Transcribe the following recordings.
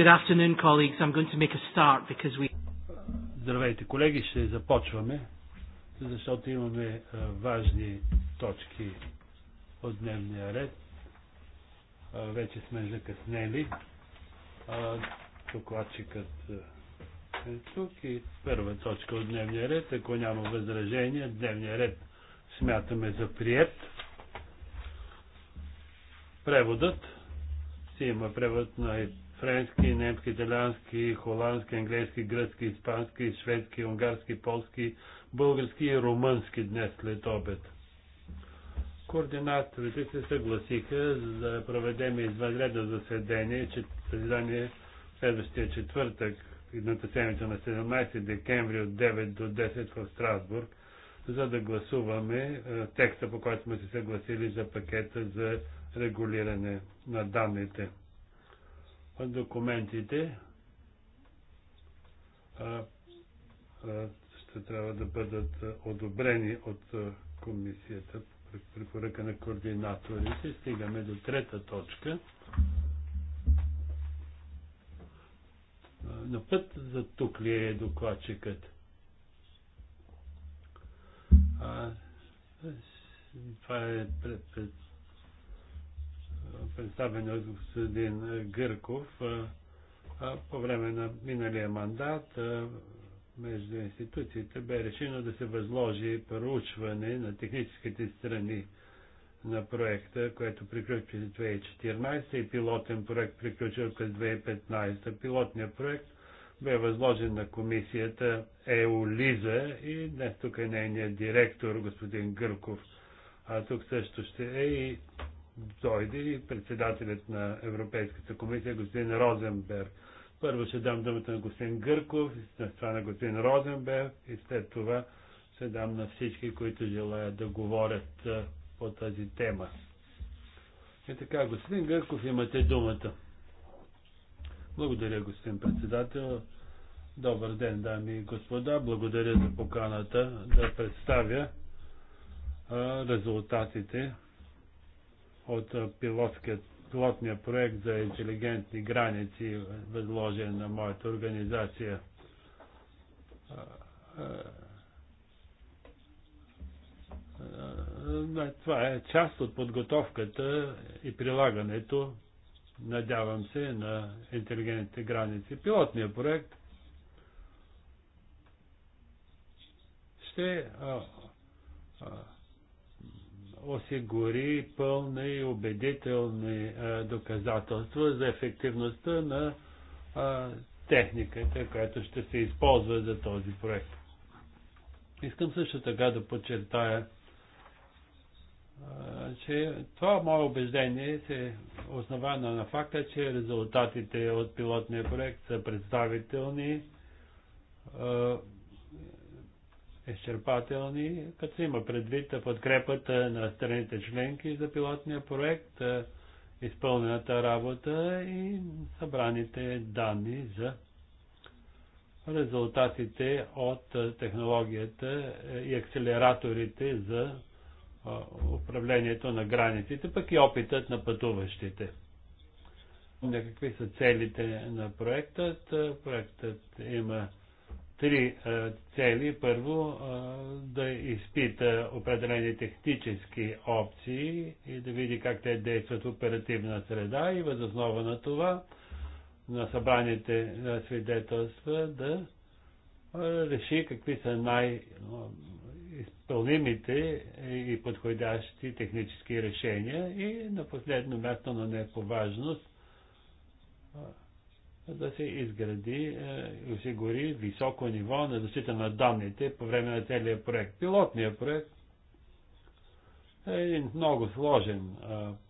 Good afternoon, colleagues. I'm going to make a start because we... Здравейте, колеги, ще започваме, защото имаме е, важни точки от дневния ред. Вече сме закъснели. Докладчикът е, е тук и първа точка от дневния ред. Ако няма възражения, дневния ред смятаме за прият. Преводът си има превод на френски, немски, италиански, холандски, английски, гръцки, испански, шведски, унгарски, полски, български и румънски днес след обед. Координаторите се съгласиха за да проведем извънредно заседание, че заседание следващия четвъртък, едната седмица на 17 декември от 9 до 10 в Страсбург, за да гласуваме е, текста, по който сме се съгласили за пакета за регулиране на данните документите ще трябва да бъдат одобрени от комисията при препоръка на координаторите. Стигаме до трета точка. На път за тук ли е докладчикът? А, това е пред, пред представен от господин Гърков по време на миналия мандат между институциите бе решено да се възложи проучване на техническите страни на проекта, което приключи 2014 и пилотен проект приключил през 2015. Пилотният проект бе възложен на комисията ЕОЛИЗА и днес тук е нейният директор, господин Гърков. А тук също ще е и дойде и председателят на Европейската комисия, господин Розенберг. Първо ще дам думата на господин Гърков, на страна господин Розенберг и след това ще дам на всички, които желаят да говорят по тази тема. И е така, господин Гърков, имате думата. Благодаря, господин председател. Добър ден, дами и господа. Благодаря за поканата да представя резултатите от пилотния проект за интелигентни граници, възложен на моята организация. Това е част от подготовката и прилагането, надявам се, на интелигентните граници. Пилотния проект ще осигури пълни и убедителни доказателства за ефективността на техниката, която ще се използва за този проект. Искам също така да подчертая, че това мое убеждение се основано на факта, че резултатите от пилотния проект са представителни, е изчерпателни, като се има предвид подкрепата на страните членки за пилотния проект, е, изпълнената работа и събраните данни за резултатите от е, технологията и акселераторите за управлението на границите, пък и опитът на пътуващите. Какви са целите на проектът? Проектът има три е, цели. Първо, е, да изпита определени технически опции и да види как те действат в оперативна среда и възоснова на това на събраните свидетелства да е, реши какви са най-изпълнимите и подходящи технически решения и на последно място, но не по важност, да се изгради и е, осигури високо ниво на защита на данните по време на целия проект. Пилотният проект е един много сложен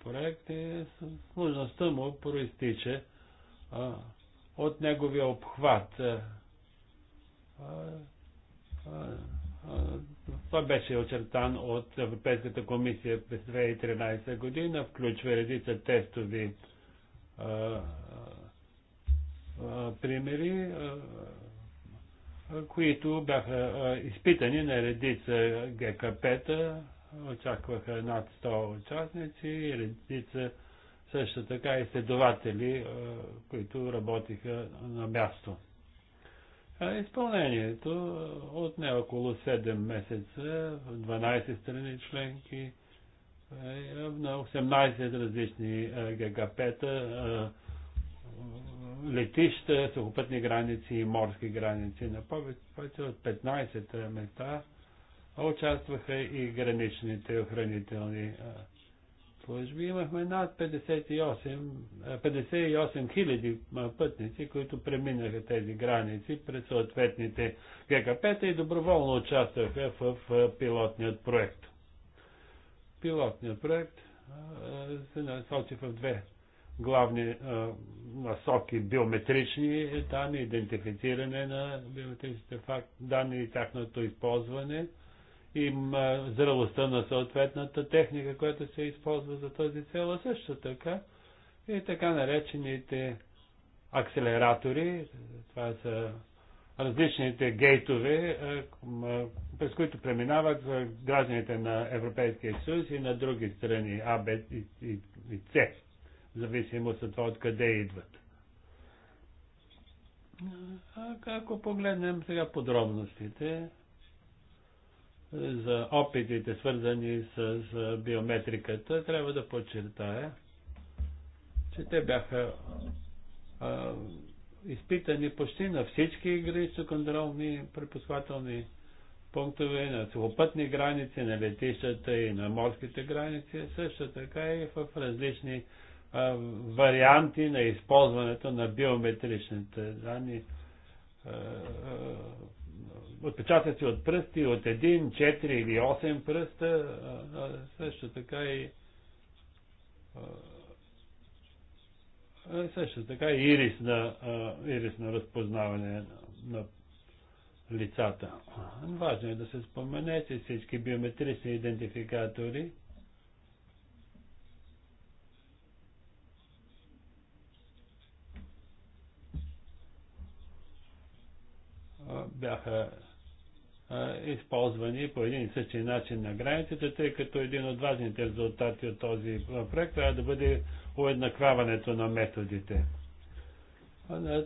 проект и сложността му проистича от неговия обхват. Това беше очертан от Европейската комисия през 2013 година, включва редица тестови примери, които бяха изпитани на редица ГКП-та, очакваха над 100 участници и редица също така изследователи, които работиха на място. Изпълнението от не около 7 месеца в 12 страни членки, е, на 18 различни ГКП-та, летища, сухопътни граници и морски граници. На повече от 15 места участваха и граничните охранителни служби. Имахме над 58, 58 пътници, които преминаха тези граници през съответните ГКП-та и доброволно участваха в пилотният проект. Пилотният проект се насочи в две главни а, насоки биометрични данни, идентифициране на биометричните факт, данни и тяхното използване и зрелостта на съответната техника, която се използва за този цел, а също така и така наречените акселератори, това са различните гейтове, през които преминават гражданите на Европейския съюз и на други страни А, Б и, и, и С зависимост от това откъде идват. Ако погледнем сега подробностите е, за опитите, свързани с биометриката, трябва да подчертая, че те бяха а, изпитани почти на всички гранично контролни препускателни пунктове, на сухопътни граници, на летищата и на морските граници, също така и в различни варианти на използването на биометричните данни. Отпечатъци от пръсти, от един, 4 или 8 пръста, също така и също така и ирис на, ирис на разпознаване на лицата. Важно е да се спомене, че всички биометрични идентификатори бяха използвани по един и същи начин на границите, тъй като един от важните резултати от този проект трябва да бъде уеднаквяването на методите.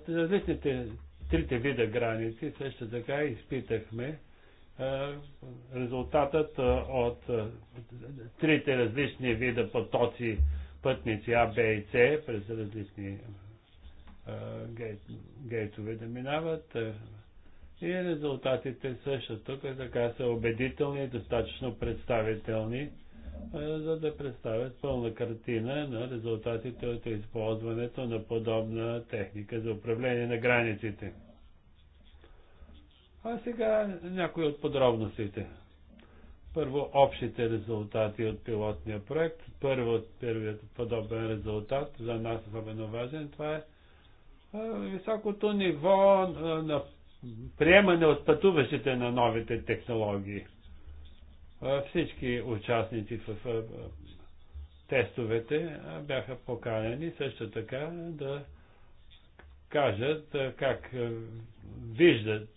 Различните трите вида граници също така изпитахме резултатът от трите различни вида потоци пътници А, Б и С през различни гейтове да минават и резултатите също тук така са убедителни и достатъчно представителни, е, за да представят пълна картина на резултатите от използването на подобна техника за управление на границите. А сега някои от подробностите. Първо, общите резултати от пилотния проект. Първо, първият подобен резултат, за нас е особено важен, това е, е високото ниво на приемане от пътуващите на новите технологии. Всички участници в тестовете бяха поканени също така да кажат как виждат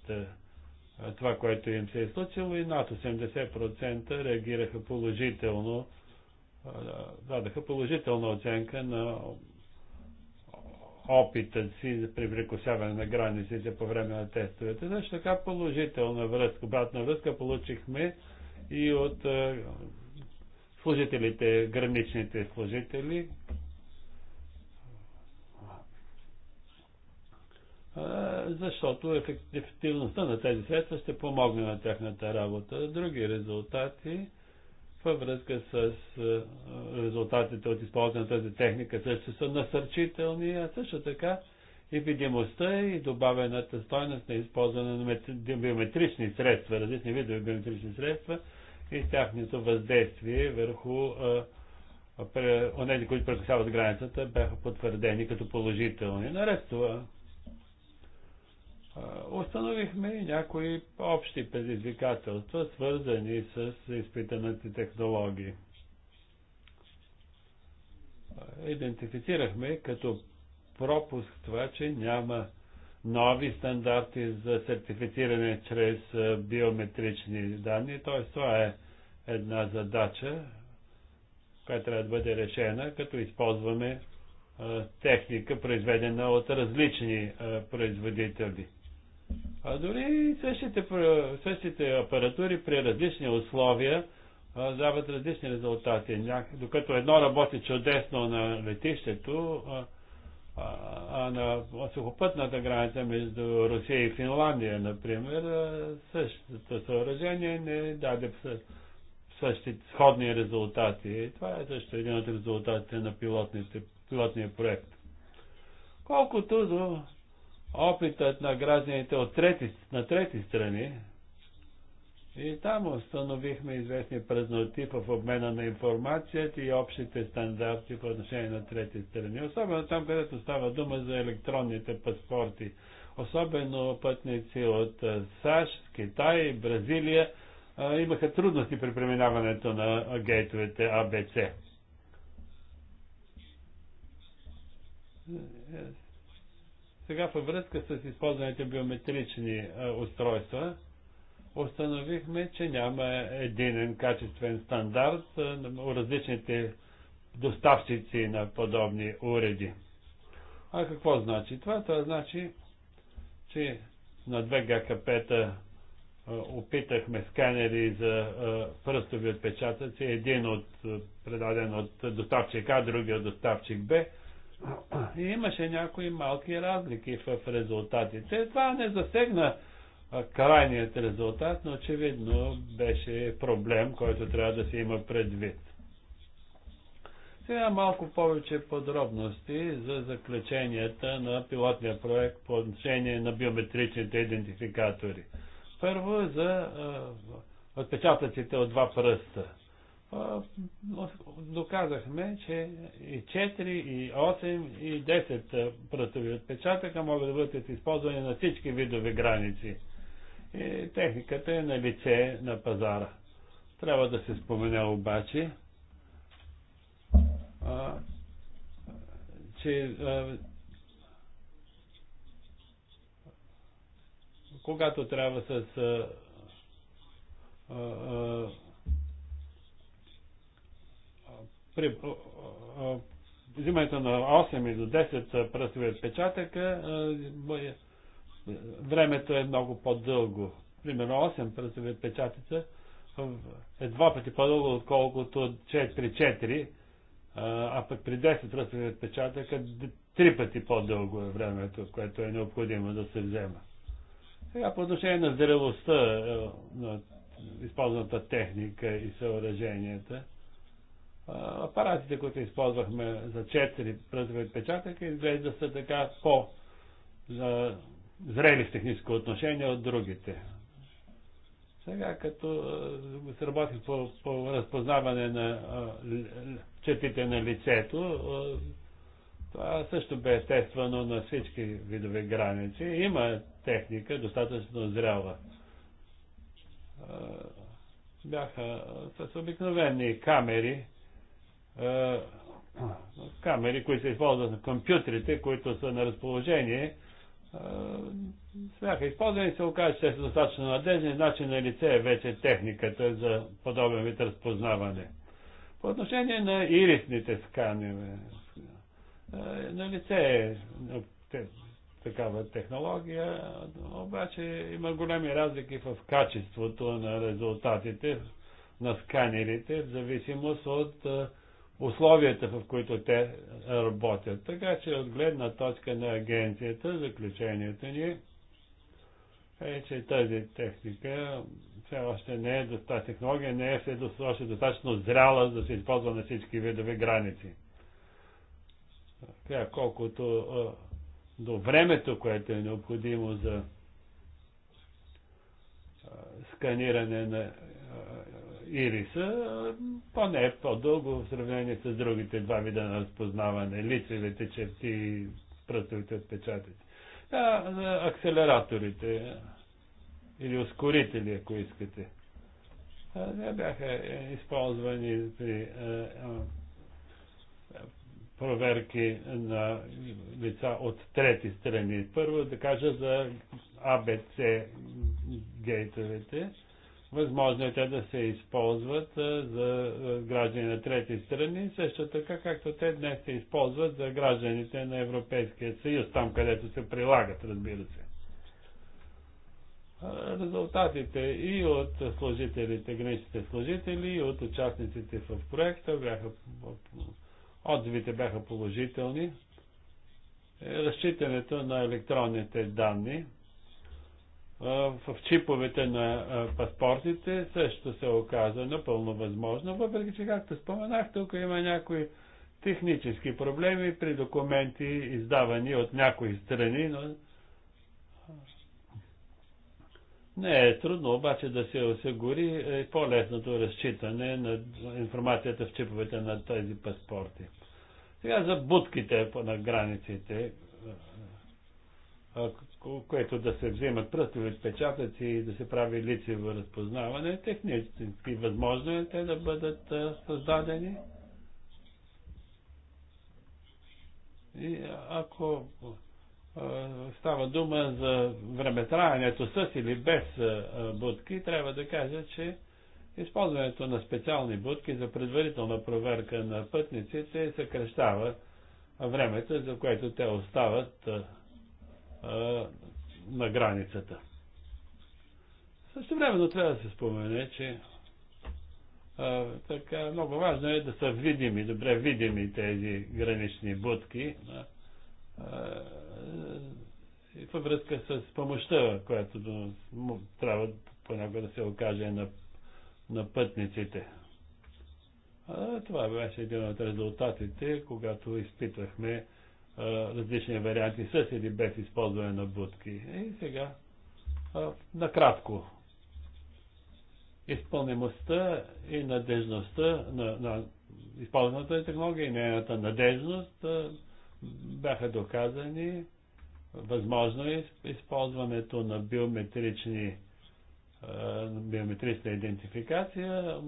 това, което им се е случило и над 80% реагираха положително, дадаха положителна оценка на опитът си за преврекосяване на границите по време на тестовете. Също така положителна връзка, обратна връзка получихме и от е, служителите, граничните служители. Е, защото ефективността на тези средства ще помогне на тяхната работа. Други резултати във връзка с резултатите от използване на тази техника също са насърчителни, а също така и видимостта и добавената стойност на използване на биометрични средства, различни видове биометрични средства и тяхното въздействие върху онези, които прекъсяват границата, бяха потвърдени като положителни. Наред това, Установихме и някои общи предизвикателства, свързани с изпитаните технологии. Идентифицирахме като пропуск това, че няма нови стандарти за сертифициране чрез биометрични данни, т.е. това е една задача, която трябва да бъде решена, като използваме техника, произведена от различни производители. А дори същите, същите апаратури при различни условия дават различни резултати. Докато едно работи чудесно на летището, а, на сухопътната граница между Русия и Финландия, например, същото съоръжение не даде същите сходни резултати. И това е също един от резултатите на пилотния проект. Колкото до опитът на гражданите от трети, на трети страни. И там установихме известни празноти в обмена на информацията и общите стандарти по отношение на трети страни. Особено там, където става дума за електронните паспорти. Особено пътници от САЩ, Китай, Бразилия имаха трудности при преминаването на гейтовете АБЦ сега във връзка с използваните биометрични устройства, установихме, че няма единен качествен стандарт у различните доставчици на подобни уреди. А какво значи това? Това значи, че на две ГКП-та опитахме сканери за пръстови отпечатъци, един от, предаден от доставчик А, другия от доставчик Б и имаше някои малки разлики в резултатите. Това не засегна крайният резултат, но очевидно беше проблем, който трябва да се има предвид. Сега малко повече подробности за заключенията на пилотния проект по отношение на биометричните идентификатори. Първо за отпечатъците от два пръста доказахме, че и 4, и 8, и 10 пръстови отпечатъка могат да бъдат използвани на всички видове граници. И техниката е на лице на пазара. Трябва да се спомене обаче, а, че а, когато трябва с а, а, при взимането на 8 или 10 пръстови отпечатъка времето е много по-дълго. Примерно 8 пръстови отпечатъка е два пъти по-дълго, отколкото 4 при 4, а пък при 10 пръстови отпечатъка е три пъти по-дълго е времето, което е необходимо да се взема. Сега по отношение на зрелостта е, на използваната техника и съоръженията – апаратите, които използвахме за четири пръстови отпечатъка, изглежда са така по зрели в техническо отношение от другите. Сега, като се работи по, по разпознаване на четите на лицето, това също бе естествено на всички видове граници. Има техника, достатъчно зрела. Бяха с обикновени камери, камери, които се използват на компютрите, които са на разположение, бяха използвани и се оказа, че са достатъчно надежни, значи на лице е вече техниката за подобен вид разпознаване. По отношение на ирисните сканове, на лице е такава технология, обаче има големи разлики в качеството на резултатите на сканерите, в зависимост от условията, в които те работят. Така че от гледна точка на агенцията, заключението ни е, че тази техника все още не е достатъчно, технология не е още достатъчно зряла да се използва на всички видове граници. Така, колкото до времето, което е необходимо за сканиране на ириса, поне е по-дълго в сравнение с другите два вида на разпознаване, лицевите черти и пръстовите отпечатъци. А, акселераторите или ускорители, ако искате. Те бяха използвани при проверки на лица от трети страни. Първо да кажа за АБЦ гейтовете Възможно е те да се използват за граждани на трети страни, също така както те днес се използват за гражданите на Европейския съюз, там където се прилагат, разбира се. Резултатите и от служителите, граничните служители, и от участниците в проекта бяха, отзивите бяха положителни. Разчитането на електронните данни – в чиповете на паспортите също се оказа напълно възможно, въпреки че, както споменах, тук има някои технически проблеми при документи, издавани от някои страни, но не е трудно обаче да се осигури е, по-лесното разчитане на информацията в чиповете на тези паспорти. Сега за будките на границите което да се вземат пръстови отпечатъци и да се прави лицево разпознаване, технически възможно е те да бъдат създадени. И ако става дума за времетраенето с или без будки, трябва да кажа, че използването на специални будки за предварителна проверка на пътниците съкрещава времето, за което те остават на границата. Също времено трябва да се спомене, че а, така, много важно е да са видими, добре видими тези гранични будки а, а, във връзка с помощта, която да, трябва понякога да се окаже на, на пътниците. А, това беше един от резултатите, когато изпитвахме различни варианти с или без използване на будки. И сега, накратко, изпълнимостта и надежността на, на използваната технология и нейната надежност бяха доказани. Възможно е използването на биометрични биометрична идентификация.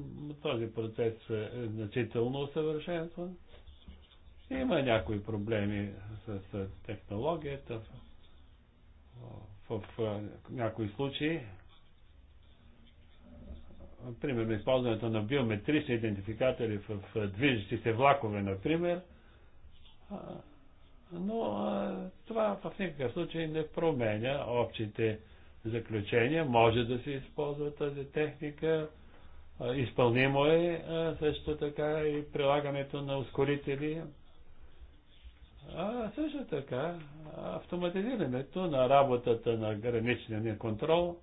Този процес е значително усъвършенстван. Има някои проблеми с, с технологията. В, в, в някои случаи, примерно използването на биометрични идентификатори в, в движещи се влакове, например, но това в никакъв случай не променя общите заключения. Може да се използва тази техника. Изпълнимо е също така и прилагането на ускорители а също така, автоматизирането на работата на граничния контрол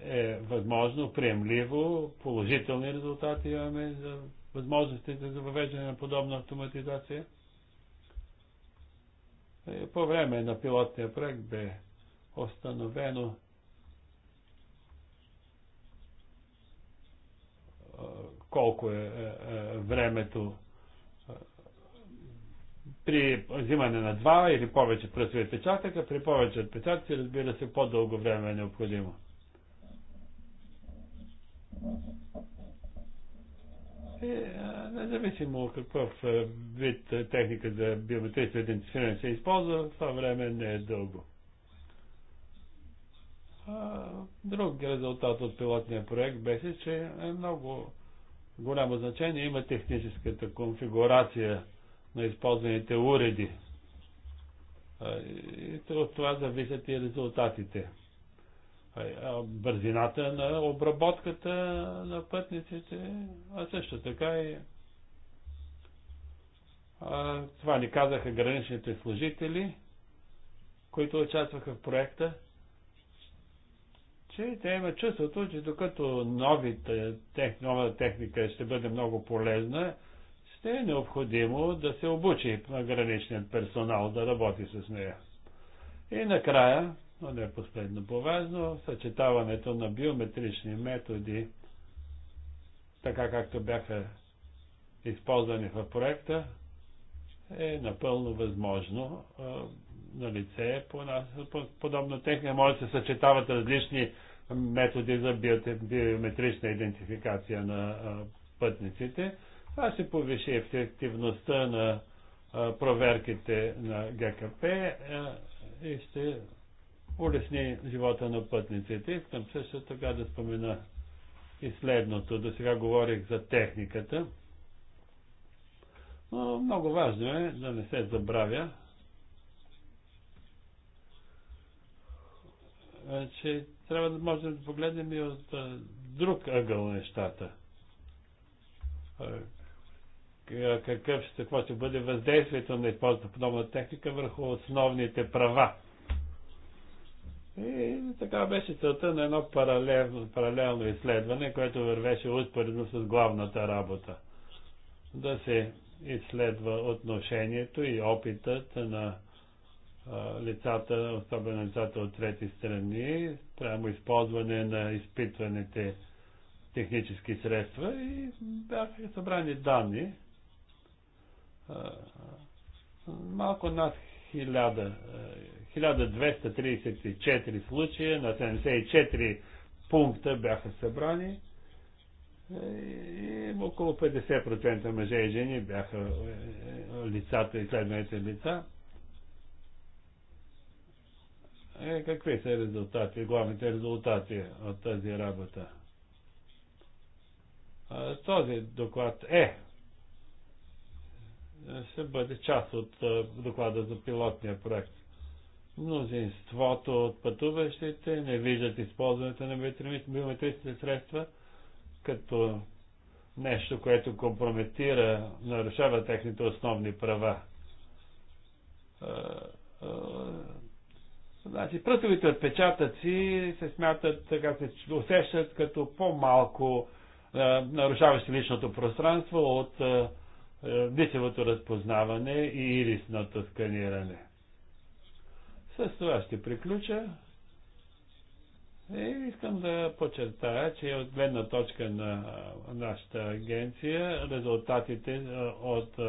е възможно, приемливо, положителни резултати имаме за възможностите за въвеждане на подобна автоматизация. И по време на пилотния проект бе установено колко е, е, е времето при взимане на два или повече пръстови отпечатъка, при повече отпечатъци, разбира се, по-дълго време е необходимо. И, е, независимо какъв е, вид е, техника за биометрично идентифициране се използва, това време не е дълго. друг резултат от пилотния проект беше, че е много голямо значение има техническата конфигурация на използваните уреди. И от това зависят и резултатите. Бързината на обработката на пътниците, а също така и това ни казаха граничните служители, които участваха в проекта, че те имат чувството, че докато новите, новата техника ще бъде много полезна е необходимо да се обучи на граничният персонал да работи с нея. И накрая, но не последно поважно, съчетаването на биометрични методи, така както бяха използвани в проекта, е напълно възможно на лице по, нас, по подобна техника. Може да се съчетават различни методи за биометрична идентификация на пътниците. Това ще повиши ефективността на проверките на ГКП и ще улесни живота на пътниците. Искам също така да спомена и следното. До сега говорих за техниката. Но много важно е да не се забравя, че трябва да можем да погледнем и от друг ъгъл нещата какъв, какво ще бъде въздействието на използването подобна техника върху основните права. И така беше целта на едно паралелно, паралелно изследване, което вървеше успоредно с главната работа. Да се изследва отношението и опитът на лицата, особено лицата от трети страни, прямо използване на изпитваните технически средства и бяха събрани данни малко над 1000, 1234 е, случая на 74 пункта бяха събрани е, и около 50% мъже и жени бяха е, лицата, и изследваните лица. Е, какви са резултати, главните резултати от тази работа? Този доклад е ще бъде част от доклада за пилотния проект. Мнозинството от пътуващите не виждат използването на биометричните средства като нещо, което компрометира, нарушава техните основни права. Значи, пръстовите отпечатъци се смятат, така се усещат като по-малко нарушаващи личното пространство от дишевото е, разпознаване и ирисното сканиране. С това ще приключа. И е, искам да подчертая, че от гледна точка на нашата агенция резултатите е, от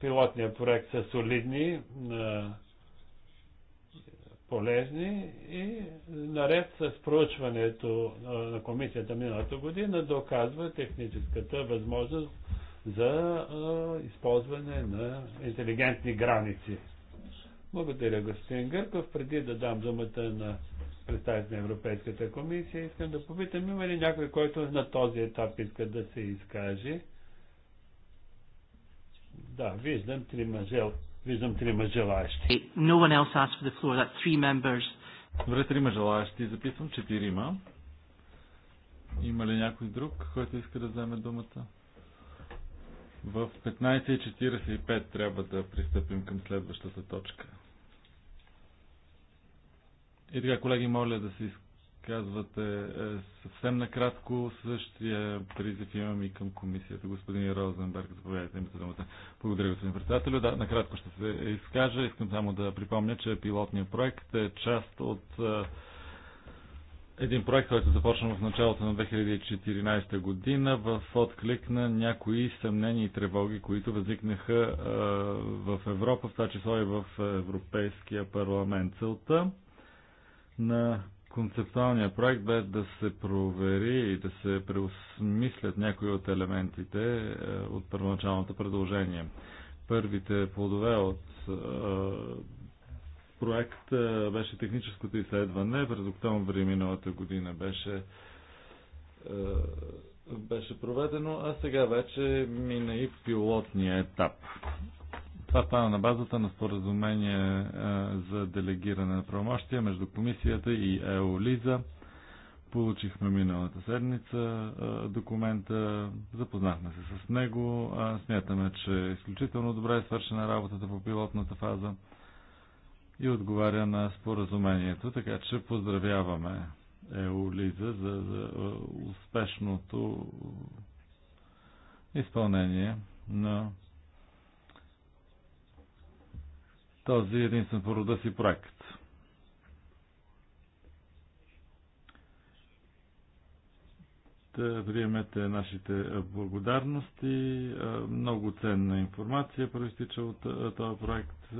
пилотния проект са солидни, полезни и наред с проучването на комисията миналата година доказва техническата възможност за а, използване на интелигентни граници. Благодаря, господин Гърков. Преди да дам думата на представител на Европейската комисия, искам да попитам, има ли някой, който на този етап иска да се изкаже? Да, виждам три мъже. Виждам три мъжелащи. No one else asked for the floor. that three members. Добре, трима мъжелащи. Записвам четирима. Има ли някой друг, който иска да вземе думата? В 15.45 трябва да пристъпим към следващата точка. И така, колеги, моля да се изказвате е, съвсем накратко. Същия призив имам и към комисията. Господин Розенберг, заповядайте за думата. Благодаря, господин председател. Да, накратко ще се изкажа. Искам само да припомня, че пилотният проект е част от е, един проект, който започна в началото на 2014 година в отклик на някои съмнения и тревоги, които възникнаха в Европа, в това число и в Европейския парламент. Целта на концептуалния проект бе да се провери и да се преосмислят някои от елементите от първоначалното предложение. Първите плодове от проект беше техническото изследване. През октомври миналата година беше беше проведено, а сега вече мина и пилотния етап. Това стана на базата на споразумение за делегиране на правомощия между комисията и ЕОЛИЗА. Получихме миналата седмица документа, запознахме се с него. Смятаме, че е изключително добре е свършена работата по пилотната фаза и отговаря на споразумението, така че поздравяваме Еолиза за, за е, успешното изпълнение на този единствен по рода си проект. Да приемете нашите благодарности. Е, много ценна информация проистича от е, този проект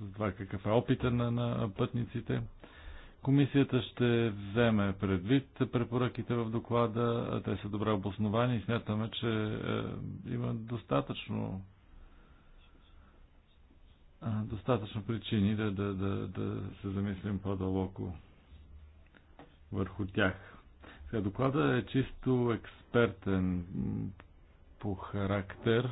за това какъв е опита на, на пътниците. Комисията ще вземе предвид препоръките в доклада. Те са добре обосновани и смятаме, че е, има достатъчно е, достатъчно причини да, да, да, да се замислим по-дълбоко върху тях. Сега доклада е чисто експертен по характер.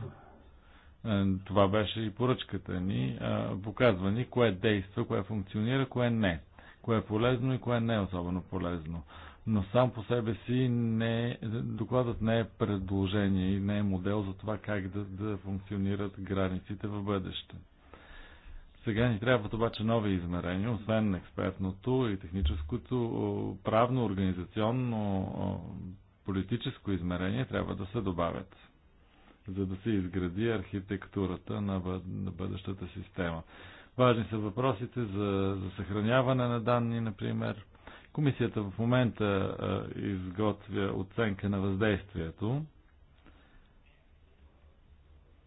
Е, това беше и поръчката ни. Е, показва ни кое действа, кое функционира, кое не. Кое е полезно и кое не е особено полезно. Но сам по себе си не, докладът не е предложение и не е модел за това как да, да функционират границите в бъдеще. Сега ни трябват обаче нови измерения, освен експертното и техническото, правно, организационно, политическо измерение трябва да се добавят за да се изгради архитектурата на бъдещата система. Важни са въпросите за, за съхраняване на данни, например. Комисията в момента изготвя оценка на въздействието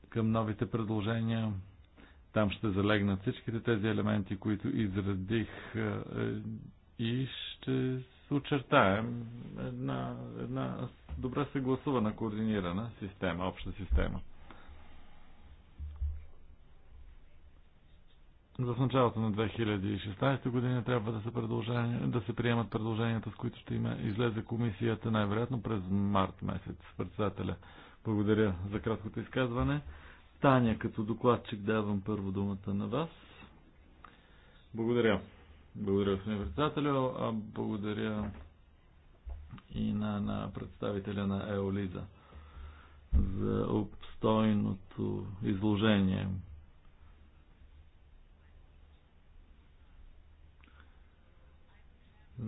към новите предложения. Там ще залегнат всичките тези елементи, които изредих е, и ще ще очертаем една, една добре съгласувана, координирана система, обща система. В началото на 2016 година трябва да се, да се приемат предложенията, с които ще има излезе комисията най-вероятно през март месец. Председателя, благодаря за краткото изказване. Таня, като докладчик, давам първо думата на вас. Благодаря. Благодаря, господин председателю. Благодаря и на, на представителя на Еолиза за обстойното изложение.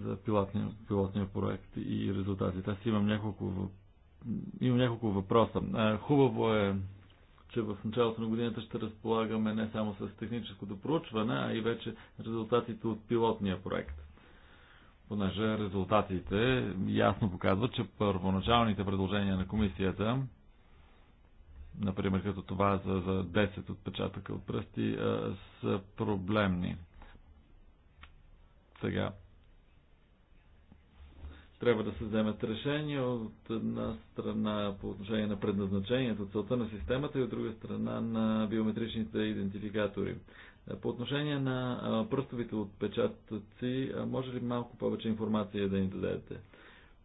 за пилотния, пилотния проект и резултатите. Аз имам няколко, имам няколко въпроса. Хубаво е че в началото на годината ще разполагаме не само с техническото проучване, а и вече резултатите от пилотния проект. Понеже резултатите ясно показват, че първоначалните предложения на комисията, например като това за, за 10 отпечатъка от пръсти, са проблемни. Сега, трябва да се вземат решения от една страна по отношение на предназначението, целта на системата и от друга страна на биометричните идентификатори. По отношение на пръстовите отпечатъци, може ли малко повече информация да ни дадете?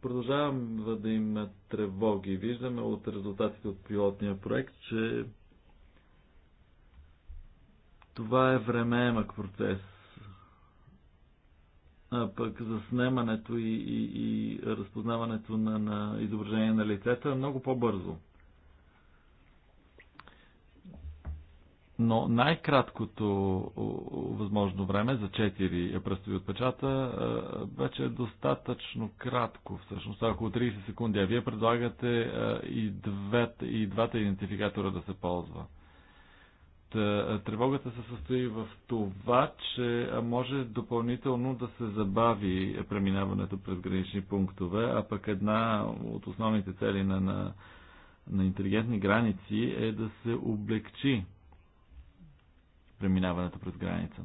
Продължавам да има тревоги. Виждаме от резултатите от пилотния проект, че това е времеемък процес а, пък за снимането и, и, и разпознаването на, на изображение на лицето е много по-бързо. Но най-краткото възможно време за 4 е, пръстови отпечата вече е достатъчно кратко всъщност, около 30 секунди. А вие предлагате и, двете, и двата идентификатора да се ползва. Е, тревогата се състои в това, че може допълнително да се забави преминаването през гранични пунктове, а пък една от основните цели на, на, на интелигентни граници е да се облегчи преминаването през граница.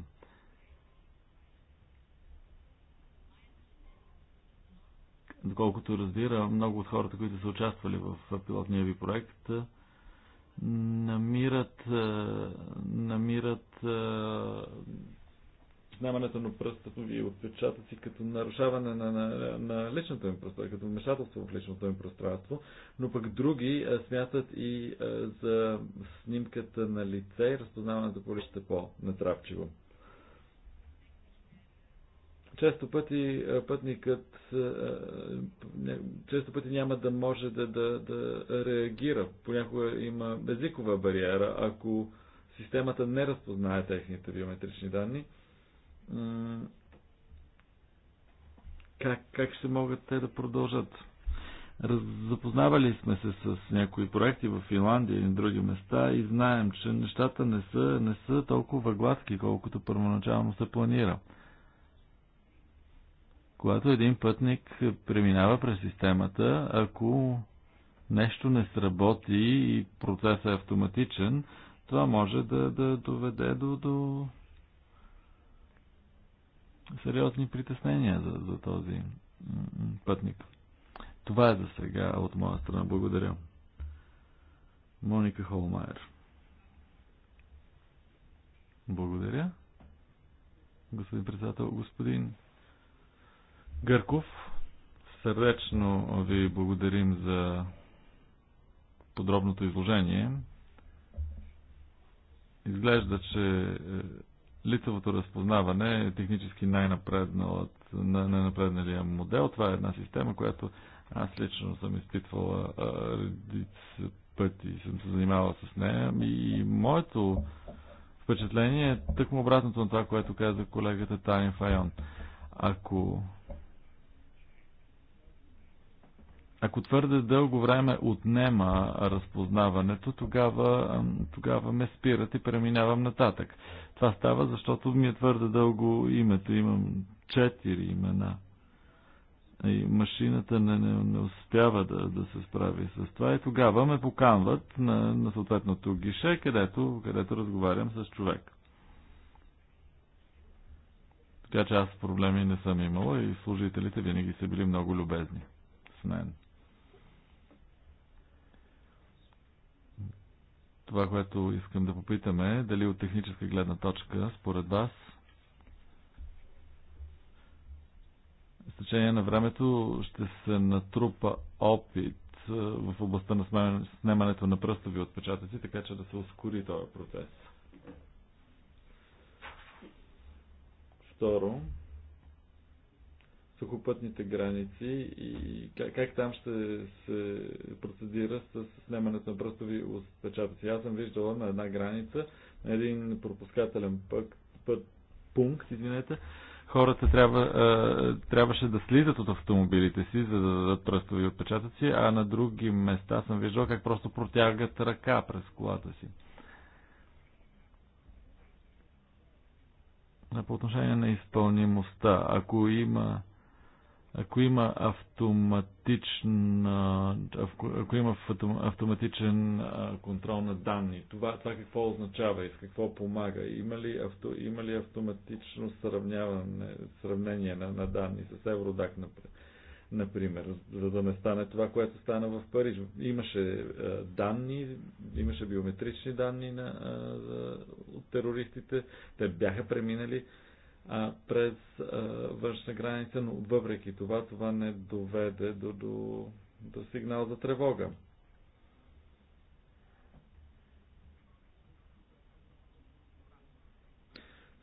Доколкото разбира, много от хората, които са участвали в пилотния ви проект, намират, е, намират е, знамането на пръстови отпечатъци като нарушаване на, на, на личното им пространство, като вмешателство в личното им пространство, но пък други а, е, смятат и а, за снимката на лице и разпознаването по лище по-натрапчиво. Често пъти пътникът често пъти няма да може да, да, да реагира. Понякога има езикова бариера, ако системата не разпознае техните биометрични данни. Как, как ще могат те да продължат? Раз, запознавали сме се с някои проекти в Финландия и на други места и знаем, че нещата не са, не са толкова гладки, колкото първоначално се планира. Когато един пътник преминава през системата, ако нещо не сработи и процесът е автоматичен, това може да, да доведе до, до сериозни притеснения за, за този пътник. Това е за сега от моя страна. Благодаря. Моника Холмайер. Благодаря. Господин председател, господин Гърков, сърдечно ви благодарим за подробното изложение. Изглежда, че е, лицевото разпознаване е технически най-напредналият най модел. Това е една система, която аз лично съм изпитвала редица пъти, съм се занимавал с нея. И моето впечатление е тъкмо обратното на това, което каза колегата Тайн Файон. Ако Ако твърде дълго време отнема разпознаването, тогава, тогава ме спират и преминавам нататък. Това става, защото ми е твърде дълго името. Имам четири имена. И машината не, не, не успява да, да се справи с това. И тогава ме поканват на, на съответното гише, където, където разговарям с човек. Така че аз проблеми не съм имала и служителите винаги са били много любезни с мен. Това, което искам да попитаме е дали от техническа гледна точка, според вас, с течение на времето ще се натрупа опит в областта на снимането на пръстови отпечатъци, така че да се ускори този процес. Второ, сухопътните граници и как, как там ще се процедира с снимането на пръстови отпечатъци. Аз съм виждала на една граница, на един пропускателен пък, път, пункт, извинете, хората трябва, а, трябваше да слизат от автомобилите си, за да дадат пръстови отпечатъци, а на други места съм виждал как просто протягат ръка през колата си. по отношение на изпълнимостта, ако има ако има автоматична, ако има автоматичен контрол на данни, това, това какво означава и с какво помага? Има ли, авто, има ли автоматично сравняване, сравнение на, на данни с Евродак, например, за да не стане това, което стана в Париж? Имаше е, данни, имаше биометрични данни на, е, за, от терористите, те бяха преминали а, през а, външна граница, но въпреки това, това не доведе до, до, до сигнал за тревога.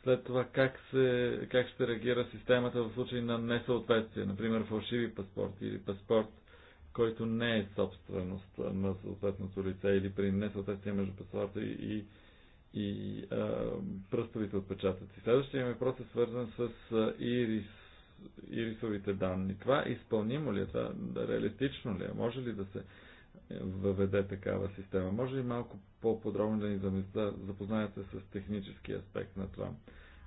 След това как, се, как ще реагира системата в случай на несъответствие, например фалшиви паспорти или паспорт, който не е собственост на съответното лице или при несъответствие между паспорта и, и и а, пръстовите отпечатъци. Следващия ми въпрос е свързан с а, ирис, ирисовите данни. Това изпълнимо ли е? Това реалистично ли е? Може ли да се е, въведе такава система? Може ли малко по-подробно да ни запознаете с технически аспект на това?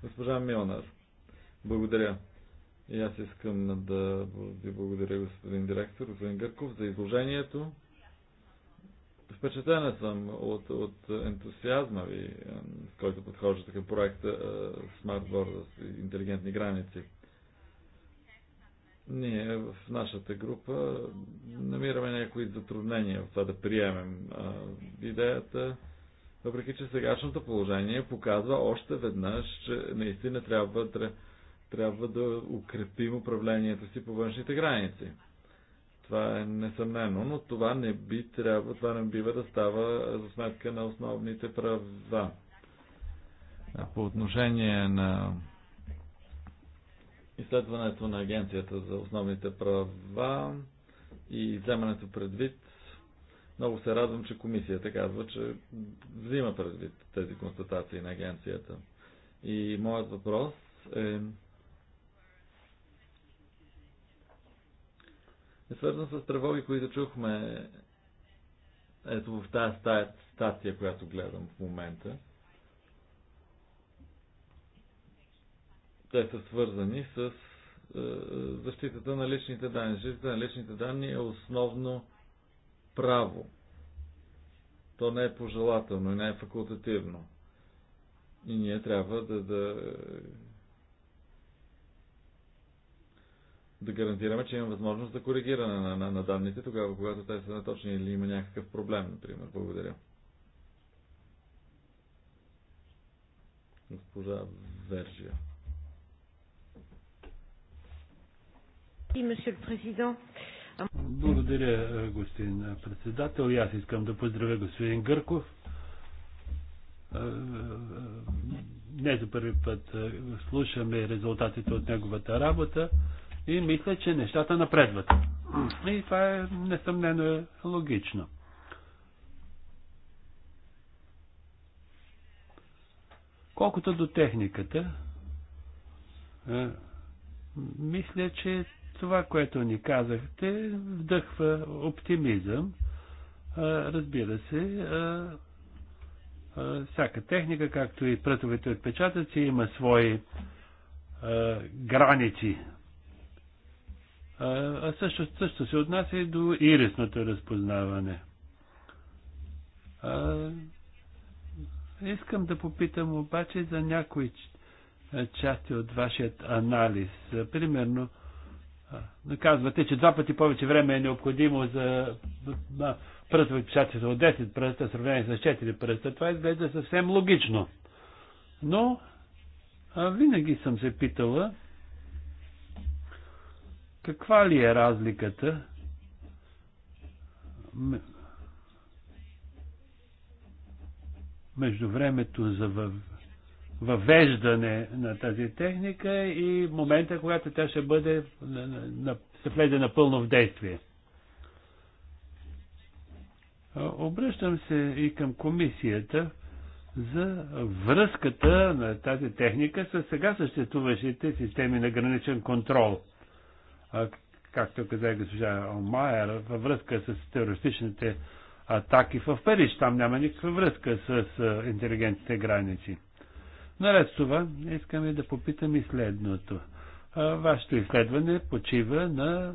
Госпожа Милнар, благодаря. И аз искам да ви благодаря, господин директор, господин Гърков, за изложението, Впечатлена съм от, от ентусиазма ви, е, с който подхождате към проекта е, Smart Borders, интелигентни граници. Ние в нашата група намираме някои затруднения в това да приемем е, идеята, въпреки че сегашното положение показва още веднъж, че наистина трябва, трябва да укрепим управлението си по външните граници. Това е несъмнено, но това не би трябва, това не бива да става за сметка на основните права. По отношение на изследването на Агенцията за основните права и вземането предвид, много се радвам, че комисията казва, че взима предвид тези констатации на агенцията. И моят въпрос е е свързан с тревоги, които чухме ето в тази статия, която гледам в момента. Те са свързани с е, защитата на личните данни. Защитата на личните данни е основно право. То не е пожелателно и не е факултативно. И ние трябва да, да да гарантираме, че има възможност за коригиране на, на, на данните тогава, когато те са наточни или има някакъв проблем, например. Благодаря. Госпожа Вержия. Благодаря, е, господин председател. И аз искам да поздравя господин Гърков. Е, е, не за първи път слушаме резултатите от неговата работа. И мисля, че нещата напредват. И това е несъмнено е логично. Колкото до техниката, е, мисля, че това, което ни казахте, вдъхва оптимизъм. Е, разбира се, е, всяка техника, както и прътовите отпечатъци, има свои граници а също, също се отнася и до ирисното разпознаване. А, искам да попитам обаче за някои части от вашият анализ. Примерно, казвате, че два пъти повече време е необходимо за пръстови отпечатъци от 10 пръста, сравнение с 4 пръста. Това изглежда съвсем логично. Но а винаги съм се питала, каква ли е разликата между времето за въвеждане на тази техника и момента, когато тя ще бъде, ще влезе напълно в действие? Обръщам се и към комисията за връзката на тази техника с сега съществуващите системи на граничен контрол както каза и госпожа Омайер, във връзка с терористичните атаки в Париж. Там няма никаква връзка с интелигентните граници. Наред с това, искаме да попитам и следното. Вашето изследване почива на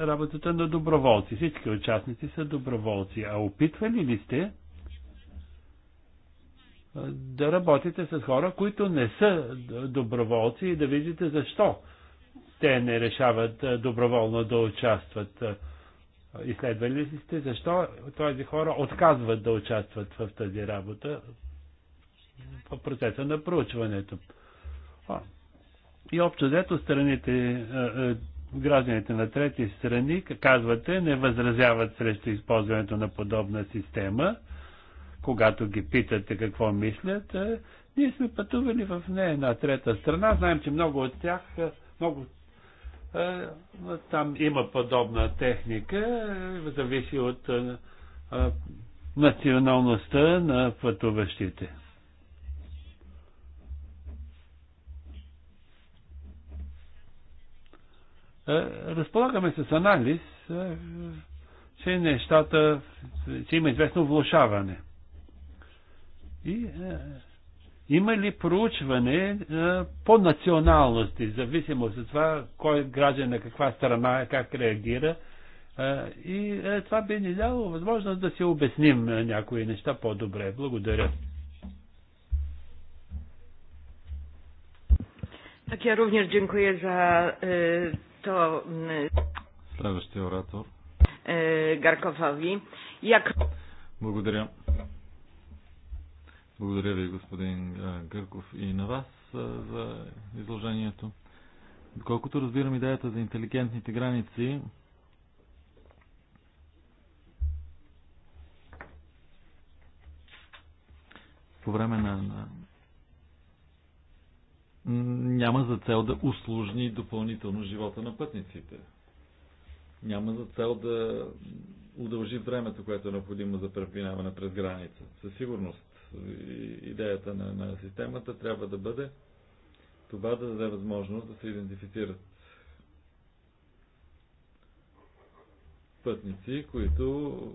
работата на доброволци. Всички участници са доброволци. А опитвали ли сте да работите с хора, които не са доброволци и да видите защо те не решават доброволно да участват. Изследвали ли сте защо тези хора отказват да участват в тази работа в процеса на проучването? И общо взето страните, гражданите на трети страни, казвате, не възразяват срещу използването на подобна система, когато ги питате какво мислят. Ние сме пътували в нея на трета страна, знаем, че много от тях, много е, там има подобна техника, е, зависи от е, националността на пътуващите. разполагаме с анализ, че нещата, че има известно влушаване. И има ли проучване е, по националности, в зависимост от това кой граждан на каква страна, е, как реагира? Е, и това би ни дало възможност да си обясним някои неща по-добре. Благодаря. Так я również dziękuję za e, to. E, Следващия оратор. Гарковави. E, Благодаря. Благодаря ви, господин Гърков, и на вас за изложението. Доколкото разбирам идеята за интелигентните граници, по време на, на няма за цел да услужни допълнително живота на пътниците. Няма за цел да удължи времето, което е необходимо за преминаване през граница. Със сигурност идеята на, на системата трябва да бъде това да даде възможност да се идентифицират пътници, които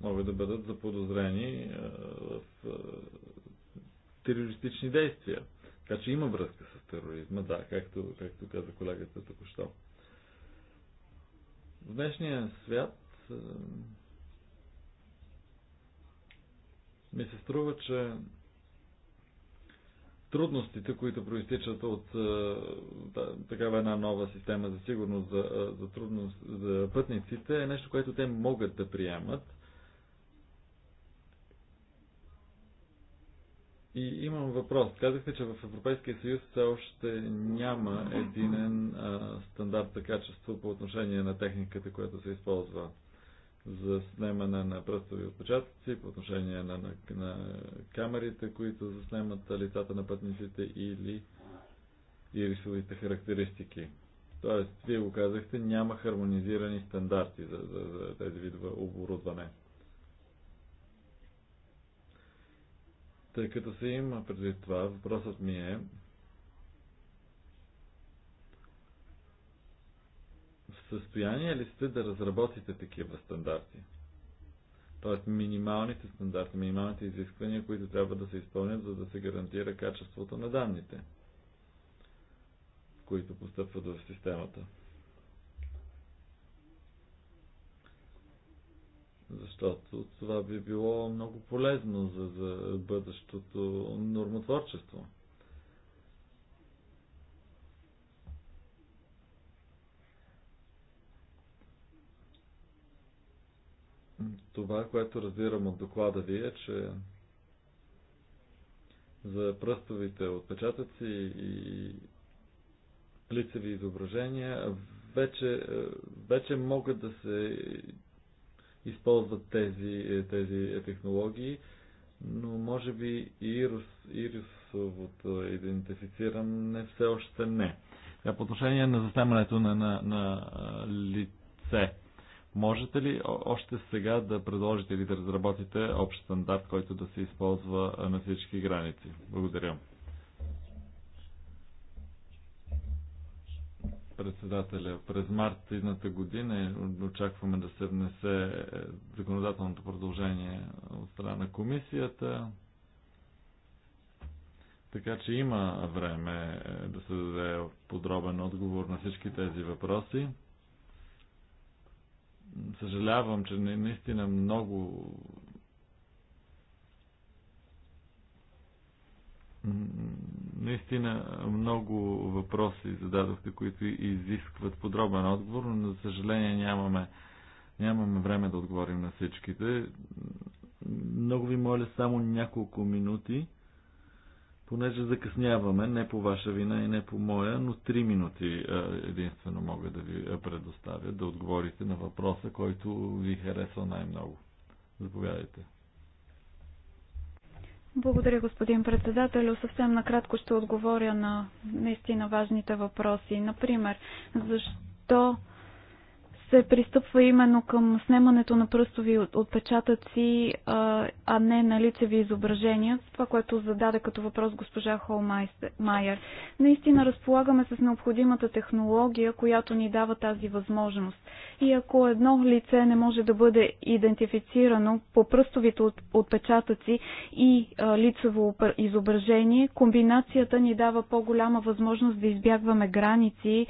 могат да бъдат заподозрени в терористични действия. Така че има връзка с тероризма, да, както, както каза колегата току-що. В днешния свят ми се струва, че трудностите, които проистичат от да, е, такава една нова система за сигурност за, е, за, трудност, за пътниците, е нещо, което те могат да приемат. И имам въпрос. Казахте, че в Европейския съюз все още няма единен а, е, стандарт за качество по отношение на техниката, която се използва за снемане на пръстови отпечатъци по отношение на, на, на камерите, които заснемат лицата на пътниците или ирисовите характеристики. Тоест, вие го казахте, няма хармонизирани стандарти за, за, за тези видове оборудване. Тъй като се има предвид това, въпросът ми е състояние ли сте да разработите такива стандарти? Тоест минималните стандарти, минималните изисквания, които трябва да се изпълнят, за да се гарантира качеството на данните, които постъпват в системата. Защото това би било много полезно за, за бъдещото нормотворчество. Това, което разбирам от доклада ви е, че за пръстовите отпечатъци и лицеви изображения вече, вече могат да се използват тези, тези технологии, но може би ирус, ирусовото идентифициране все още не. Е, по отношение на заснемането на, на, на лице Можете ли още сега да предложите или да разработите общ стандарт, който да се използва на всички граници? Благодаря. Председателя, през март едната година е, очакваме да се внесе е, законодателното продължение от страна на комисията. Така че има време е, да се даде подробен отговор на всички тези въпроси съжалявам, че наистина много наистина много въпроси зададохте, които изискват подробен отговор, но за съжаление нямаме, нямаме време да отговорим на всичките. Много ви моля само няколко минути Понеже закъсняваме, не по ваша вина и не по моя, но три минути единствено мога да ви предоставя да отговорите на въпроса, който ви харесва най-много. Заповядайте. Благодаря, господин председател, Съвсем накратко ще отговоря на наистина важните въпроси. Например, защо се пристъпва именно към снемането на пръстови отпечатъци, а не на лицеви изображения. Това, което зададе като въпрос госпожа Холмайер. Наистина разполагаме с необходимата технология, която ни дава тази възможност. И ако едно лице не може да бъде идентифицирано по пръстовите отпечатъци и лицево изображение, комбинацията ни дава по-голяма възможност да избягваме граници,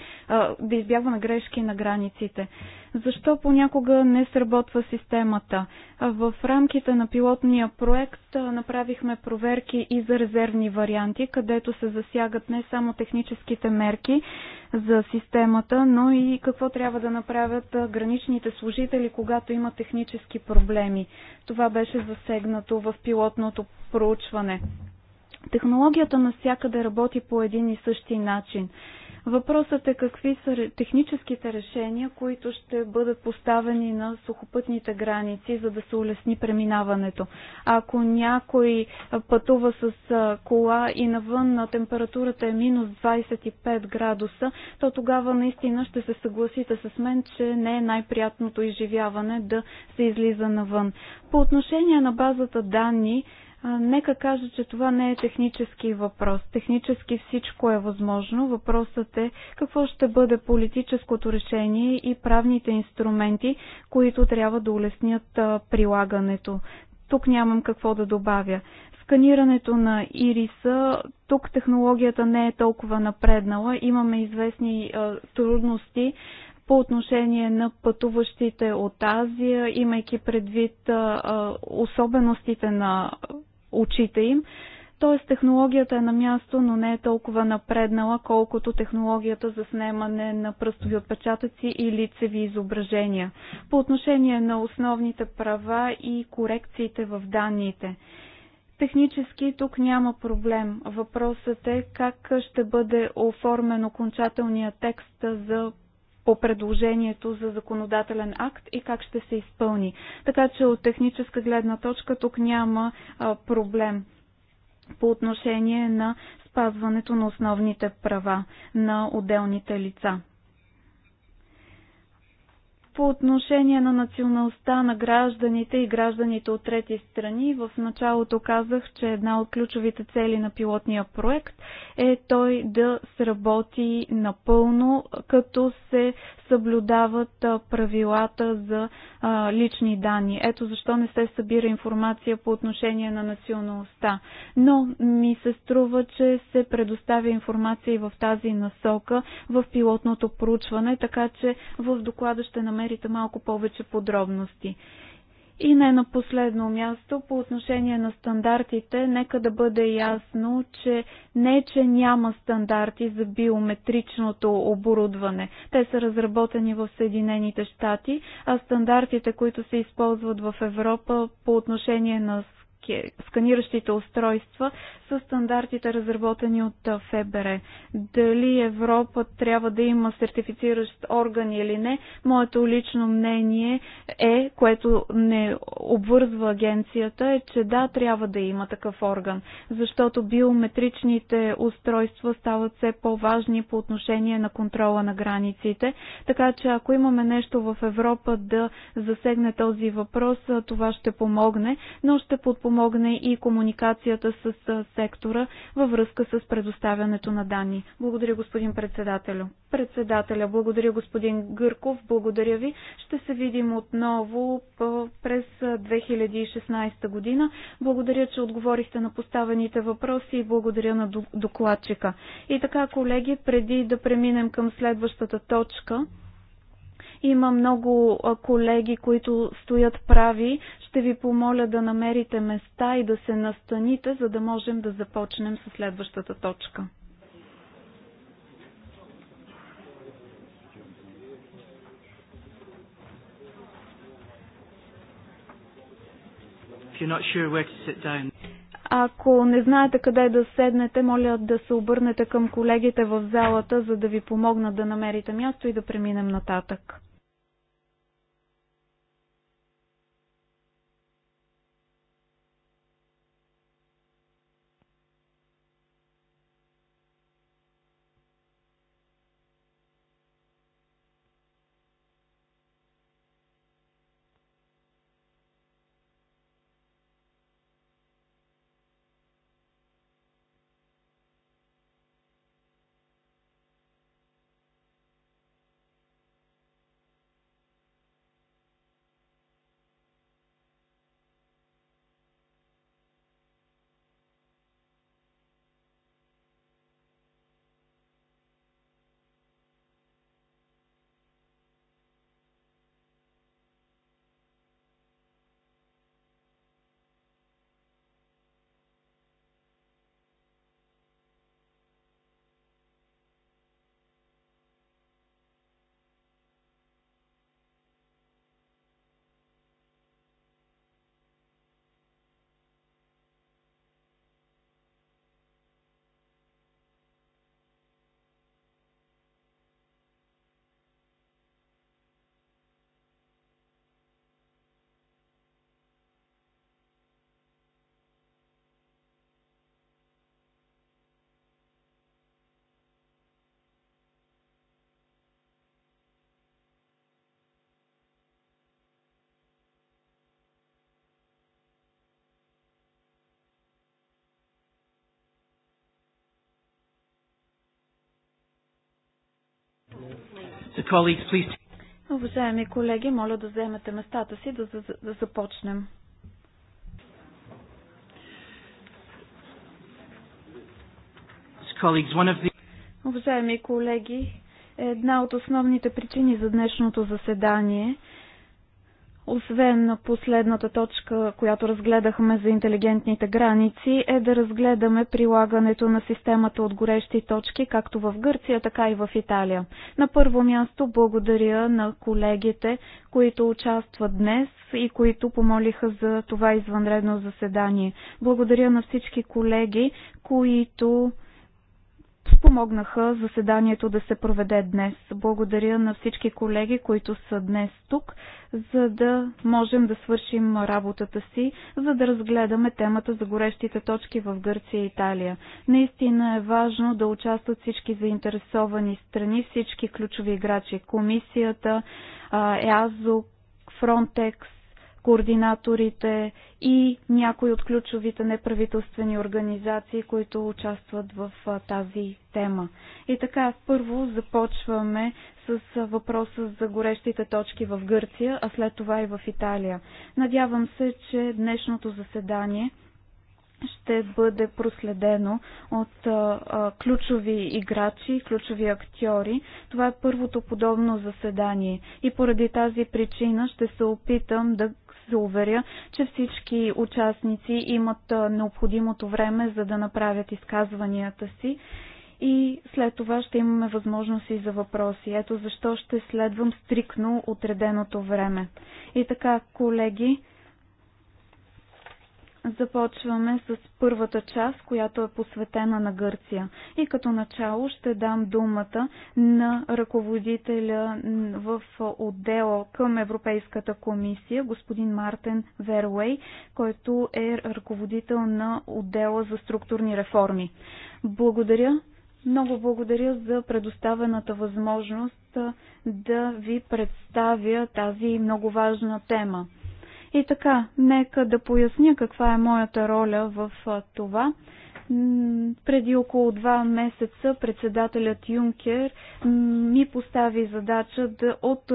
да избягваме грешки на границите. Защо понякога не сработва системата? В рамките на пилотния проект направихме проверки и за резервни варианти, където се засягат не само техническите мерки за системата, но и какво трябва да направят граничните служители, когато има технически проблеми. Това беше засегнато в пилотното проучване. Технологията навсякъде работи по един и същи начин. Въпросът е какви са техническите решения, които ще бъдат поставени на сухопътните граници, за да се улесни преминаването. Ако някой пътува с кола и навън на температурата е минус 25 градуса, то тогава наистина ще се съгласите с мен, че не е най-приятното изживяване да се излиза навън. По отношение на базата данни, Нека кажа, че това не е технически въпрос. Технически всичко е възможно. Въпросът е какво ще бъде политическото решение и правните инструменти, които трябва да улеснят прилагането. Тук нямам какво да добавя. Сканирането на ириса, тук технологията не е толкова напреднала. Имаме известни трудности по отношение на пътуващите от Азия, имайки предвид особеностите на очите им. Т.е. технологията е на място, но не е толкова напреднала, колкото технологията за снимане на пръстови отпечатъци и лицеви изображения. По отношение на основните права и корекциите в данните. Технически тук няма проблем. Въпросът е как ще бъде оформен окончателният текст за по предложението за законодателен акт и как ще се изпълни. Така че от техническа гледна точка тук няма проблем по отношение на спазването на основните права на отделните лица по отношение на националността на гражданите и гражданите от трети страни, в началото казах, че една от ключовите цели на пилотния проект е той да сработи напълно, като се съблюдават правилата за лични данни. Ето защо не се събира информация по отношение на националността. Но ми се струва, че се предоставя информация и в тази насока в пилотното проучване, така че в доклада ще намерим намерите малко повече подробности. И не на последно място, по отношение на стандартите, нека да бъде ясно, че не, че няма стандарти за биометричното оборудване. Те са разработени в Съединените щати, а стандартите, които се използват в Европа по отношение на сканиращите устройства с стандартите разработени от ФБР. Дали Европа трябва да има сертифициращ орган или не, моето лично мнение е, което не обвързва агенцията, е, че да, трябва да има такъв орган, защото биометричните устройства стават все по-важни по отношение на контрола на границите, така че ако имаме нещо в Европа да засегне този въпрос, това ще помогне, но ще подпомогне подпомогне и комуникацията с сектора във връзка с предоставянето на данни. Благодаря, господин председателю. Председателя, благодаря, господин Гърков, благодаря ви. Ще се видим отново през 2016 година. Благодаря, че отговорихте на поставените въпроси и благодаря на докладчика. И така, колеги, преди да преминем към следващата точка, има много колеги, които стоят прави. Ще ви помоля да намерите места и да се настаните, за да можем да започнем с следващата точка. Ако не знаете къде да седнете, моля да се обърнете към колегите в залата, за да ви помогнат да намерите място и да преминем нататък. Уважаеми колеги, моля да вземете местата си да, да, да започнем. Уважаеми колеги, една от основните причини за днешното заседание е, освен последната точка, която разгледахме за интелигентните граници, е да разгледаме прилагането на системата от горещи точки, както в Гърция, така и в Италия. На първо място благодаря на колегите, които участват днес и които помолиха за това извънредно заседание. Благодаря на всички колеги, които Помогнаха заседанието да се проведе днес. Благодаря на всички колеги, които са днес тук, за да можем да свършим работата си, за да разгледаме темата за горещите точки в Гърция и Италия. Наистина е важно да участват всички заинтересовани страни, всички ключови играчи, комисията, ЕАЗО, Фронтекс, координаторите и някои от ключовите неправителствени организации, които участват в тази тема. И така, първо започваме с въпроса за горещите точки в Гърция, а след това и в Италия. Надявам се, че днешното заседание ще бъде проследено от а, а, ключови играчи, ключови актьори. Това е първото подобно заседание и поради тази причина ще се опитам да се уверя, че всички участници имат необходимото време, за да направят изказванията си и след това ще имаме възможности за въпроси. Ето защо ще следвам стрикно отреденото време. И така, колеги, Започваме с първата част, която е посветена на Гърция. И като начало ще дам думата на ръководителя в отдела към Европейската комисия, господин Мартен Веруей, който е ръководител на отдела за структурни реформи. Благодаря. Много благодаря за предоставената възможност да ви представя тази много важна тема. И така, нека да поясня каква е моята роля в това. Преди около два месеца председателят Юнкер ми постави задача да, от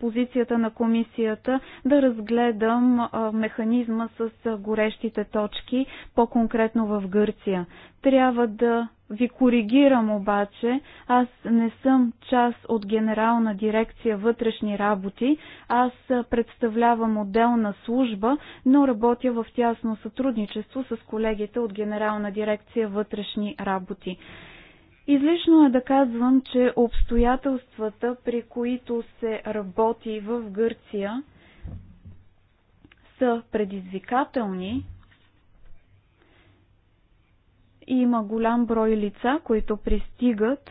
позицията на комисията да разгледам механизма с горещите точки, по-конкретно в Гърция. Трябва да ви коригирам обаче, аз не съм част от Генерална дирекция вътрешни работи, аз представлявам отделна служба, но работя в тясно сътрудничество с колегите от Генерална дирекция вътрешни работи. Излишно е да казвам, че обстоятелствата, при които се работи в Гърция, са предизвикателни има голям брой лица, които пристигат.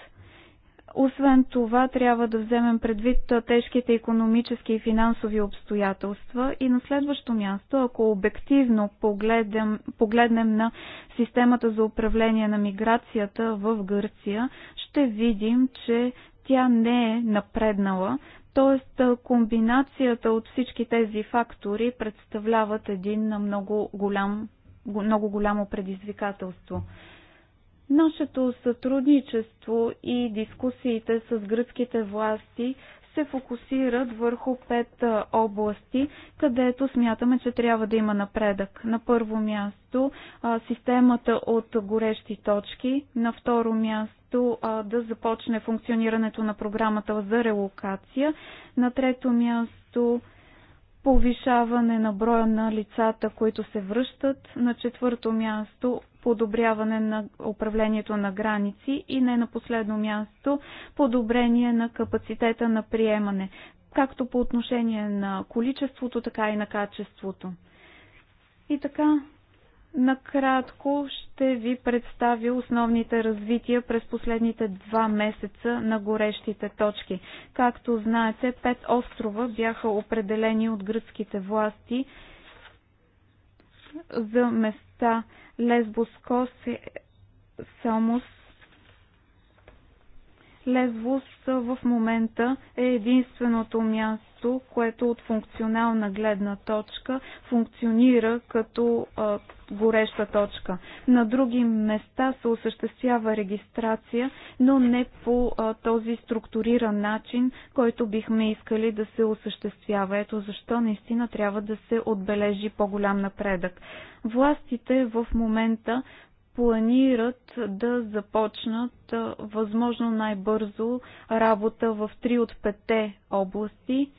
Освен това, трябва да вземем предвид тежките економически и финансови обстоятелства. И на следващо място, ако обективно погледнем, погледнем на системата за управление на миграцията в Гърция, ще видим, че тя не е напреднала, т.е. комбинацията от всички тези фактори представляват един много голям много голямо предизвикателство. Нашето сътрудничество и дискусиите с гръцките власти се фокусират върху пет области, където смятаме, че трябва да има напредък. На първо място системата от горещи точки, на второ място да започне функционирането на програмата за релокация, на трето място повишаване на броя на лицата, които се връщат. На четвърто място подобряване на управлението на граници и не на последно място подобрение на капацитета на приемане, както по отношение на количеството, така и на качеството. И така, Накратко ще ви представя основните развития през последните два месеца на горещите точки. Както знаете, пет острова бяха определени от гръцките власти за места Лесбос, Кос, Самос, Лезвус в момента е единственото място, което от функционална гледна точка функционира като а, гореща точка. На други места се осъществява регистрация, но не по а, този структуриран начин, който бихме искали да се осъществява. Ето защо наистина трябва да се отбележи по-голям напредък. Властите в момента планират да започнат възможно най-бързо работа в три от петте области.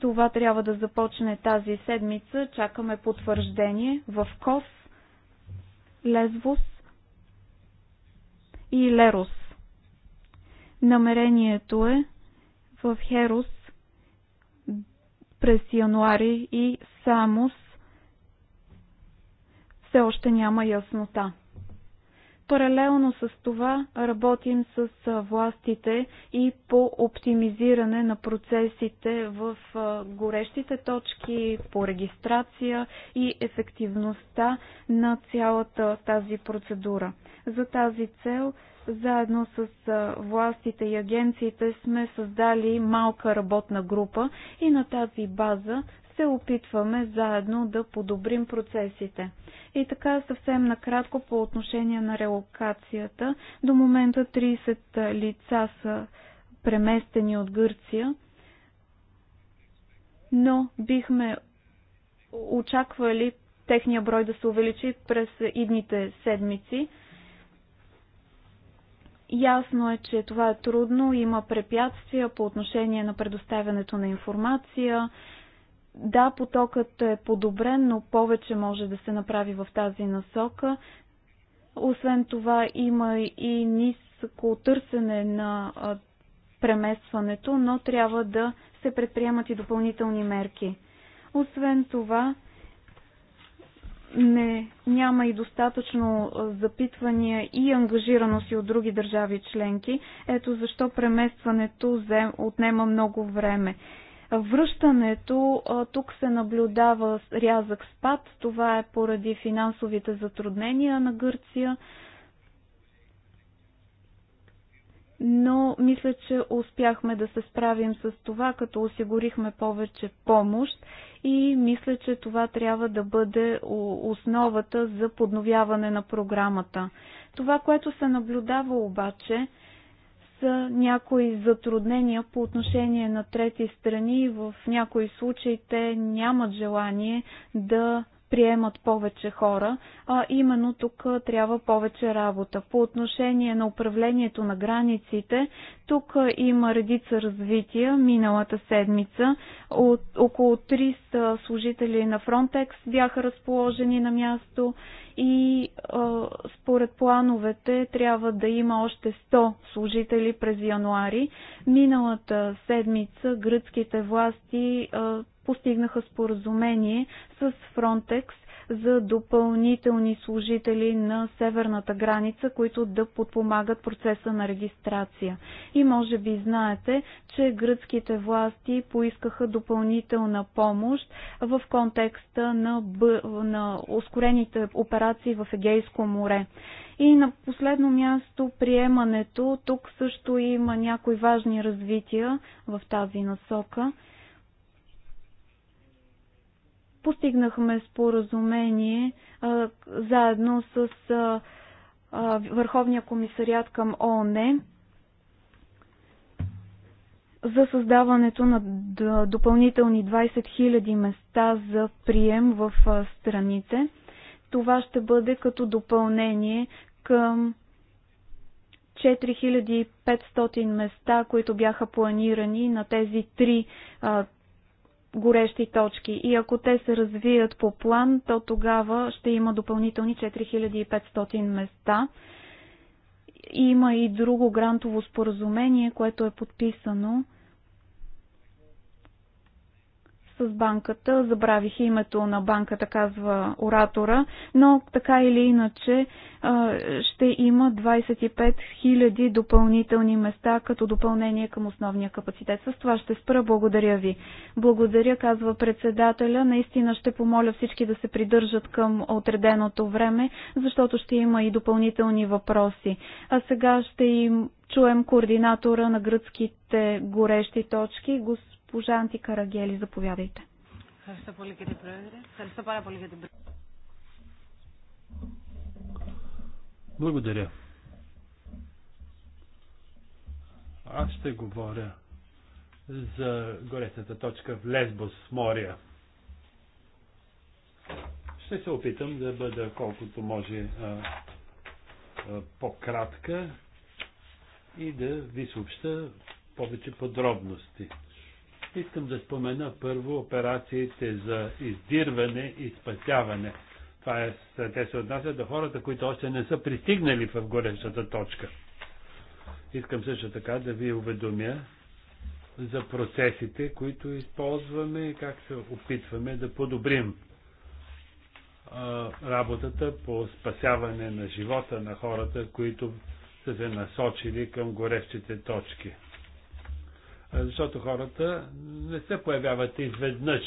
Това трябва да започне тази седмица. Чакаме потвърждение в КОС, Лезвус и Лерус. Намерението е в Херус през януари и Самус все още няма яснота. Паралелно с това работим с властите и по оптимизиране на процесите в горещите точки, по регистрация и ефективността на цялата тази процедура. За тази цел заедно с властите и агенциите сме създали малка работна група и на тази база се опитваме заедно да подобрим процесите. И така съвсем накратко по отношение на релокацията. До момента 30 лица са преместени от Гърция, но бихме очаквали техния брой да се увеличи през идните седмици. Ясно е, че това е трудно, има препятствия по отношение на предоставянето на информация, да, потокът е подобрен, но повече може да се направи в тази насока. Освен това има и ниско търсене на преместването, но трябва да се предприемат и допълнителни мерки. Освен това, не, няма и достатъчно запитвания и ангажираност и от други държави членки. Ето защо преместването отнема много време връщането тук се наблюдава рязък спад. Това е поради финансовите затруднения на Гърция. Но мисля, че успяхме да се справим с това, като осигурихме повече помощ и мисля, че това трябва да бъде основата за подновяване на програмата. Това, което се наблюдава обаче, са някои затруднения по отношение на трети страни. В някои случаи те нямат желание да приемат повече хора, а именно тук трябва повече работа. По отношение на управлението на границите, тук има редица развития. Миналата седмица от около 300 служители на Frontex бяха разположени на място и а, според плановете трябва да има още 100 служители през януари. Миналата седмица гръцките власти а, постигнаха споразумение с Frontex за допълнителни служители на северната граница, които да подпомагат процеса на регистрация. И може би знаете, че гръцките власти поискаха допълнителна помощ в контекста на, Б... на ускорените операции в Егейско море. И на последно място приемането. Тук също има някои важни развития в тази насока постигнахме споразумение а, заедно с а, а, Върховния комисариат към ООН за създаването на допълнителни 20 000 места за прием в страните. Това ще бъде като допълнение към 4500 места, които бяха планирани на тези три горещи точки и ако те се развият по план, то тогава ще има допълнителни 4500 места. Има и друго грантово споразумение, което е подписано с банката. Забравих името на банката, казва оратора, но така или иначе ще има 25 000 допълнителни места като допълнение към основния капацитет. С това ще спра. Благодаря ви. Благодаря, казва председателя. Наистина ще помоля всички да се придържат към отреденото време, защото ще има и допълнителни въпроси. А сега ще им чуем координатора на гръцките горещи точки, господин госпожа Анти Карагели. Заповядайте. Благодаря. Аз ще говоря за горещата точка в Лесбос, моря. Ще се опитам да бъда колкото може по-кратка и да ви съобща повече подробности. Искам да спомена първо операциите за издирване и спасяване. Това е, те се отнасят до хората, които още не са пристигнали в горещата точка. Искам също така да ви уведомя за процесите, които използваме и как се опитваме да подобрим работата по спасяване на живота на хората, които са се насочили към горещите точки защото хората не се появяват изведнъж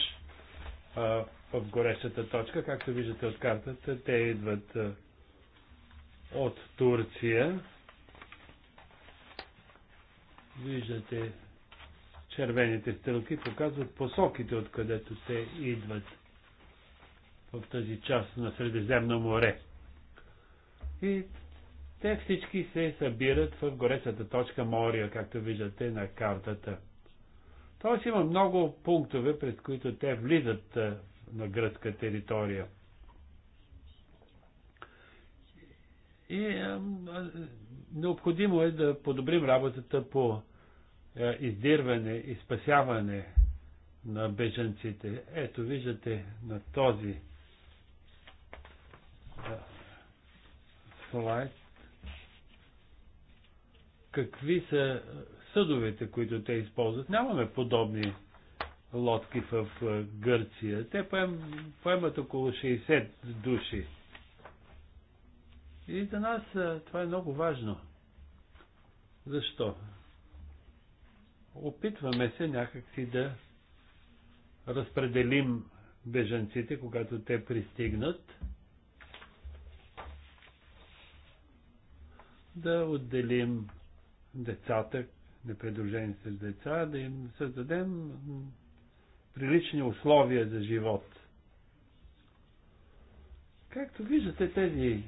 в горещата точка, както виждате от картата, те идват от Турция. Виждате, червените стрелки показват посоките, откъдето те идват в тази част на Средиземно море. И те всички се събират в горещата точка Мория, както виждате на картата. Тоест има много пунктове, през които те влизат на гръцка територия. И е, необходимо е да подобрим работата по е, издирване и спасяване на беженците. Ето, виждате на този слайд какви са съдовете, които те използват. Нямаме подобни лодки в Гърция. Те поем, поемат около 60 души. И за нас това е много важно. Защо? Опитваме се някакси да разпределим бежанците, когато те пристигнат, да отделим децата, непредружените с деца, да им създадем прилични условия за живот. Както виждате, тези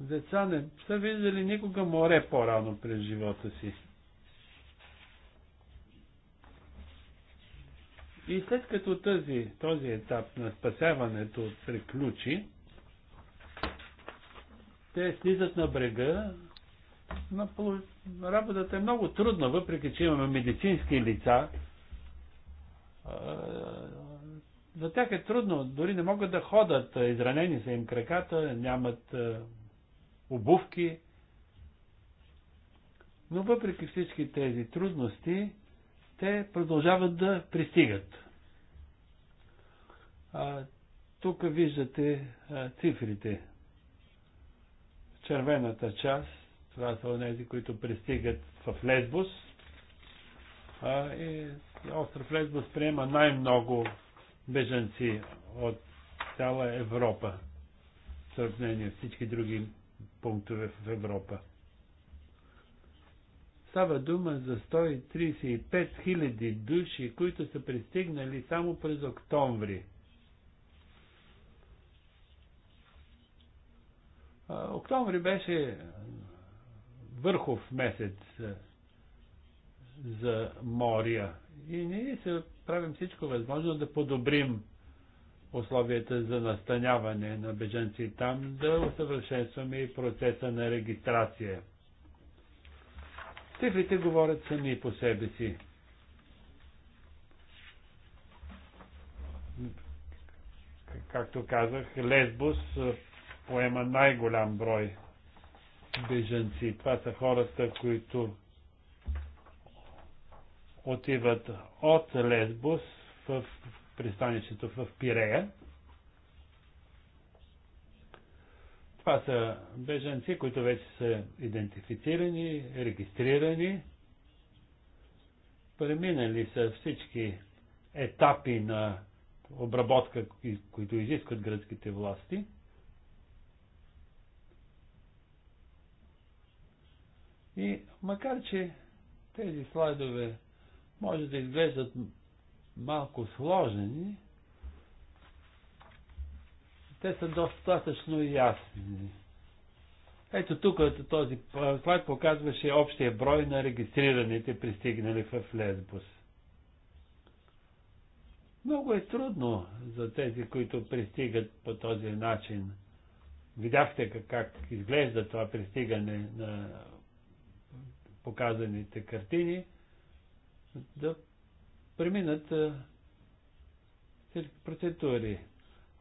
деца не са виждали никога море по-рано през живота си. И след като тази, този етап на спасяването приключи, те слизат на брега, но работата е много трудна, въпреки че имаме медицински лица. За тях е трудно, дори не могат да ходат, изранени са им краката, нямат обувки. Но въпреки всички тези трудности, те продължават да пристигат. тук виждате цифрите. Червената част, това са онези, които пристигат в Лесбос. А, и остров Лесбос приема най-много бежанци от цяла Европа, в сравнение с всички други пунктове в Европа. Става дума за 135 000 души, които са пристигнали само през октомври – Октомври беше върхов месец за моря. И ние се правим всичко възможно да подобрим условията за настаняване на беженци там, да усъвършенстваме и процеса на регистрация. Цифрите говорят сами по себе си. Както казах, Лесбус поема най-голям брой беженци. Това са хората, които отиват от Лесбус в пристанището в Пирея. Това са беженци, които вече са идентифицирани, регистрирани, преминали са всички етапи на обработка, които изискват гръцките власти – И макар, че тези слайдове може да изглеждат малко сложени, те са достатъчно ясни. Ето тук този слайд показваше общия брой на регистрираните пристигнали в Лесбос. Много е трудно за тези, които пристигат по този начин. Видяхте как, как изглежда това пристигане на показаните картини да преминат всички процедури.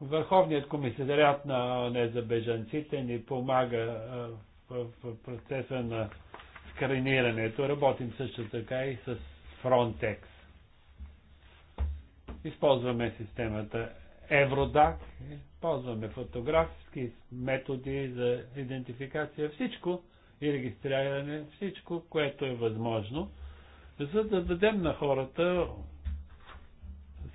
Върховният комисариат на ОНЕ за бежанците ни помага в процеса на скринирането. Работим също така и с Frontex. Използваме системата Евродак, ползваме фотографски методи за идентификация. Всичко и регистриране, всичко, което е възможно, за да дадем на хората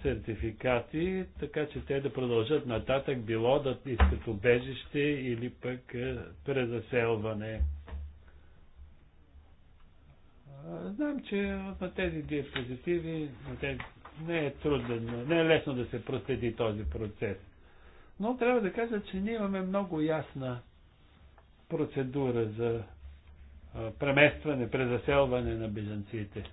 сертификати, така че те да продължат нататък, било да искат убежище или пък е, презаселване. Знам, че на тези диапозитиви на тези, не е трудно, не е лесно да се проследи този процес. Но трябва да кажа, че ние имаме много ясна процедура за преместване, презаселване на бежанците.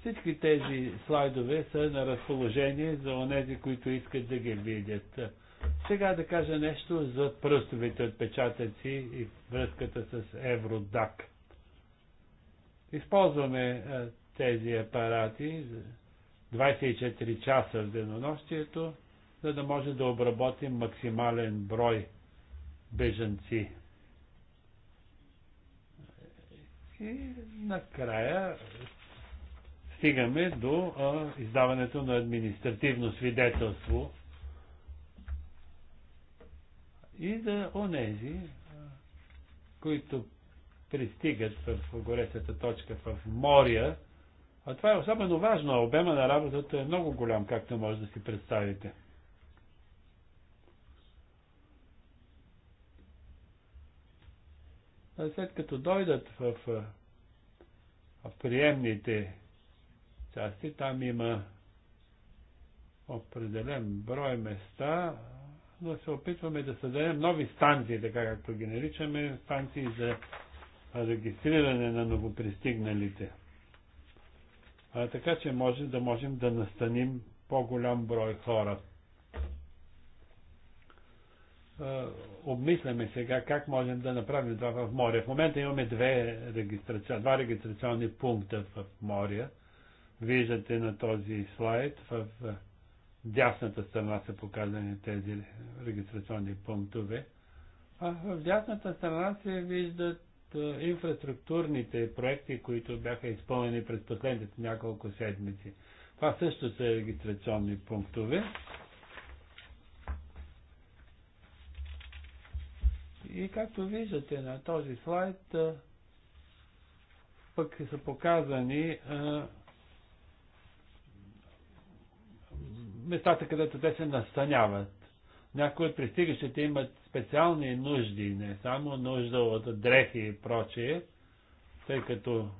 Всички тези слайдове са на разположение за онези, които искат да ги видят. Сега да кажа нещо за пръстовите отпечатъци и връзката с Евродак. Използваме тези апарати 24 часа в денонощието, за да може да обработим максимален брой бежанци. И накрая стигаме до а, издаването на административно свидетелство и за онези, които пристигат в горещата точка в моря. А това е особено важно. Обема на работата е много голям, както може да си представите. след като дойдат в, в, в приемните части, там има определен брой места, но се опитваме да създадем нови станции, така както ги наричаме, станции за регистриране на новопристигналите. А, така че може да можем да настаним по-голям брой хора е, обмисляме сега как можем да направим това в море. В момента имаме две регистрацион, два регистрационни пункта в моря. Виждате на този слайд в дясната страна са показани тези регистрационни пунктове. А в дясната страна се виждат е, инфраструктурните проекти, които бяха изпълнени през последните няколко седмици. Това също са регистрационни пунктове. И както виждате на този слайд, пък са показани местата, където те се настаняват. Някои от пристигащите имат специални нужди, не само нужда от дрехи и прочие, тъй като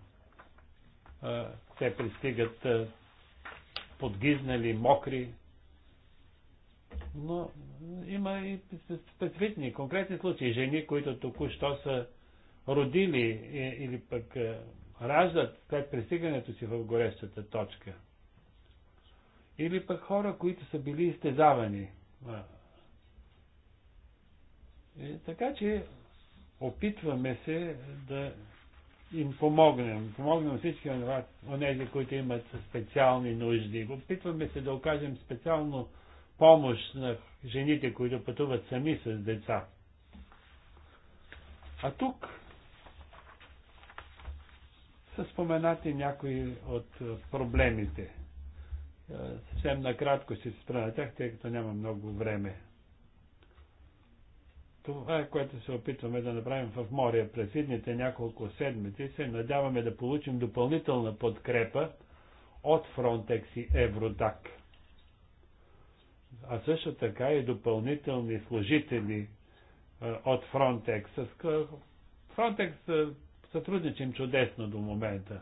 а, те пристигат а, подгизнали, мокри, но има и специфични, конкретни случаи. Жени, които току-що са родили или пък е, раждат след пристигането си в горещата точка. Или пък хора, които са били изтезавани. И е, така че опитваме се да им помогнем. Помогнем всички от тези, които имат специални нужди. Опитваме се да окажем специално помощ на жените, които пътуват сами с деца. А тук са споменати някои от проблемите. Е, съвсем накратко ще се спра на тях, тъй като няма много време. Това е което се опитваме да направим в море през идните няколко седмици. Се надяваме да получим допълнителна подкрепа от Frontex и Евродак а също така и допълнителни служители е, от Frontex. С Frontex е, сътрудничим чудесно до момента.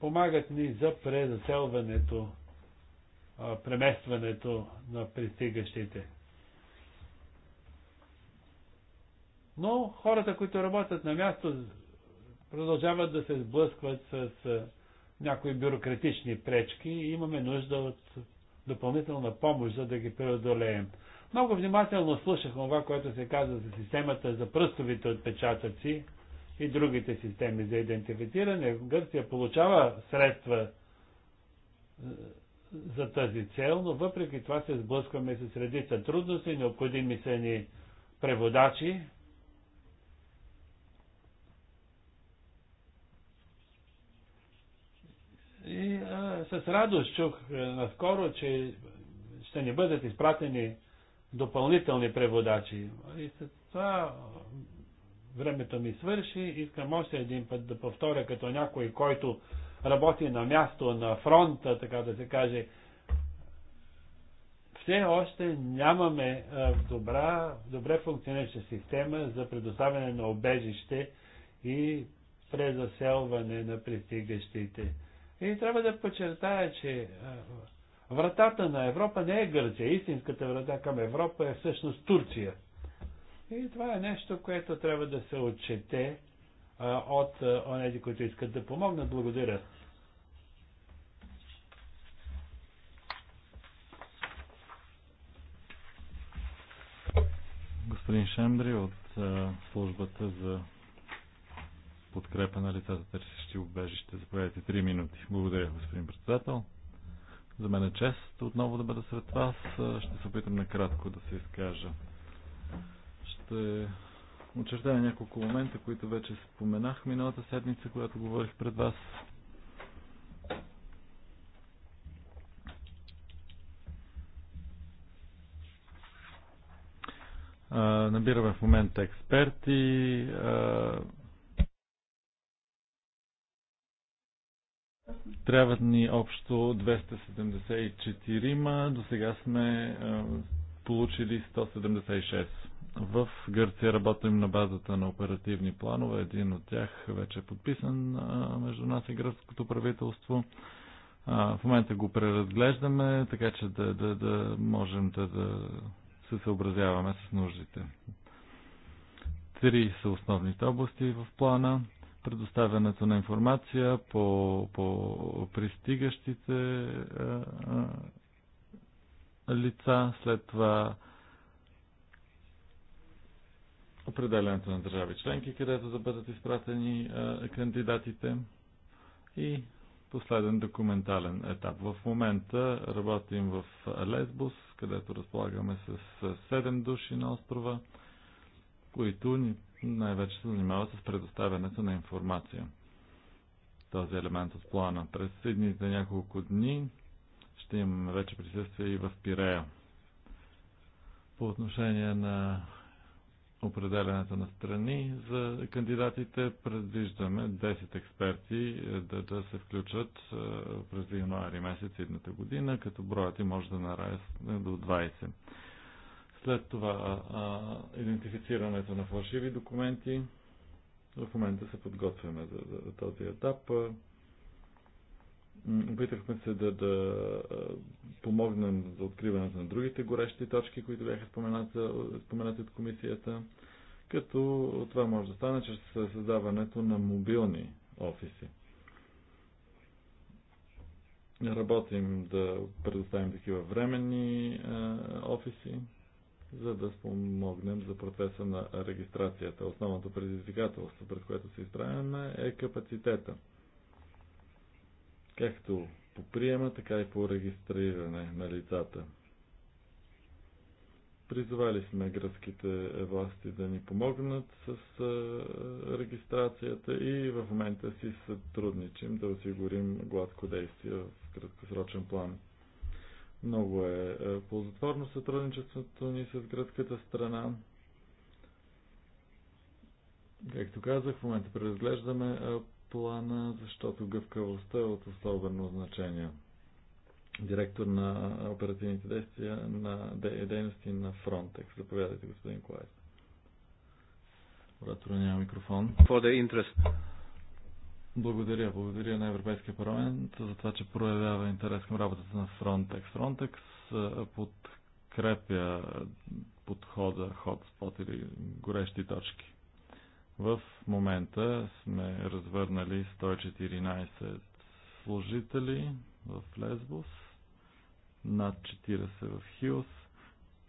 Помагат ни за презаселването, е, преместването на пристигащите. Но хората, които работят на място, продължават да се сблъскват с някои бюрократични пречки и имаме нужда от допълнителна помощ, за да ги преодолеем. Много внимателно слушах това, което се казва за системата за пръстовите отпечатъци и другите системи за идентифициране. Гърция получава средства е, за тази цел, но въпреки това се сблъскваме с редица трудности, необходими са ни преводачи, И а, с радост чух е, наскоро, че ще ни бъдат изпратени допълнителни преводачи. И след това времето ми свърши. Искам още един път да повторя като някой, който работи на място, на фронта, така да се каже. Все още нямаме добра, добре функционираща система за предоставяне на обежище и презаселване на пристигащите. И трябва да подчертая, че вратата на Европа не е Гърция. Истинската врата към Европа е всъщност Турция. И това е нещо, което трябва да се отчете от онези, които искат да помогнат. Благодаря. Господин Шембри от службата за подкрепа на лицата, търсещи убежище. Заповядайте 3 минути. Благодаря, господин председател. За мен е чест отново да бъда сред вас. Ще се опитам накратко да се изкажа. Ще очертая няколко момента, които вече споменах миналата седмица, когато говорих пред вас. Набираме в момента експерти, Трябват ни общо 274, до сега сме получили 176. В Гърция работим на базата на оперативни планове. Един от тях вече е подписан между нас и гръцкото правителство. В момента го преразглеждаме, така че да, да, да можем да, да се съобразяваме с нуждите. Три са основните области в плана предоставянето на информация по, по пристигащите а, лица, след това определянето на държави членки, където да бъдат изпратени а, кандидатите и последен документален етап. В момента работим в лесбус, където разполагаме с 7 души на острова, които ни най-вече се занимава с предоставянето на информация. Този елемент от плана. През следните няколко дни ще имаме вече присъствие и в Пирея. По отношение на определенето на страни за кандидатите предвиждаме 10 експерти е, да, да се включат е, през януари месец едната година, като броят им може да нарасне до 20. След това а, идентифицирането на фалшиви документи. В момента се подготвяме за, за, за този етап. Опитахме се да, да помогнем за откриването на другите горещи точки, които бяха споменати, споменати от комисията, като това може да стане чрез създаването на мобилни офиси. Работим да предоставим такива временни офиси за да спомогнем за процеса на регистрацията. Основното предизвикателство, пред което се изправяме, е капацитета. Както по приема, така и по регистриране на лицата. Призвали сме гръцките власти да ни помогнат с регистрацията и в момента си сътрудничим да осигурим гладко действие в краткосрочен план. Много е, е ползотворно сътрудничеството ни с гръцката страна. Както казах, в момента преразглеждаме е, плана, защото гъвкавостта е от особено значение. Директор на е, оперативните действия на дейности на Frontex. Заповядайте, господин Клайс. Оратора няма микрофон. For the interest. Благодаря. Благодаря на Европейския парламент за това, че проявява интерес към работата на Frontex. Frontex подкрепя подхода Hotspot или горещи точки. В момента сме развърнали 114 служители в Лесбос, над 40 в Хилс,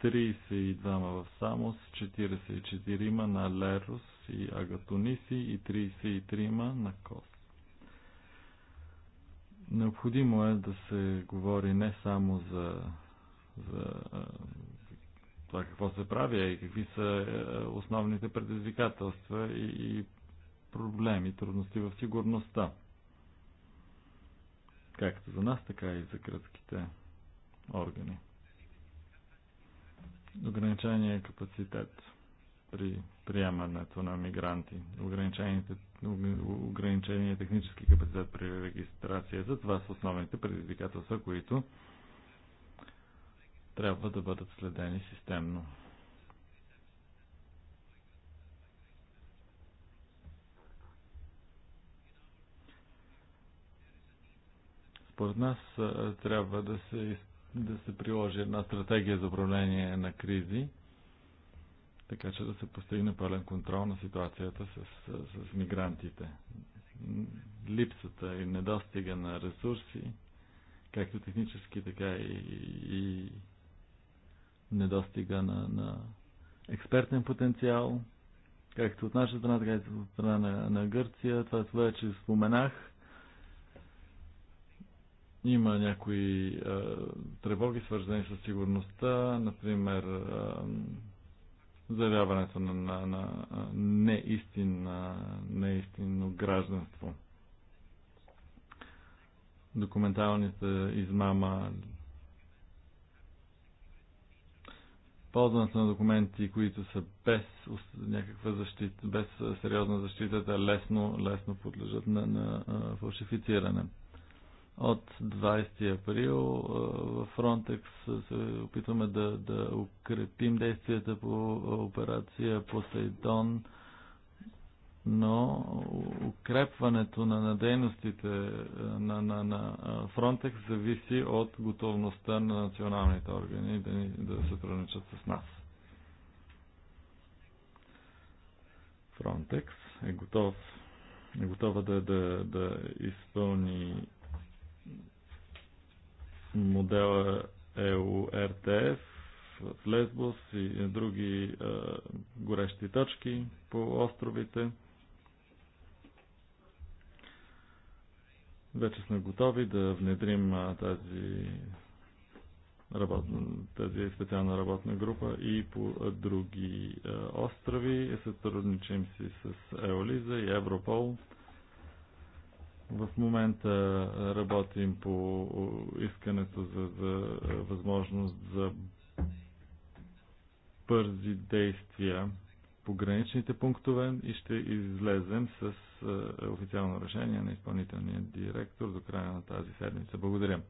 32 в Самос, 44 на Лерус и Агатониси и 33 на Кос. Необходимо е да се говори не само за, за това какво се прави, а и какви са основните предизвикателства и, и проблеми, трудности в сигурността. Както за нас, така и за кръцките органи. Ограничения капацитет при приемането на мигранти. Ограничените, ограничения технически капацитет при За Това са основните предизвикателства, които трябва да бъдат следени системно. Според нас трябва да се, да се приложи една стратегия за управление на кризи – така че да се постигне пълен контрол на ситуацията с, с, с мигрантите. Липсата и недостига на ресурси, както технически, така и, и недостига на, на експертен потенциал, както от наша страна, така и от страна на, на Гърция. Това вече споменах. Има някои е, тревоги, свързани с сигурността, например. Е, заявяването на, на, на неистинно неистин гражданство. Документалните измама, ползването на документи, които са без някаква защита, без сериозна защита, лесно, лесно подлежат на, на фалшифициране. От 20 април в Frontex се опитваме да, да укрепим действията по операция Посейдон, но укрепването на, на дейностите на, на, на Frontex зависи от готовността на националните органи да, ни, да сътрудничат с нас. Frontex е готов е готова да, да, да изпълни модела EURTF е в Лесбос и други е, горещи точки по островите. Вече сме готови да внедрим тази, работна, тази специална работна група и по други острови. Сътрудничим си с Еолиза и Европол. В момента работим по искането за, за възможност за бързи действия по граничните пунктове и ще излезем с официално решение на изпълнителния директор до края на тази седмица. Благодаря.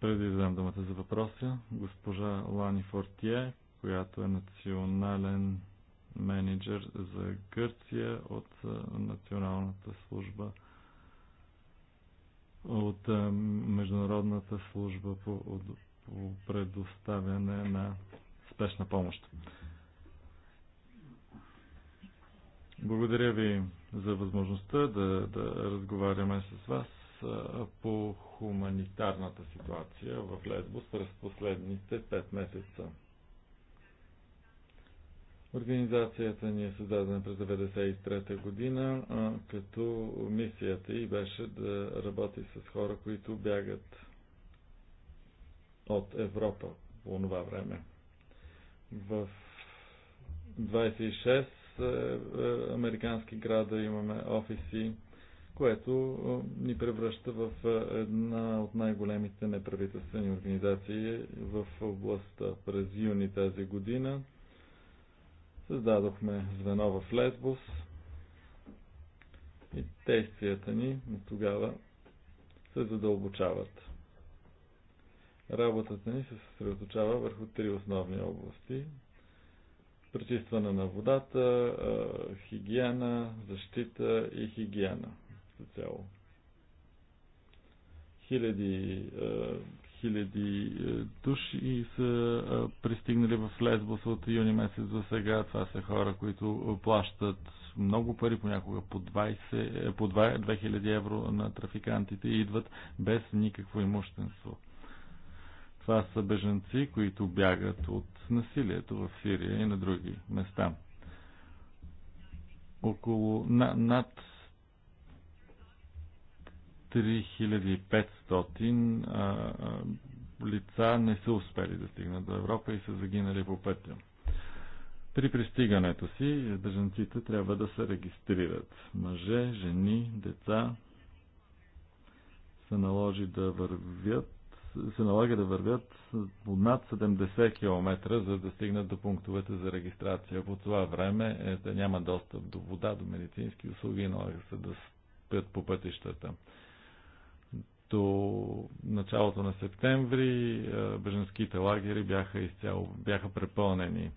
Преди да дам думата за въпроса, госпожа Лани Фортие, която е национален менеджер за Гърция от Националната служба от Международната служба по, по предоставяне на спешна помощ. Благодаря ви за възможността да, да разговаряме с вас по хуманитарната ситуация в Лесбос през последните 5 месеца. Организацията ни е създадена през 1993 година, като мисията й беше да работи с хора, които бягат от Европа по това време. В 26 е, е, американски града имаме офиси, което е, ни превръща в една от най-големите неправителствени организации в областта. През юни тази година Създадохме звено в Лесбос и действията ни от тогава се задълбочават. Работата ни се съсредоточава върху три основни области пречистване на водата, хигиена, защита и хигиена за цяло. Хиляди хиляди е, души са е, пристигнали в Лесбос от юни месец до сега. Това са хора, които е, плащат много пари, понякога по, 20, по 2000 евро на трафикантите и идват без никакво имущество. Това са бежанци, които бягат от насилието в Сирия и на други места. Около на, над 3500 а, а, лица не са успели да стигнат до Европа и са загинали по пътя. При пристигането си държанците трябва да се регистрират. Мъже, жени, деца се наложи да вървят се налага да вървят над 70 км, за да стигнат до пунктовете за регистрация. По това време е, да няма достъп до вода, до медицински услуги, налага се да спят по пътищата до началото на септември беженските лагери бяха изцяло бяха препълнени.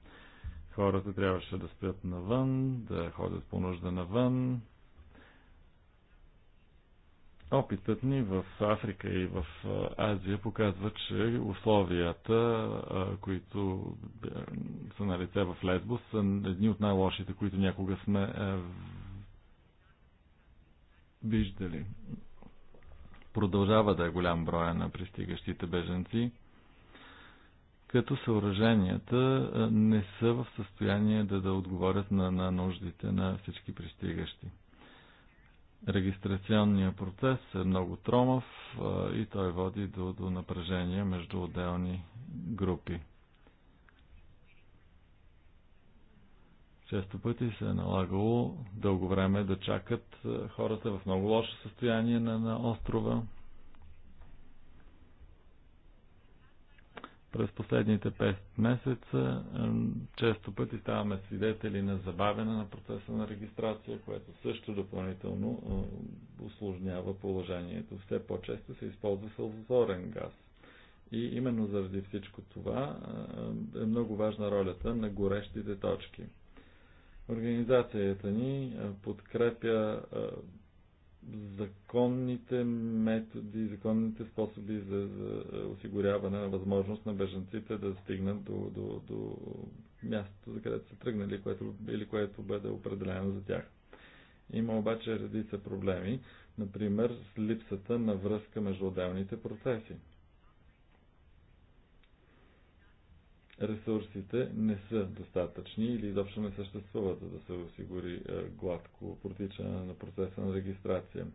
Хората трябваше да спят навън, да ходят по нужда навън. Опитът ни в Африка и в Азия показва, че условията, които са на лице в Лесбос, са едни от най-лошите, които някога сме виждали. Продължава да е голям броя на пристигащите беженци, като съоръженията не са в състояние да, да отговорят на, на нуждите на всички пристигащи. Регистрационният процес е много тромав и той води до, до напрежение между отделни групи. Често пъти се е налагало дълго време да чакат е, хората в много лошо състояние на, на острова. През последните 5 месеца е, често пъти ставаме свидетели на забавяне на процеса на регистрация, което също допълнително е, усложнява положението. Все по-често се използва сълзотворен газ. И именно заради всичко това е много важна ролята на горещите точки – Организацията ни подкрепя законните методи, законните способи за, за осигуряване на възможност на бежанците да стигнат до, до, до мястото, за където са тръгнали което, или което бъде определено за тях. Има обаче редица проблеми, например с липсата на връзка между отделните процеси. ресурсите не са достатъчни или изобщо не съществуват, за да се осигури е, гладко протичане на процеса на регистрация.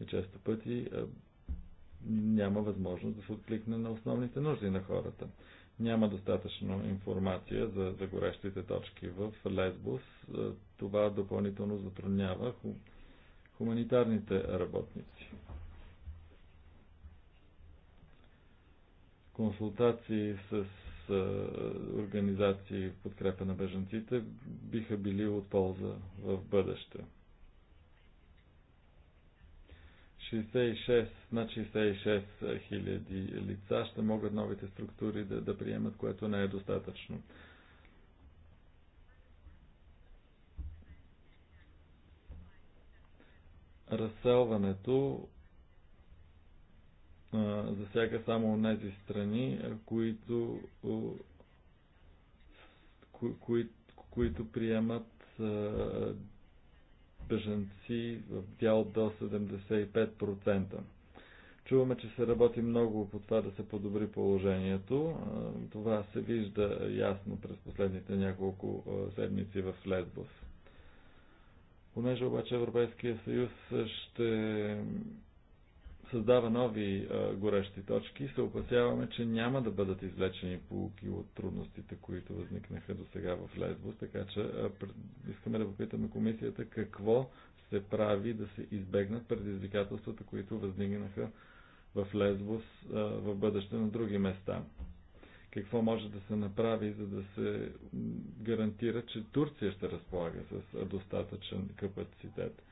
И често пъти е, няма възможност да се откликне на основните нужди на хората. Няма достатъчно информация за, за горещите точки в Лесбос. Е, това допълнително затруднява хуманитарните работници. консултации с организации в подкрепа на бежанците биха били от полза в бъдеще. 66, над 66 хиляди лица ще могат новите структури да, да приемат, което не е достатъчно. Разселването засяга само тези страни, които, кои, кои, които приемат беженци в дял до 75%. Чуваме, че се работи много по това да се подобри положението. Това се вижда ясно през последните няколко седмици в Лесбос. Понеже обаче Европейския съюз ще създава нови а, горещи точки, се опасяваме, че няма да бъдат извлечени полуки от трудностите, които възникнаха до сега в Лесбос, така че а, искаме да попитаме комисията какво се прави да се избегнат предизвикателствата, които възникнаха в Лесбос в бъдеще на други места. Какво може да се направи, за да се гарантира, че Турция ще разполага с достатъчен капацитет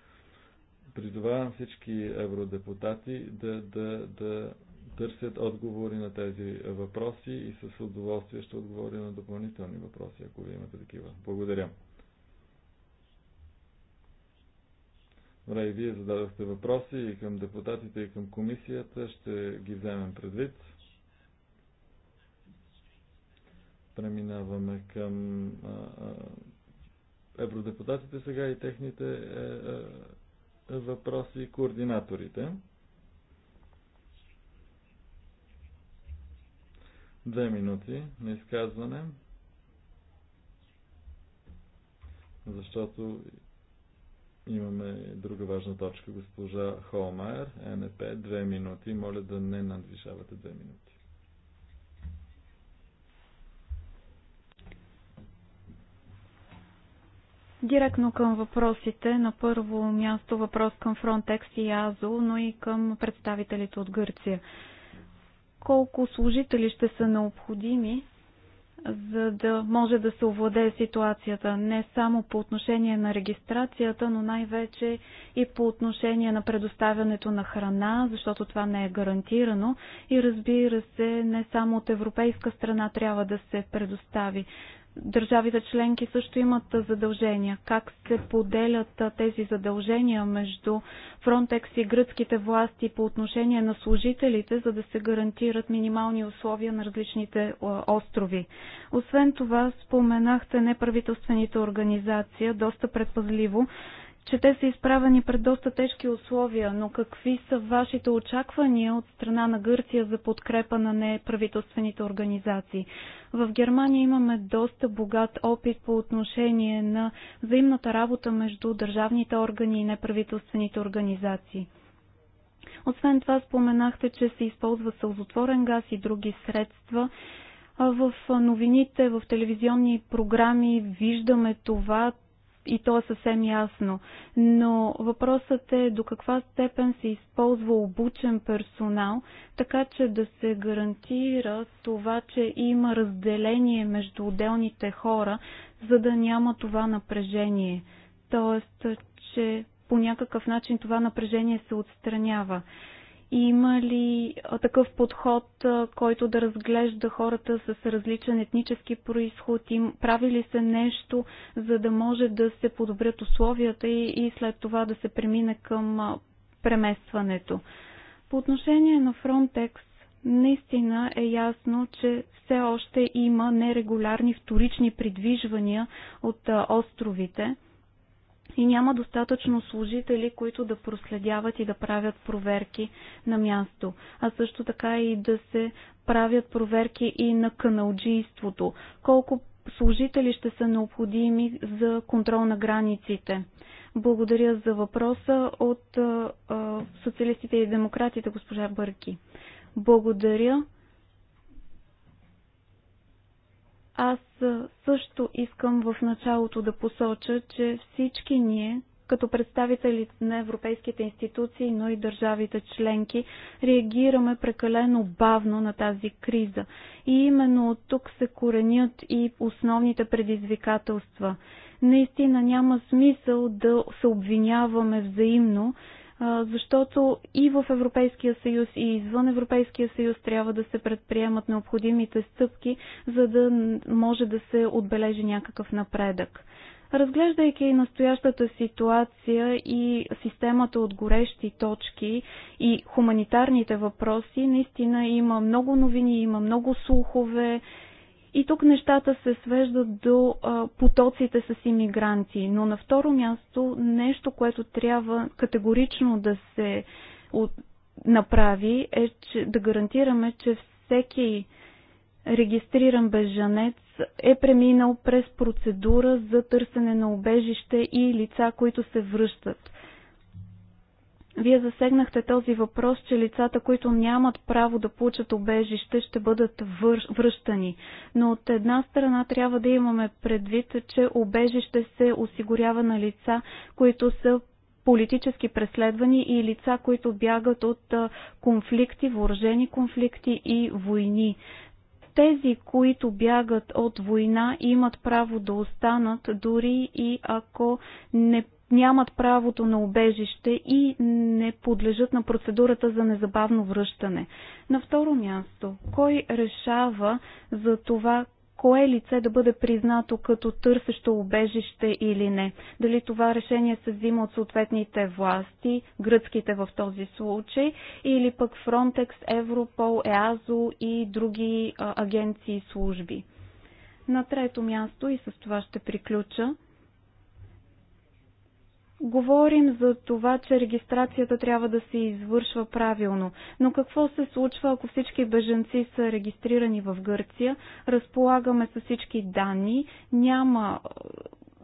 призовавам всички евродепутати да, да, да търсят отговори на тези въпроси и с удоволствие ще отговоря на допълнителни въпроси, ако ви имате такива. Благодаря. Добре, и вие зададохте въпроси и към депутатите, и към комисията. Ще ги вземем предвид. Преминаваме към а, а, евродепутатите сега и техните. А, е, а, е, въпроси координаторите. Две минути на изказване, защото имаме друга важна точка. Госпожа Холмайер, НП, две минути. Моля да не надвишавате две минути. Директно към въпросите. На първо място въпрос към Frontex и АЗО, но и към представителите от Гърция. Колко служители ще са необходими, за да може да се овладее ситуацията не само по отношение на регистрацията, но най-вече и по отношение на предоставянето на храна, защото това не е гарантирано и разбира се, не само от европейска страна трябва да се предостави Държавите членки също имат задължения. Как се поделят тези задължения между Фронтекс и гръцките власти по отношение на служителите, за да се гарантират минимални условия на различните острови? Освен това, споменахте неправителствените организации доста предпазливо че те са изправени пред доста тежки условия, но какви са вашите очаквания от страна на Гърция за подкрепа на неправителствените организации? В Германия имаме доста богат опит по отношение на взаимната работа между държавните органи и неправителствените организации. Освен това споменахте, че се използва сълзотворен газ и други средства. В новините, в телевизионни програми виждаме това, и то е съвсем ясно. Но въпросът е до каква степен се използва обучен персонал, така че да се гарантира това, че има разделение между отделните хора, за да няма това напрежение. Тоест, че по някакъв начин това напрежение се отстранява. Има ли такъв подход, който да разглежда хората с различен етнически происход? Им прави ли се нещо, за да може да се подобрят условията и, и след това да се премине към преместването? По отношение на Frontex, наистина е ясно, че все още има нерегулярни вторични придвижвания от островите – и няма достатъчно служители, които да проследяват и да правят проверки на място, а също така и да се правят проверки и на каналджийството. Колко служители ще са необходими за контрол на границите? Благодаря за въпроса от социалистите и демократите, госпожа Бърки. Благодаря. Аз също искам в началото да посоча, че всички ние, като представители на европейските институции, но и държавите членки, реагираме прекалено бавно на тази криза. И именно от тук се коренят и основните предизвикателства. Наистина няма смисъл да се обвиняваме взаимно, защото и в Европейския съюз, и извън Европейския съюз трябва да се предприемат необходимите стъпки, за да може да се отбележи някакъв напредък. Разглеждайки настоящата ситуация и системата от горещи точки и хуманитарните въпроси, наистина има много новини, има много слухове, и тук нещата се свеждат до а, потоците с иммигранти. Но на второ място нещо, което трябва категорично да се от... направи е че, да гарантираме, че всеки регистриран бежанец е преминал през процедура за търсене на обежище и лица, които се връщат. Вие засегнахте този въпрос, че лицата, които нямат право да получат обежище, ще бъдат връщани. Но от една страна трябва да имаме предвид, че обежище се осигурява на лица, които са политически преследвани и лица, които бягат от конфликти, въоръжени конфликти и войни тези, които бягат от война, имат право да останат, дори и ако не нямат правото на обежище и не подлежат на процедурата за незабавно връщане. На второ място, кой решава за това кое лице да бъде признато като търсещо убежище или не. Дали това решение се взима от съответните власти, гръцките в този случай, или пък Frontex, Европол, ЕАЗО и други а, агенции и служби. На трето място, и с това ще приключа, Говорим за това, че регистрацията трябва да се извършва правилно. Но какво се случва, ако всички беженци са регистрирани в Гърция? Разполагаме с всички данни, няма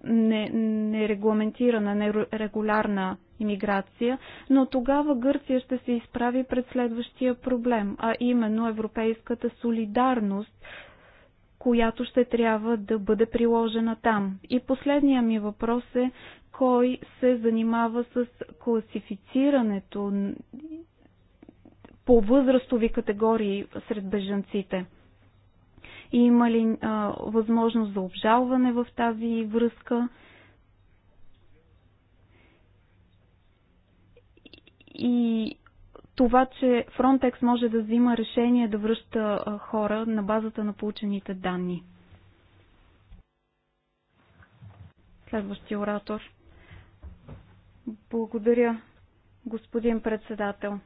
е, нерегламентирана, нерегулярна иммиграция, но тогава Гърция ще се изправи пред следващия проблем, а именно европейската солидарност, която ще трябва да бъде приложена там. И последния ми въпрос е кой се занимава с класифицирането по възрастови категории сред бежанците. И има ли а, възможност за обжалване в тази връзка? И това, че Frontex може да взима решение да връща а, хора на базата на получените данни. Следващия оратор. Благодаря, господин председател.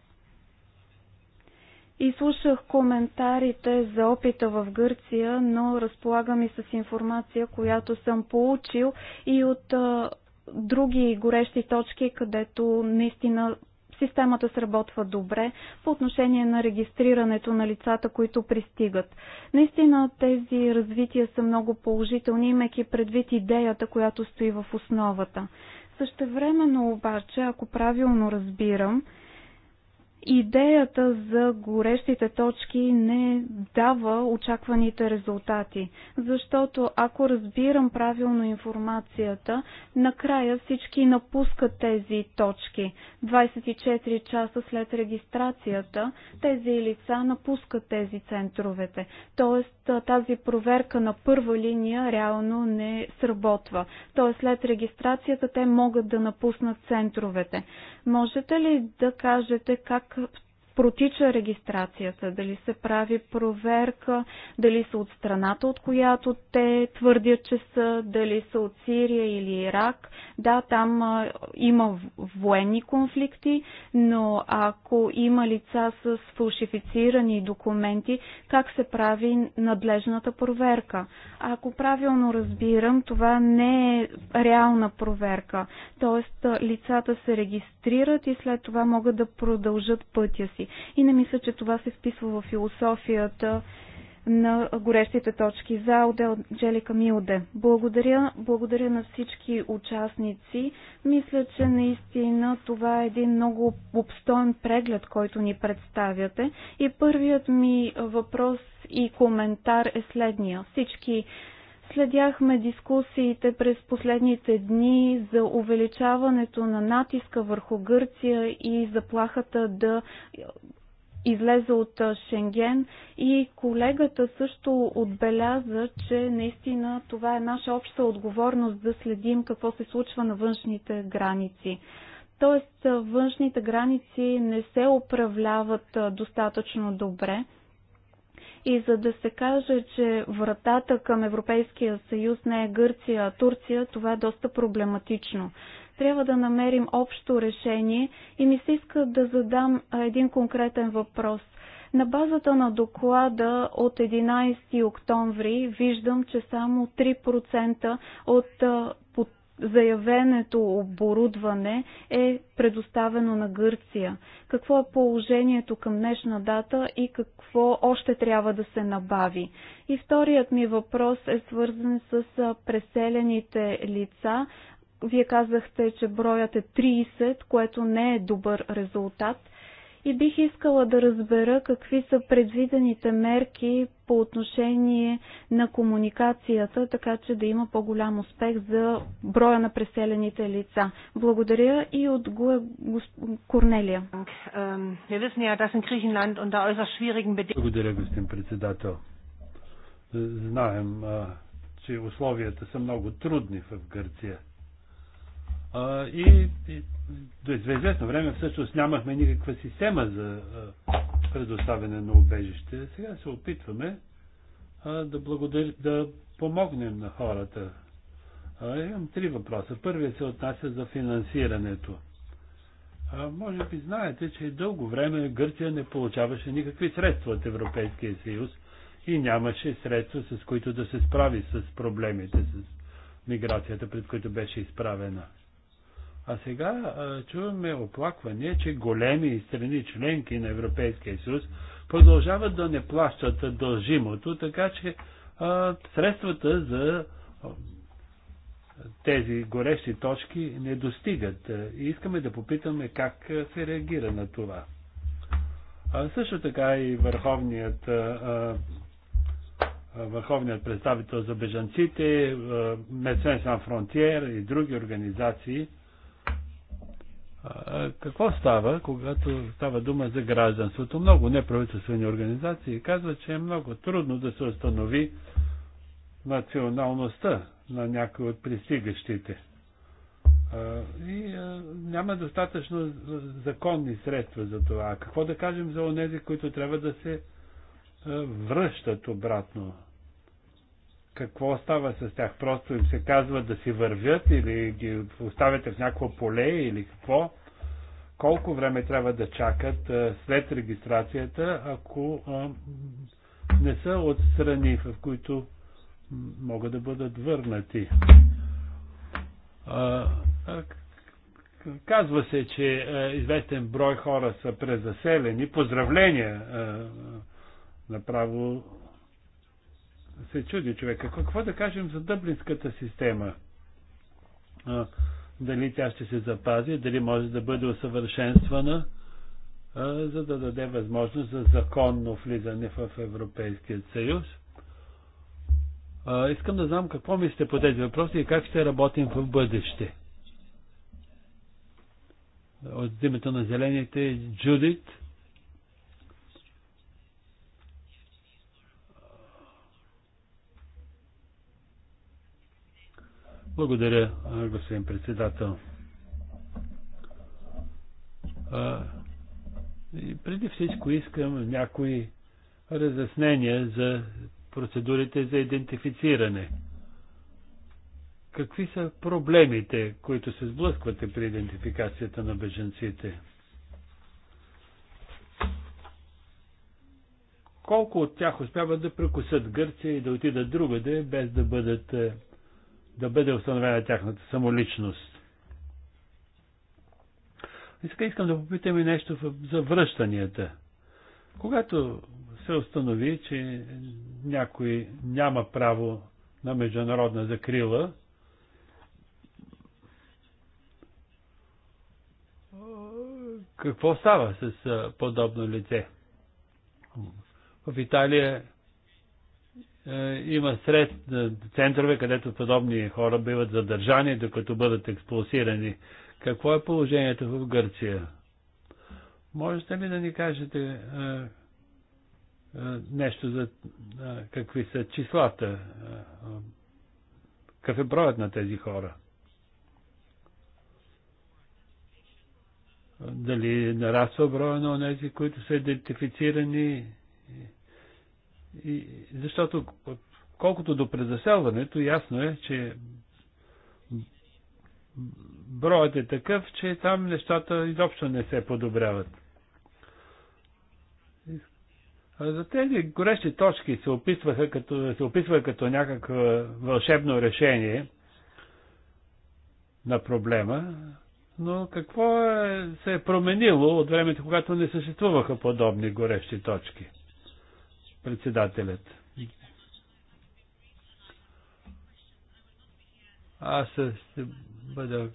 Изслушах коментарите за опита в Гърция, но разполагам и с информация, която съм получил и от а, други горещи точки, където наистина системата сработва добре по отношение на регистрирането на лицата, които пристигат. Наистина тези развития са много положителни, имайки предвид идеята, която стои в основата. Същевременно обаче, ако правилно разбирам, идеята за горещите точки не дава очакваните резултати, защото ако разбирам правилно информацията, накрая всички напускат тези точки. 24 часа след регистрацията тези лица напускат тези центровете. Тоест тази проверка на първа линия реално не сработва. Тоест след регистрацията те могат да напуснат центровете. Можете ли да кажете как как протича регистрацията, дали се прави проверка, дали са от страната, от която те твърдят, че са, дали са от Сирия или Ирак. Да, там а, има военни конфликти, но ако има лица с фалшифицирани документи, как се прави надлежната проверка? Ако правилно разбирам, това не е реална проверка. Тоест, лицата се регистрират и след това могат да продължат пътя си си. И не мисля, че това се вписва в философията на горещите точки за отдел Джелика Милде. Благодаря, благодаря на всички участници. Мисля, че наистина това е един много обстоен преглед, който ни представяте. И първият ми въпрос и коментар е следния. Всички Следяхме дискусиите през последните дни за увеличаването на натиска върху Гърция и заплахата да излезе от Шенген и колегата също отбеляза, че наистина това е наша обща отговорност да следим какво се случва на външните граници. Тоест външните граници не се управляват достатъчно добре. И за да се каже, че вратата към Европейския съюз не е Гърция, а Турция, това е доста проблематично. Трябва да намерим общо решение и ми се иска да задам един конкретен въпрос. На базата на доклада от 11 октомври виждам, че само 3% от заявеното оборудване е предоставено на Гърция. Какво е положението към днешна дата и какво още трябва да се набави? И вторият ми въпрос е свързан с преселените лица. Вие казахте, че броят е 30, което не е добър резултат и бих искала да разбера какви са предвидените мерки по отношение на комуникацията, така че да има по-голям успех за броя на преселените лица. Благодаря и от Корнелия. Благодаря, господин председател. Знаем, че условията са много трудни в Гърция. А, и, и до известно време всъщност нямахме никаква система за а, предоставяне на убежище. Сега се опитваме а, да, благодар... да помогнем на хората. А, имам три въпроса. Първият се отнася за финансирането. А, може би знаете, че дълго време Гърция не получаваше никакви средства от Европейския съюз и нямаше средства, с които да се справи с проблемите, с миграцията, пред които беше изправена. А сега чуваме оплакване, че големи страни членки на Европейския съюз продължават да не плащат дължимото, така че а, средствата за тези горещи точки не достигат. И искаме да попитаме как се реагира на това. А също така и върховният, а, върховният представител за бежанците, Медсен Сан Фронтиер и други организации – какво става, когато става дума за гражданството? Много неправителствени организации казват, че е много трудно да се установи националността на някои от пристигащите. и няма достатъчно законни средства за това. А какво да кажем за онези, които трябва да се връщат обратно какво става с тях? Просто им се казва да си вървят или ги оставяте в някакво поле или какво? Колко време трябва да чакат след регистрацията, ако не са от страни, в които могат да бъдат върнати? Казва се, че известен брой хора са презаселени. Поздравления! Направо се чуди човека. Какво да кажем за дъблинската система? А, дали тя ще се запази, дали може да бъде усъвършенствана, а, за да даде възможност за законно влизане в Европейския съюз? А, искам да знам какво мислите по тези въпроси и как ще работим в бъдеще. От името на зелените Джудит. Благодаря, господин председател. А, и преди всичко искам някои разяснения за процедурите за идентифициране. Какви са проблемите, които се сблъсквате при идентификацията на беженците? Колко от тях успяват да прекусат Гърция и да отидат другаде, без да бъдат е, да бъде установена тяхната самоличност. И сега искам да попитам и нещо за връщанията. Когато се установи, че някой няма право на международна закрила, какво става с подобно лице? В Италия е, има сред е, центрове, където подобни хора биват задържани, докато бъдат експулсирани. Какво е положението в Гърция? Можете ли да ни кажете е, нещо за какви са числата? Какъв е броят на тези хора? Дали нараства броя на тези, които са идентифицирани и, защото колкото до презаселването, ясно е, че броят е такъв, че там нещата изобщо не се подобряват. За тези горещи точки се, описваха като, се описва като някакво вълшебно решение на проблема, но какво е, се е променило от времето, когато не съществуваха подобни горещи точки? Председателят. Аз ще бъда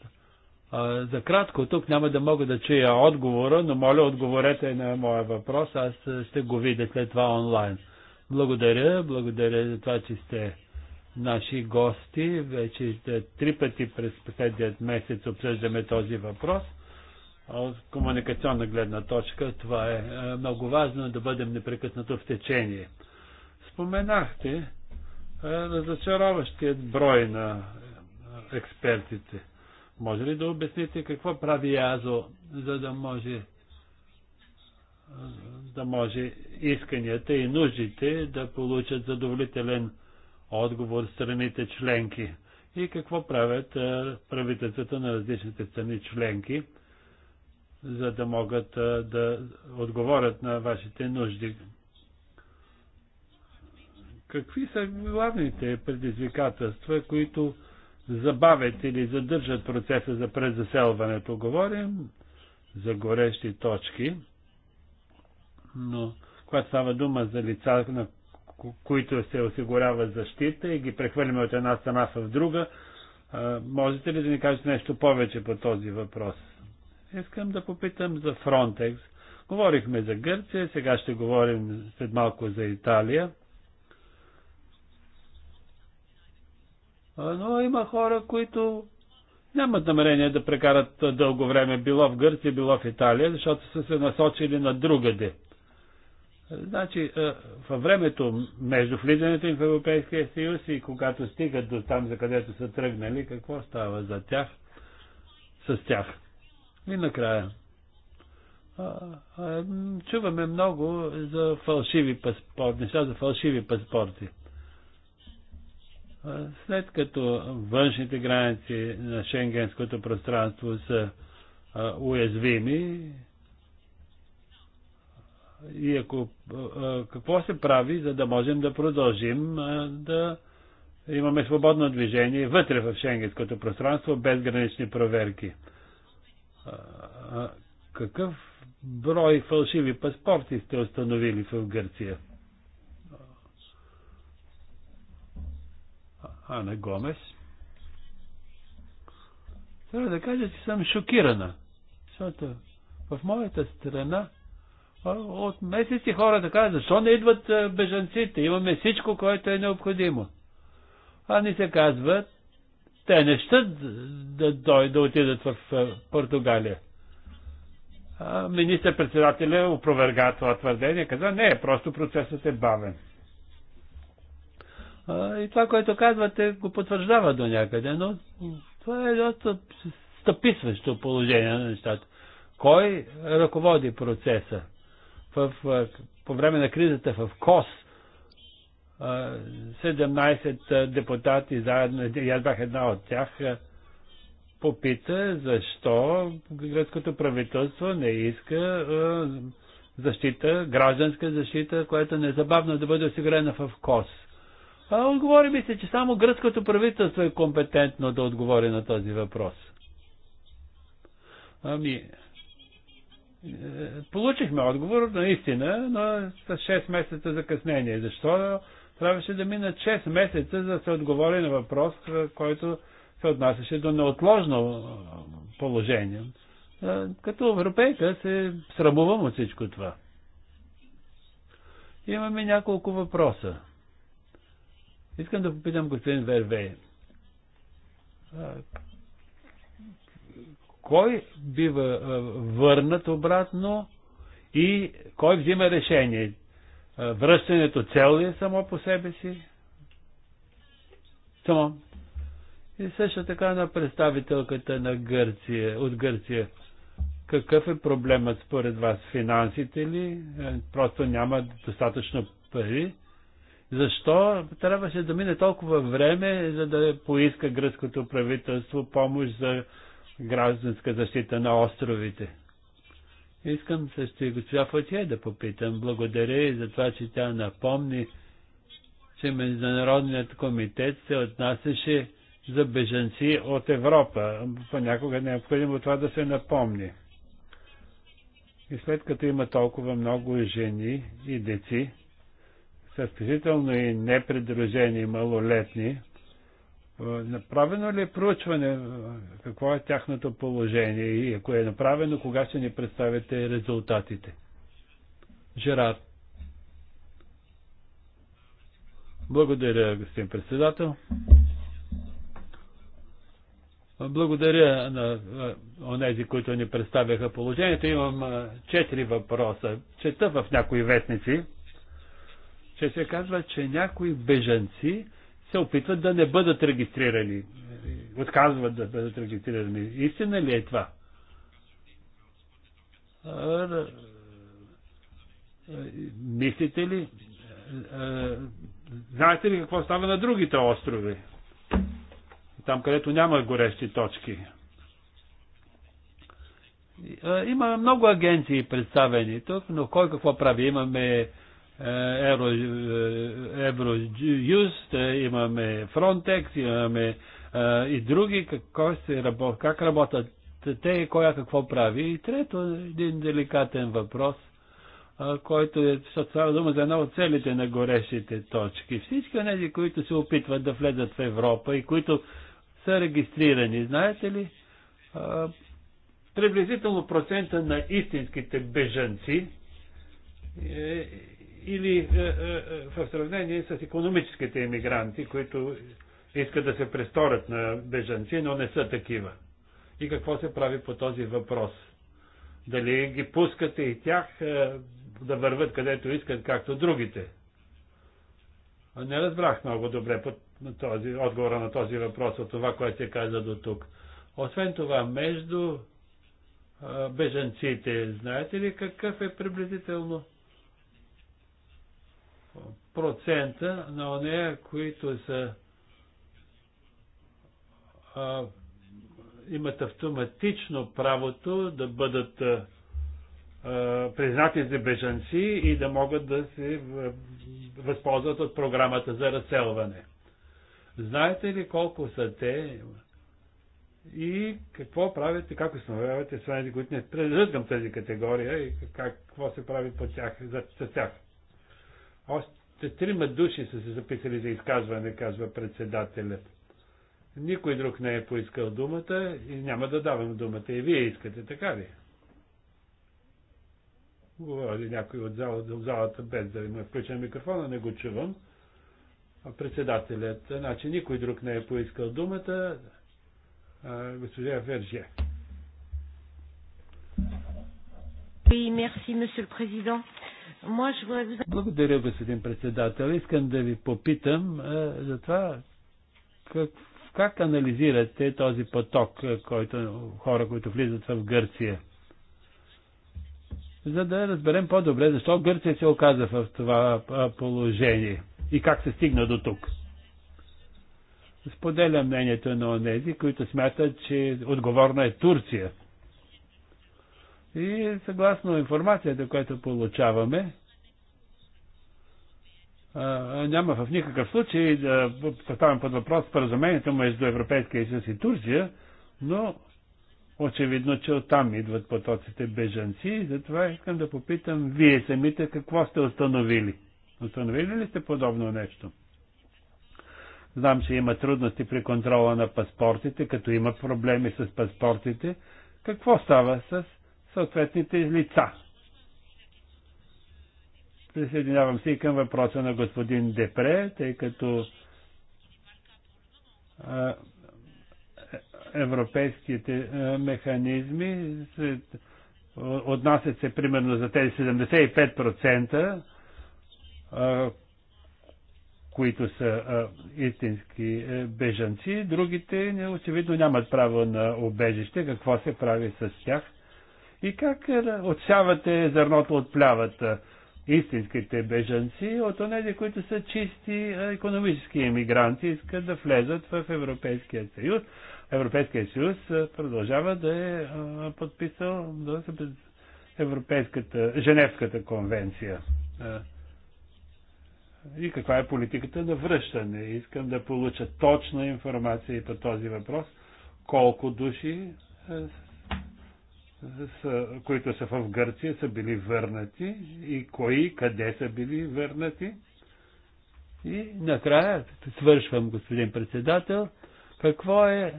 а, за кратко. Тук няма да мога да чуя отговора, но моля отговорете на моя въпрос. Аз ще го видя след това онлайн. Благодаря, благодаря за това, че сте наши гости. Вече три пъти през последният месец обсъждаме този въпрос. От комуникационна гледна точка това е, е много важно да бъдем непрекъснато в течение. Споменахте е, разочароващият брой на е, експертите. Може ли да обясните какво прави язо, за да може да може исканията и нуждите да получат задоволителен отговор страните членки и какво правят правителствата на различните страни членки, за да могат да отговорят на вашите нужди. Какви са главните предизвикателства, които забавят или задържат процеса за презаселването? Говорим за горещи точки, но когато става дума за лица, на които се осигурява защита и ги прехвърляме от една страна в друга, можете ли да ни кажете нещо повече по този въпрос? Искам да попитам за Фронтекс. Говорихме за Гърция, сега ще говорим след малко за Италия. Но има хора, които нямат намерение да прекарат дълго време било в Гърция, било в Италия, защото са се насочили на другаде. Значи, във времето между влизането им в Европейския съюз и когато стигат до там, за където са тръгнали, какво става за тях, с тях? И накрая. Чуваме много за фалшиви паспорти, неща за фалшиви паспорти. След като външните граници на шенгенското пространство са уязвими, и ако, какво се прави, за да можем да продължим да имаме свободно движение вътре в шенгенското пространство без гранични проверки? Какъв брой фалшиви паспорти сте установили в Гърция? Ана Гомес. Трябва да кажа, че съм шокирана, защото в моята страна от месеци хора да казват, защо не идват бежанците? Имаме всичко, което е необходимо. А ни се казват, те не щат да, да, да отидат в Португалия. Министър-председателя опроверга това твърдение, каза, не, просто процесът е бавен. А, и това, което казвате, го потвърждава до някъде, но това е доста стъписващо положение на нещата. Кой ръководи процеса? В, по време на кризата в КОС 17 депутати заедно, и аз бях една от тях, попита защо гръцкото правителство не иска защита, гражданска защита, която незабавно да бъде осигурена в КОС. А отговори ми се, че само гръцкото правителство е компетентно да отговори на този въпрос. Ами, е, получихме отговор, наистина, но с 6 месеца закъснение. Защо трябваше да минат 6 месеца, за да се отговори на въпрос, който се отнасяше до неотложно положение. Като европейка се срамувам от всичко това. Имаме няколко въпроса. Искам да попитам господин Вервей. Кой бива върнат обратно и кой взима решение? Връщането цел ли е само по себе си? Само. И също така на представителката на Гърция, от Гърция. Какъв е проблемът според вас? Финансите ли? Е, просто няма достатъчно пари? Защо трябваше да мине толкова време, за да поиска гръцкото правителство помощ за гражданска защита на островите? Искам също и госпожа Фотия да попитам. Благодаря и за това, че тя напомни, че Международният комитет се отнасяше за беженци от Европа. Понякога е необходимо това да се напомни. И след като има толкова много жени и деци, състезително и непридружени малолетни, е, направено ли е проучване? Е, какво е тяхното положение? И ако е направено, кога ще ни представите резултатите? Жерар. Благодаря, господин председател. Благодаря на е, онези, които ни представяха положението. Имам четири въпроса. Чета в някои вестници, че се казва, че някои бежанци се опитват да не бъдат регистрирани. Отказват да бъдат регистрирани. Истина ли е това? Мислите ли? Знаете ли какво става на другите острови? Там, където няма горещи точки. Има много агенции представени тук, но кой какво прави? Имаме е, е, Евроюст, е, имаме Фронтекс, имаме и други, какво се, как работят те, и коя какво прави. И трето, един деликатен въпрос, който е, защото става дума за една от целите на горещите точки. Всички от тези, които се опитват да влезат в Европа и които са регистрирани, знаете ли, приблизително процента на истинските бежанци или е, е, е, в сравнение с економическите иммигранти, които искат да се престорят на бежанци, но не са такива. И какво се прави по този въпрос? Дали ги пускате и тях да върват където искат, както другите? Не разбрах много добре под този, отговора на този въпрос от това, което се каза до тук. Освен това, между бежанците, знаете ли какъв е приблизително процента на онея, които са а, имат автоматично правото да бъдат а, признати за бежанци и да могат да се възползват от програмата за разселване. Знаете ли колко са те и какво правите, как установявате страните, които не принадлежат към тази категория и какво се прави по тях, за, тях? Още трима души са се записали за изказване, казва председателят. Никой друг не е поискал думата и няма да давам думата. И вие искате, така ли? Говори някой от залата, от залата без да има включен микрофона, не го чувам. А Председателят, значи никой друг не е поискал думата. Госпожа Верже. Oui, merci, monsieur le président. Благодаря, господин председател. Искам да ви попитам а, за това как, как анализирате този поток, който, хора, които влизат в Гърция? За да разберем по-добре защо Гърция се оказа в това положение и как се стигна до тук. Споделям мнението на онези, които смятат, че отговорна е Турция – и съгласно информацията, която получаваме, няма в никакъв случай да поставям под въпрос споразумението между Европейския съюз и Турция, но очевидно, че оттам идват потоците бежанци и затова искам да попитам вие самите какво сте установили. Установили ли сте подобно нещо? Знам, че има трудности при контрола на паспортите, като има проблеми с паспортите. Какво става с съответните лица. Присъединявам се и към въпроса на господин Депре, тъй като европейските механизми отнасят се примерно за тези 75%, които са истински е, бежанци, другите очевидно нямат право на обежище. Какво се прави с тях? И как е, отсявате зърното от плявата? Истинските бежанци от онези, които са чисти е, економически емигранти, искат да влезат в Европейския съюз. Европейския съюз е, продължава да е подписал да се Европейската, Женевската конвенция. И каква е политиката на връщане? Искам да получа точна информация и по този въпрос. Колко души които са в Гърция, са били върнати и кои, къде са били върнати. И накрая, свършвам, господин председател, какво е, е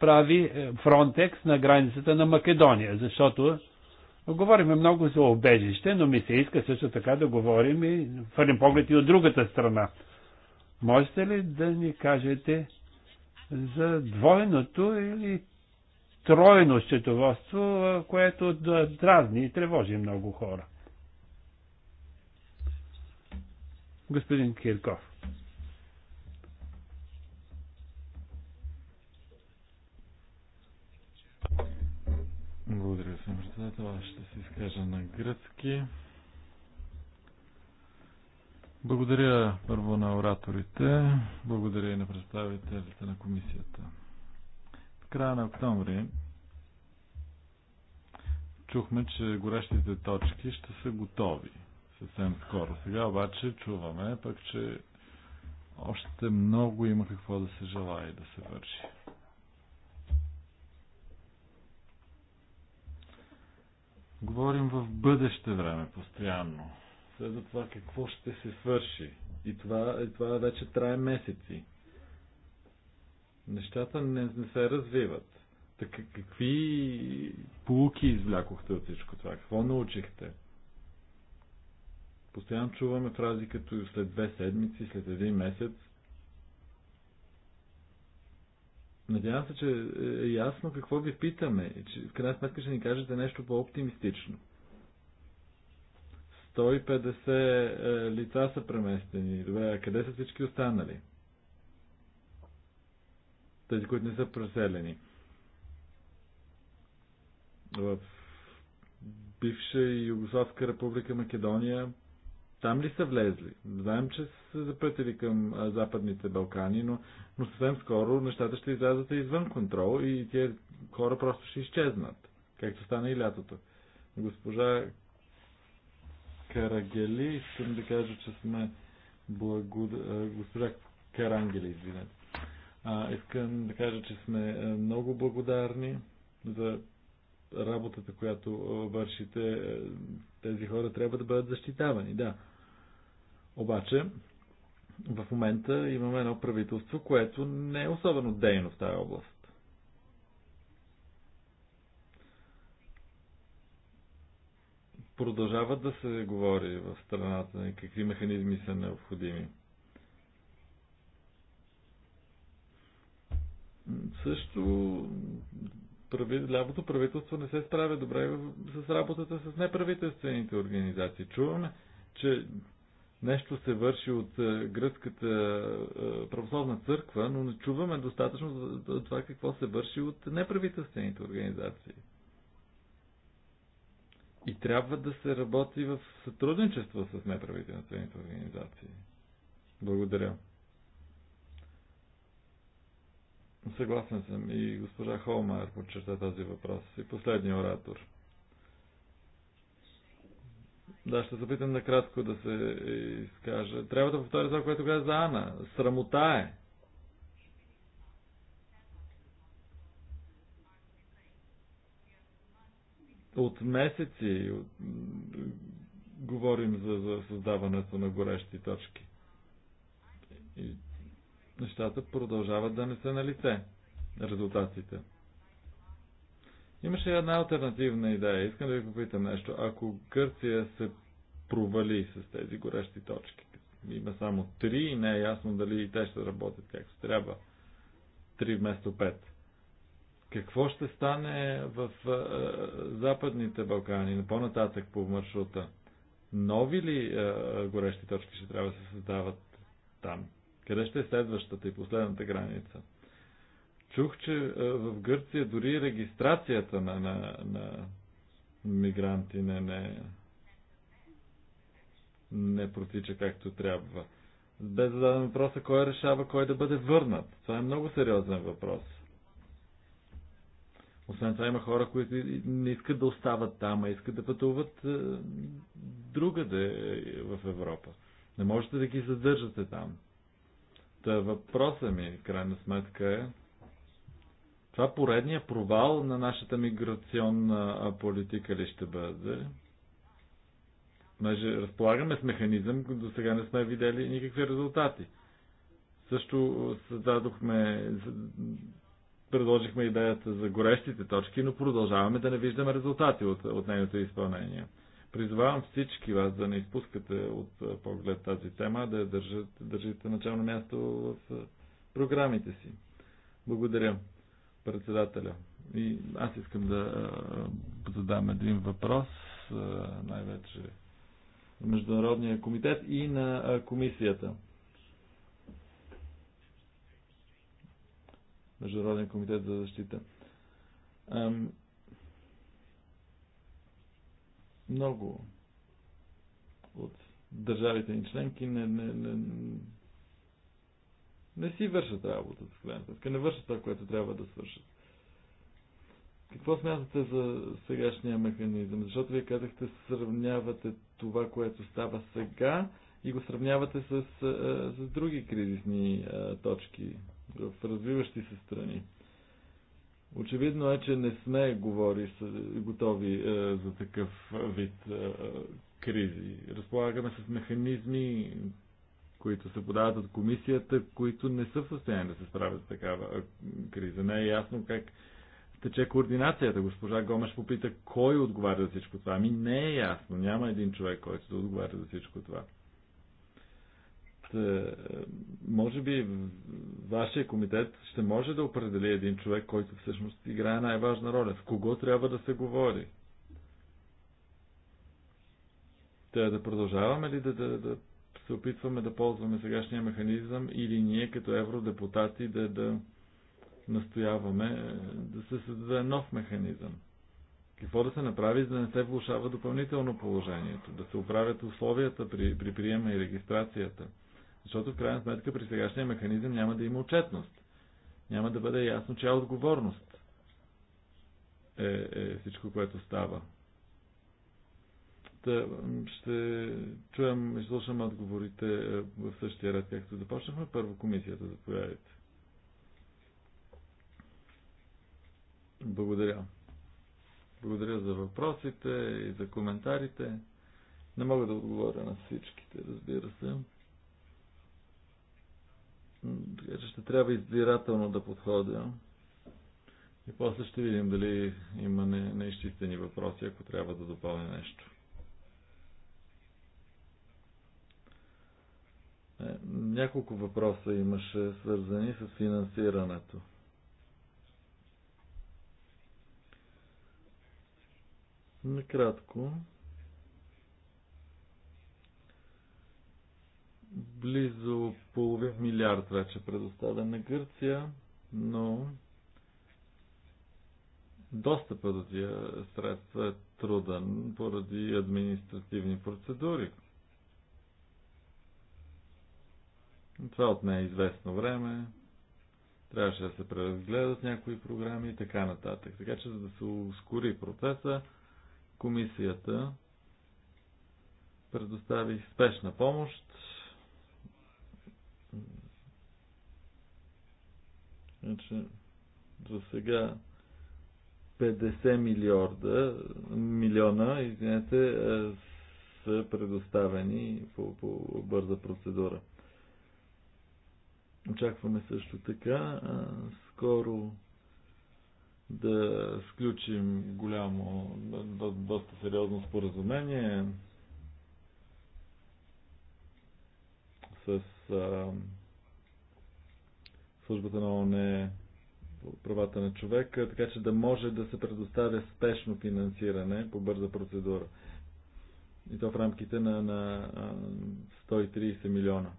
прави е, Фронтекс на границата на Македония, защото говорим много за обежище, но ми се иска също така да говорим и хвърлим поглед и от другата страна. Можете ли да ни кажете за двойното или тройно счетоводство, което дразни и тревожи много хора. Господин Кирков. Благодаря, господин председател. Аз ще се изкажа на гръцки. Благодаря първо на ораторите, благодаря и на представителите на комисията края на октомври чухме, че горещите точки ще са готови съвсем скоро. Сега обаче чуваме пък, че още много има какво да се желая и да се върши. Говорим в бъдеще време постоянно. След това какво ще се свърши. И това, и това вече трае месеци нещата не, не се развиват. Така, какви полуки извлякохте от всичко това? Какво научихте? Постоянно чуваме фрази като след две седмици, след един месец. Надявам се, че е, е ясно какво ви питаме и че в крайна сметка ще ни кажете нещо по-оптимистично. 150 е, лица са преместени. Добре, а къде са всички останали? тези, които не са преселени. В бивша Югославска република Македония, там ли са влезли? Знаем, че са запътили към Западните Балкани, но, но съвсем скоро нещата ще излязат извън контрол и тези хора просто ще изчезнат, както стана и лятото. Госпожа Карагели, искам да кажа, че сме благодарни. госпожа Карангели, извинете а, искам да кажа, че сме много благодарни за работата, която вършите. Тези хора трябва да бъдат защитавани, да. Обаче, в момента имаме едно правителство, което не е особено дейно в тази област. Продължава да се говори в страната какви механизми са необходими. също прави, лявото правителство не се справя добре с работата с неправителствените организации. Чуваме, че нещо се върши от е, гръцката е, православна църква, но не чуваме достатъчно за това какво се върши от неправителствените организации. И трябва да се работи в сътрудничество с неправителствените организации. Благодаря. Съгласен съм и госпожа Холмайер подчерта този въпрос. И последния оратор. Да, ще се опитам накратко да се изкажа. Трябва да повторя това, което каза за Ана. Срамота е. От месеци от... говорим за, за създаването на горещи точки. И нещата продължават да не са на лице. Резултатите. Имаше една альтернативна идея. Искам да ви попитам нещо. Ако Гърция се провали с тези горещи точки, има само три и не е ясно дали и те ще работят както трябва. Три вместо пет. Какво ще стане в е, Западните Балкани, по-нататък по маршрута? Нови ли е, горещи точки ще трябва да се създават там? Къде ще е следващата и последната граница? Чух, че в Гърция дори регистрацията на, на, на мигранти не, не, не протича както трябва. Бе зададен въпроса, кой решава кой да бъде върнат. Това е много сериозен въпрос. Освен това има хора, които не искат да остават там, а искат да пътуват другаде е, в Европа. Не можете да ги задържате там. Та въпроса ми, крайна сметка е, това поредния провал на нашата миграционна политика ли ще бъде? Понеже разполагаме с механизъм, до сега не сме видели никакви резултати. Също създадохме, предложихме идеята за горещите точки, но продължаваме да не виждаме резултати от, от нейното изпълнение. Призвавам всички вас да не изпускате от поглед тази тема, да я държите, държите начално място в програмите си. Благодаря, председателя. И аз искам да задам един въпрос, най-вече на Международния комитет и на комисията. Международния комитет за защита. Много от държавите ни членки не, не, не, не си вършат работата, с гледната. Не вършат това, което трябва да свършат. Какво смятате за сегашния механизъм? Защото вие казахте, сравнявате това, което става сега и го сравнявате с, с други кризисни точки в развиващи се страни. Очевидно е, че не сме говори, готови е, за такъв вид е, кризи. Разполагаме с механизми, които се подават от комисията, които не са в състояние да се справят с такава е, криза. Не е ясно как тече координацията. Госпожа Гомеш попита кой отговаря за всичко това. Ами не е ясно. Няма един човек, който да отговаря за всичко това. Е, може би вашия комитет ще може да определи един човек, който всъщност играе най-важна роля. В кого трябва да се говори? Трябва да продължаваме ли да, да, да се опитваме да ползваме сегашния механизъм или ние като евродепутати да, да настояваме е, да се създаде нов механизъм? Какво да се направи, за да не се влушава допълнително положението, да се оправят условията при, при приема и регистрацията – защото в крайна сметка при сегашния механизъм няма да има отчетност. Няма да бъде ясно, че е отговорност е, е всичко, което става. Та, ще чуем, ще слушам отговорите е, в същия ред, както започнахме. Първо комисията, заповядайте. Благодаря. Благодаря за въпросите и за коментарите. Не мога да отговоря на всичките, разбира се. Така че ще трябва избирателно да подходя. И после ще видим дали има не, неизчистени въпроси, ако трябва да допълня нещо. Е, няколко въпроса имаше свързани с финансирането. Накратко. Близо половин милиард вече предоставен на Гърция, но достъпа до тия средства е труден поради административни процедури. Това от нея е известно време. Трябваше да се преразгледат някои програми и така нататък. Така че, за да се ускори процеса, комисията предостави спешна помощ Значи, за сега 50 милиарда, милиона, извинете, е, са предоставени по, по бърза процедура. Очакваме също така а, скоро да сключим голямо, до, доста сериозно споразумение с а, службата на ОНЕ правата на човека, така че да може да се предоставя спешно финансиране по бърза процедура. И то в рамките на, на 130 милиона.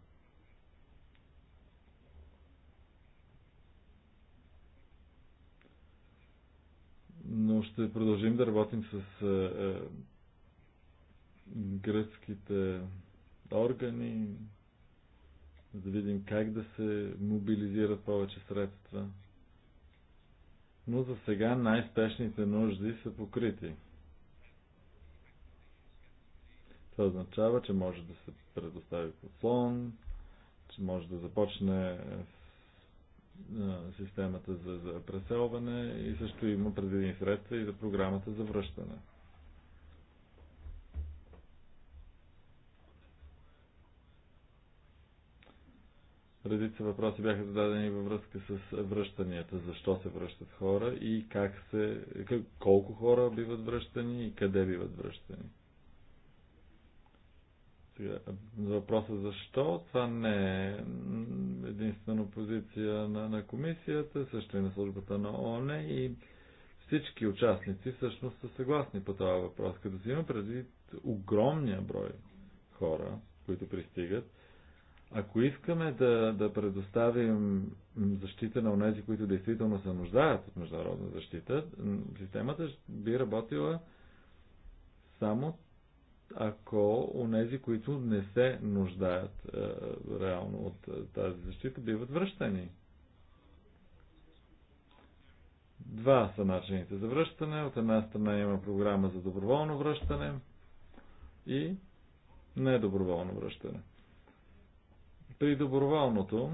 Но ще продължим да работим с е, е, гръцките органи, да видим как да се мобилизират повече средства. Но за сега най-спешните нужди са покрити. Това означава, че може да се предостави подслон, че може да започне системата за, за преселване и също има предвидени средства и за програмата за връщане. Редица въпроси бяха зададени във връзка с връщанията. Защо се връщат хора и как се, колко хора биват връщани и къде биват връщани. Сега, въпроса защо, това не е единствено позиция на, на комисията, също и на службата на ООН и всички участници всъщност са съгласни по това въпрос. Като си има преди огромния брой хора, които пристигат, ако искаме да, да предоставим защита на онези, които действително се нуждаят от международна защита, системата би работила само ако онези, които не се нуждаят е, реално от е, тази защита, биват връщани. Два са начините за връщане. От една страна има програма за доброволно връщане и недоброволно връщане. При доброволното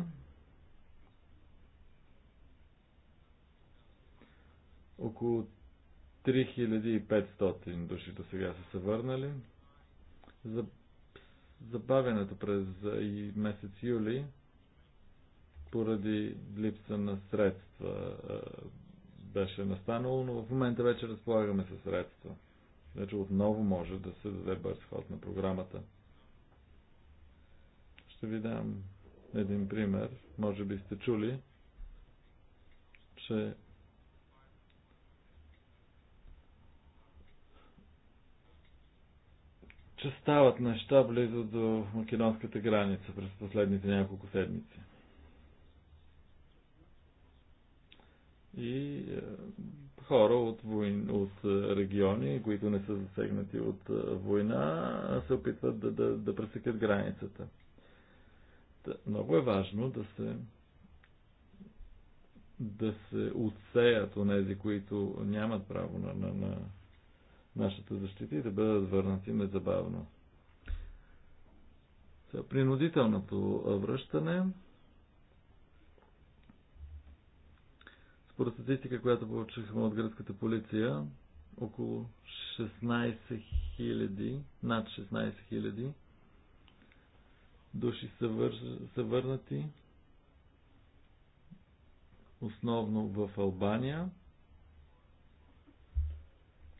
около 3500 души до сега са се върнали. За забавянето през месец юли поради липса на средства беше настанало, но в момента вече разполагаме със средства. Вече значи отново може да се даде бърз ход на програмата. Ще ви дам един пример. Може би сте чули, че че стават неща близо до македонската граница през последните няколко седмици. И е, хора от, войн, от е, региони, които не са засегнати от е, война, се опитват да, да, да пресекат границата. Много е важно да се да се отсеят от тези, които нямат право на, на, на нашата защита и да бъдат върнати незабавно. Е принудителното връщане Според статистика, която получихме от гръцката полиция, около 16 000, над 16 000 души са, вър... са върнати, основно в Албания,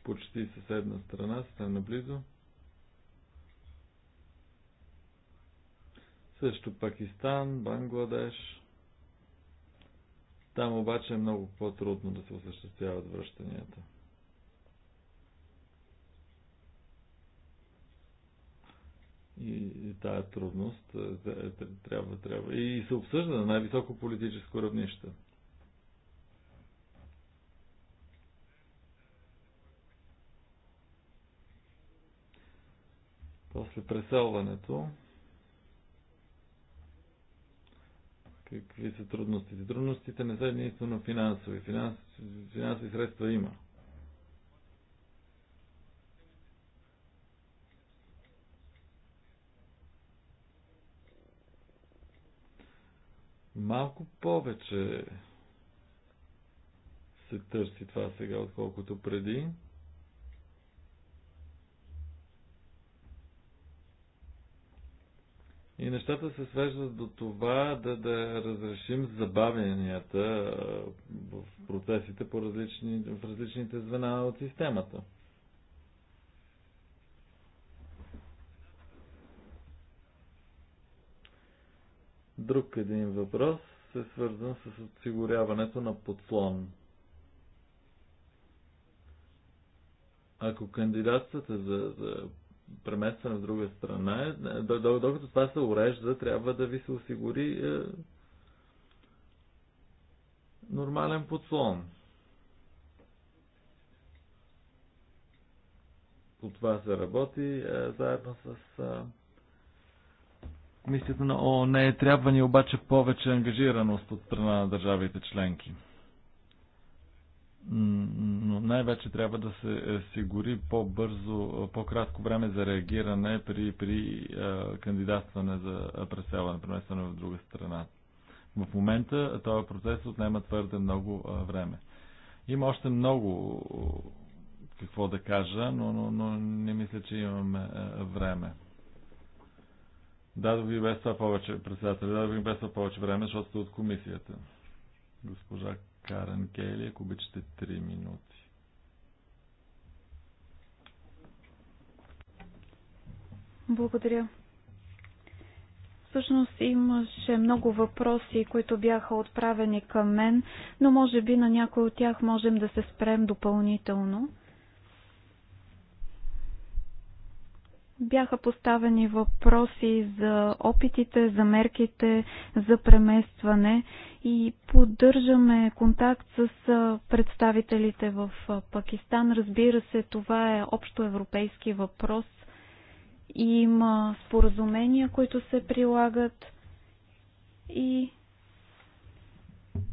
почти съседна страна, стана наблизо. Също Пакистан, Бангладеш. Там обаче е много по-трудно да се осъществяват връщанията. И, и тая трудност е, е, трябва, трябва. И се обсъжда на най-високо политическо равнище. После преселването. Какви са трудностите? Трудностите не са единствено финансови. Финанс, финансови средства има. Малко повече се търси това сега, отколкото преди. И нещата се свеждат до това да, да разрешим забавянията в процесите по различни, в различните звена от системата. Друг един въпрос е свързан с осигуряването на подслон. Ако кандидатствате за, за преместване в друга страна, е, докато това се урежда, трябва да ви се осигури е, нормален подслон. По това се работи е, заедно с. Е, Мисията на ООН е трябва ни обаче повече ангажираност от страна на държавите членки. Но най-вече трябва да се сигури по-бързо, по-кратко време за реагиране при, при е, кандидатстване за преселване, преместване в друга страна. В момента този процес отнема твърде много е, време. Има още много какво да кажа, но, но, но не мисля, че имаме е, време. Дадох ви без това повече, председателя, дадох ви без това повече време, защото сте от комисията. Госпожа Карен Кейли, ако обичате 3 минути. Благодаря. Всъщност имаше много въпроси, които бяха отправени към мен, но може би на някой от тях можем да се спрем допълнително. Бяха поставени въпроси за опитите, за мерките, за преместване и поддържаме контакт с представителите в Пакистан. Разбира се, това е общо европейски въпрос. Има споразумения, които се прилагат и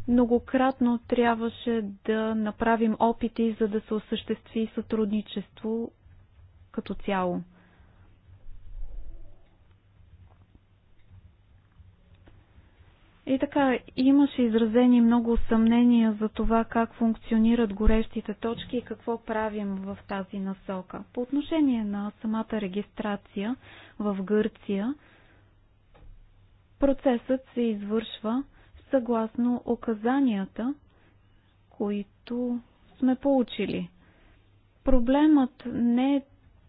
многократно трябваше да направим опити, за да се осъществи сътрудничество като цяло. И така, имаше изразени много съмнения за това как функционират горещите точки и какво правим в тази насока. По отношение на самата регистрация в Гърция, процесът се извършва съгласно указанията, които сме получили. Проблемът не е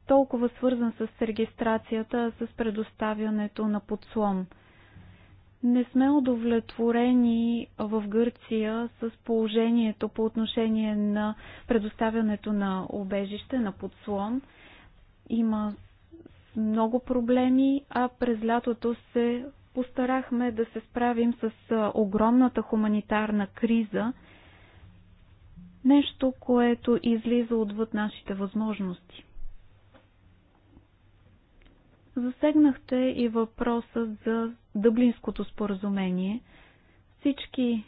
толкова свързан с регистрацията, а с предоставянето на подслон – не сме удовлетворени в Гърция с положението по отношение на предоставянето на обежище, на подслон. Има много проблеми, а през лятото се постарахме да се справим с огромната хуманитарна криза, нещо, което излиза отвъд нашите възможности. Засегнахте и въпроса за Дъблинското споразумение. Всички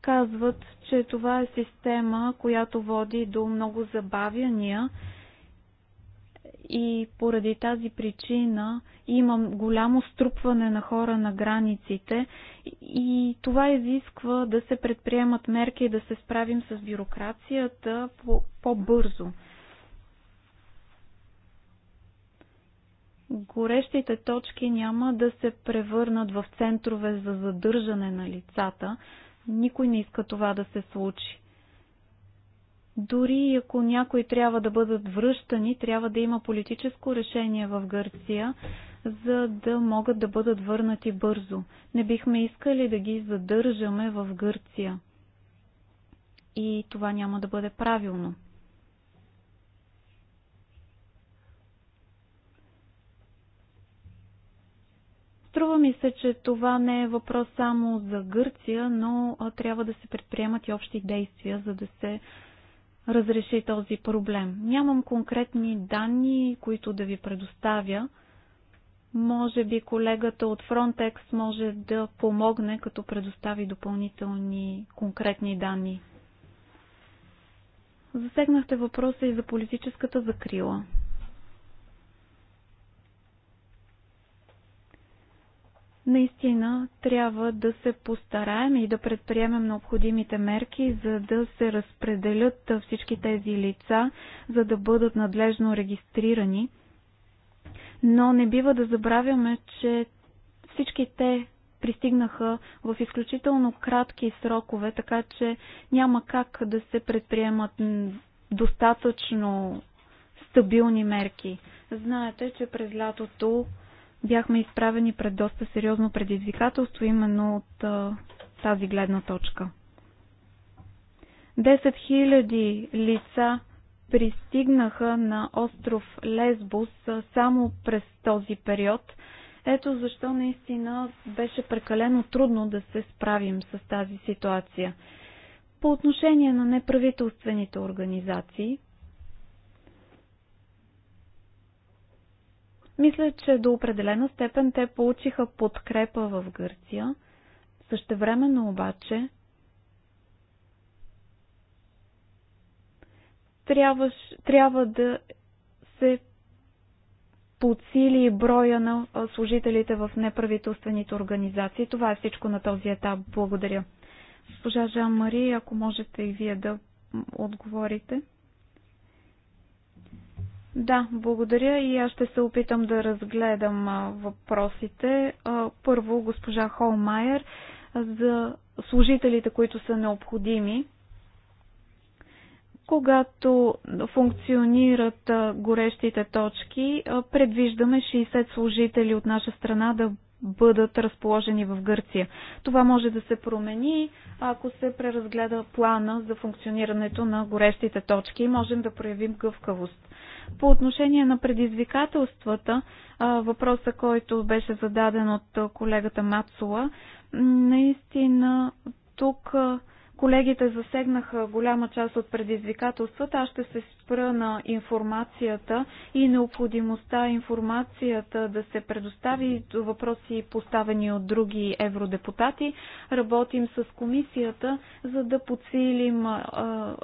казват, че това е система, която води до много забавяния и поради тази причина имам голямо струпване на хора на границите и това изисква да се предприемат мерки и да се справим с бюрокрацията по-бързо. По горещите точки няма да се превърнат в центрове за задържане на лицата. Никой не иска това да се случи. Дори ако някои трябва да бъдат връщани, трябва да има политическо решение в Гърция, за да могат да бъдат върнати бързо. Не бихме искали да ги задържаме в Гърция. И това няма да бъде правилно. Струва ми се, че това не е въпрос само за Гърция, но трябва да се предприемат и общи действия, за да се разреши този проблем. Нямам конкретни данни, които да ви предоставя. Може би колегата от Frontex може да помогне, като предостави допълнителни конкретни данни. Засегнахте въпроса и за политическата закрила. Наистина трябва да се постараем и да предприемем необходимите мерки, за да се разпределят всички тези лица, за да бъдат надлежно регистрирани. Но не бива да забравяме, че всички те пристигнаха в изключително кратки срокове, така че няма как да се предприемат достатъчно стабилни мерки. Знаете, че през лятото бяхме изправени пред доста сериозно предизвикателство именно от а, тази гледна точка. 10 000 лица пристигнаха на остров Лесбус само през този период. Ето защо наистина беше прекалено трудно да се справим с тази ситуация. По отношение на неправителствените организации, Мисля, че до определена степен те получиха подкрепа в Гърция. Същевременно обаче трябваш, трябва да се подсили броя на служителите в неправителствените организации. Това е всичко на този етап. Благодаря. Госпожа Жан Мари, ако можете и вие да отговорите. Да, благодаря и аз ще се опитам да разгледам въпросите. Първо, госпожа Холмайер, за служителите, които са необходими. Когато функционират горещите точки, предвиждаме 60 служители от наша страна да бъдат разположени в Гърция. Това може да се промени, ако се преразгледа плана за функционирането на горещите точки и можем да проявим гъвкавост. По отношение на предизвикателствата, въпроса, който беше зададен от колегата Мацула, наистина тук Колегите засегнаха голяма част от предизвикателствата. Аз ще се спра на информацията и необходимостта информацията да се предостави до въпроси поставени от други евродепутати. Работим с комисията, за да подсилим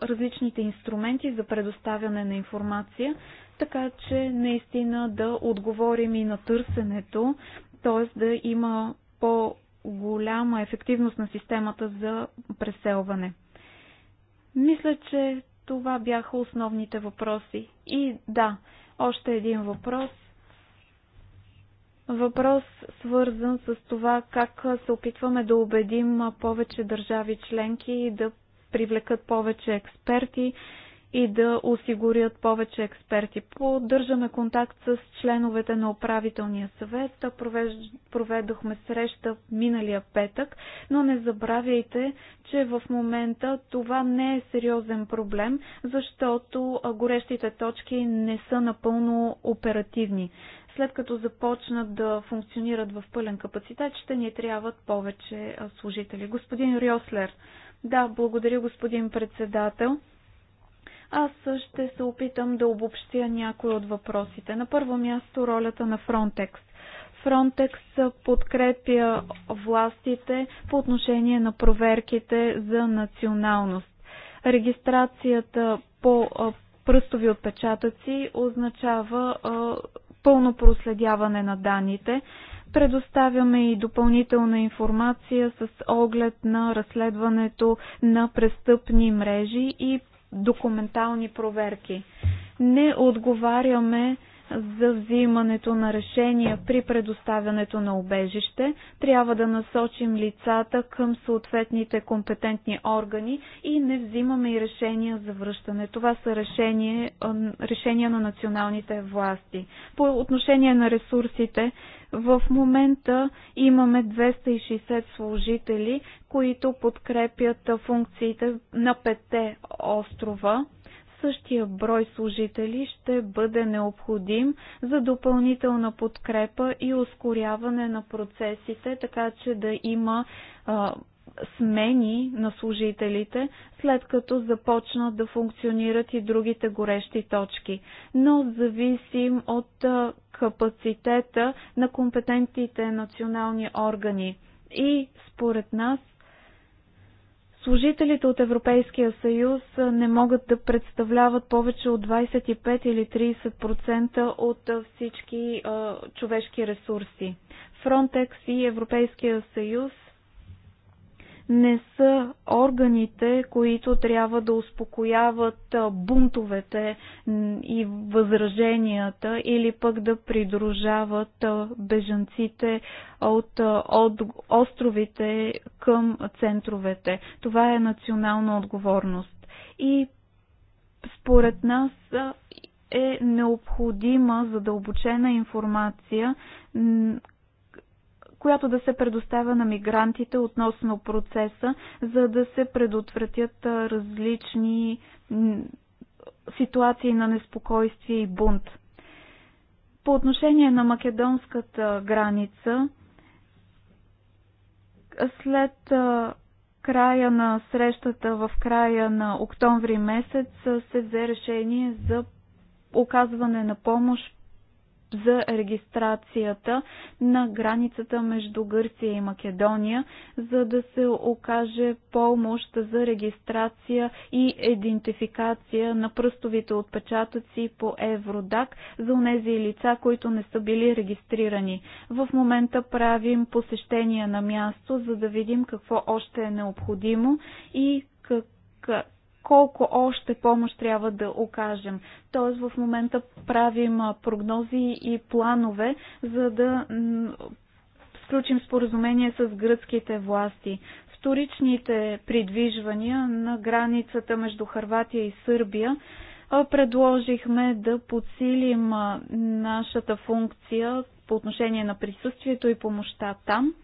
различните инструменти за предоставяне на информация, така че наистина да отговорим и на търсенето, т.е. да има по голяма ефективност на системата за преселване. Мисля, че това бяха основните въпроси. И да, още един въпрос. Въпрос свързан с това как се опитваме да убедим повече държави членки и да привлекат повече експерти и да осигурят повече експерти. Поддържаме контакт с членовете на управителния съвет. Проведохме среща миналия петък, но не забравяйте, че в момента това не е сериозен проблем, защото горещите точки не са напълно оперативни. След като започнат да функционират в пълен капацитет, ще ни трябват повече служители. Господин Рьослер, да, благодаря господин председател. Аз ще се опитам да обобщя някои от въпросите. На първо място ролята на Frontex. Frontex подкрепя властите по отношение на проверките за националност. Регистрацията по пръстови отпечатъци означава пълно проследяване на данните. Предоставяме и допълнителна информация с оглед на разследването на престъпни мрежи и документални проверки. Не отговаряме за взимането на решения при предоставянето на обежище. Трябва да насочим лицата към съответните компетентни органи и не взимаме и решения за връщане. Това са решения, решения на националните власти. По отношение на ресурсите, в момента имаме 260 служители, които подкрепят функциите на пете острова същия брой служители ще бъде необходим за допълнителна подкрепа и ускоряване на процесите, така че да има а, смени на служителите, след като започнат да функционират и другите горещи точки. Но зависим от а, капацитета на компетентните национални органи. И според нас служителите от Европейския съюз не могат да представляват повече от 25 или 30% от всички човешки ресурси. Frontex и Европейския съюз не са органите, които трябва да успокояват бунтовете и възраженията или пък да придружават бежанците от, от островите към центровете. Това е национална отговорност. И според нас е необходима задълбочена информация, която да се предоставя на мигрантите относно процеса, за да се предотвратят различни ситуации на неспокойствие и бунт. По отношение на македонската граница, след края на срещата в края на октомври месец се взе решение за оказване на помощ за регистрацията на границата между Гърция и Македония, за да се окаже помощ за регистрация и идентификация на пръстовите отпечатъци по Евродак за тези лица, които не са били регистрирани. В момента правим посещения на място, за да видим какво още е необходимо и как колко още помощ трябва да окажем. Тоест в момента правим прогнози и планове, за да сключим споразумение с гръцките власти. Вторичните придвижвания на границата между Харватия и Сърбия предложихме да подсилим нашата функция по отношение на присъствието и помощта там.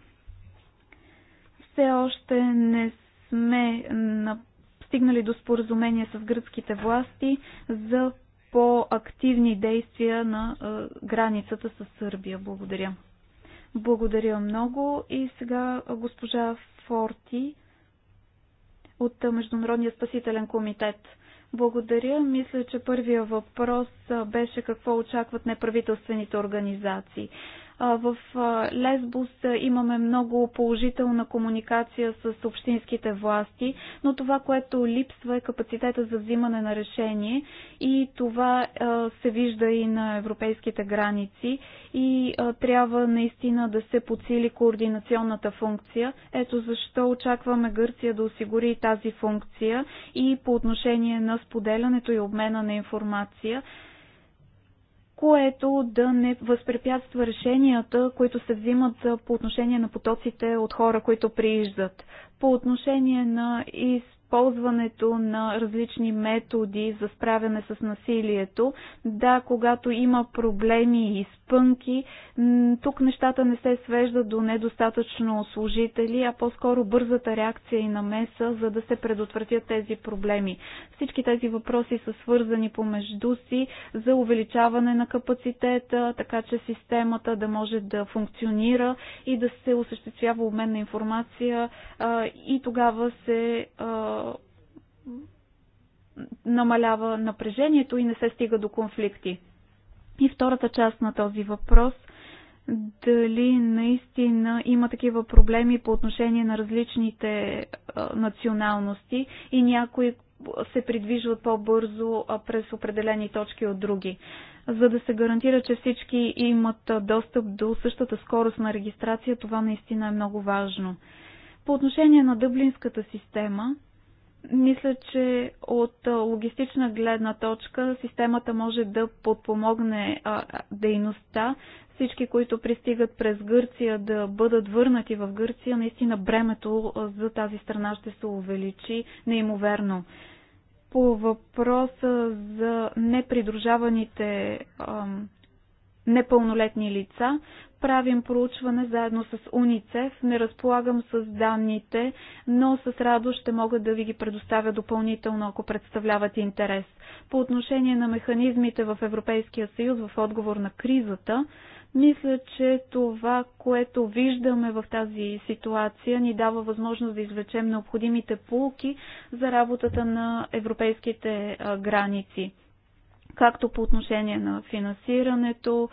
Все още не сме на стигнали до споразумение с гръцките власти за по-активни действия на границата с Сърбия. Благодаря. Благодаря много. И сега госпожа Форти от Международния спасителен комитет. Благодаря. Мисля, че първия въпрос беше какво очакват неправителствените организации. В Лесбус имаме много положителна комуникация с общинските власти, но това, което липсва е капацитета за взимане на решение и това се вижда и на европейските граници и трябва наистина да се подсили координационната функция. Ето защо очакваме Гърция да осигури тази функция и по отношение на споделянето и обмена на информация което да не възпрепятства решенията, които се взимат по отношение на потоците от хора, които прииждат. По отношение на из ползването на различни методи за справяне с насилието. Да, когато има проблеми и спънки, тук нещата не се свеждат до недостатъчно служители, а по-скоро бързата реакция и намеса, за да се предотвратят тези проблеми. Всички тези въпроси са свързани помежду си за увеличаване на капацитета, така че системата да може да функционира и да се осъществява обмен на информация и тогава се намалява напрежението и не се стига до конфликти. И втората част на този въпрос дали наистина има такива проблеми по отношение на различните националности и някои се придвижват по-бързо през определени точки от други. За да се гарантира, че всички имат достъп до същата скорост на регистрация, това наистина е много важно. По отношение на дъблинската система, мисля, че от логистична гледна точка системата може да подпомогне дейността. Всички, които пристигат през Гърция да бъдат върнати в Гърция, наистина бремето за тази страна ще се увеличи неимоверно. По въпроса за непридружаваните непълнолетни лица. Правим проучване заедно с УНИЦЕФ. Не разполагам с данните, но с радост ще мога да ви ги предоставя допълнително, ако представляват интерес. По отношение на механизмите в Европейския съюз в отговор на кризата, мисля, че това, което виждаме в тази ситуация, ни дава възможност да извлечем необходимите полки за работата на европейските граници както по отношение на финансирането,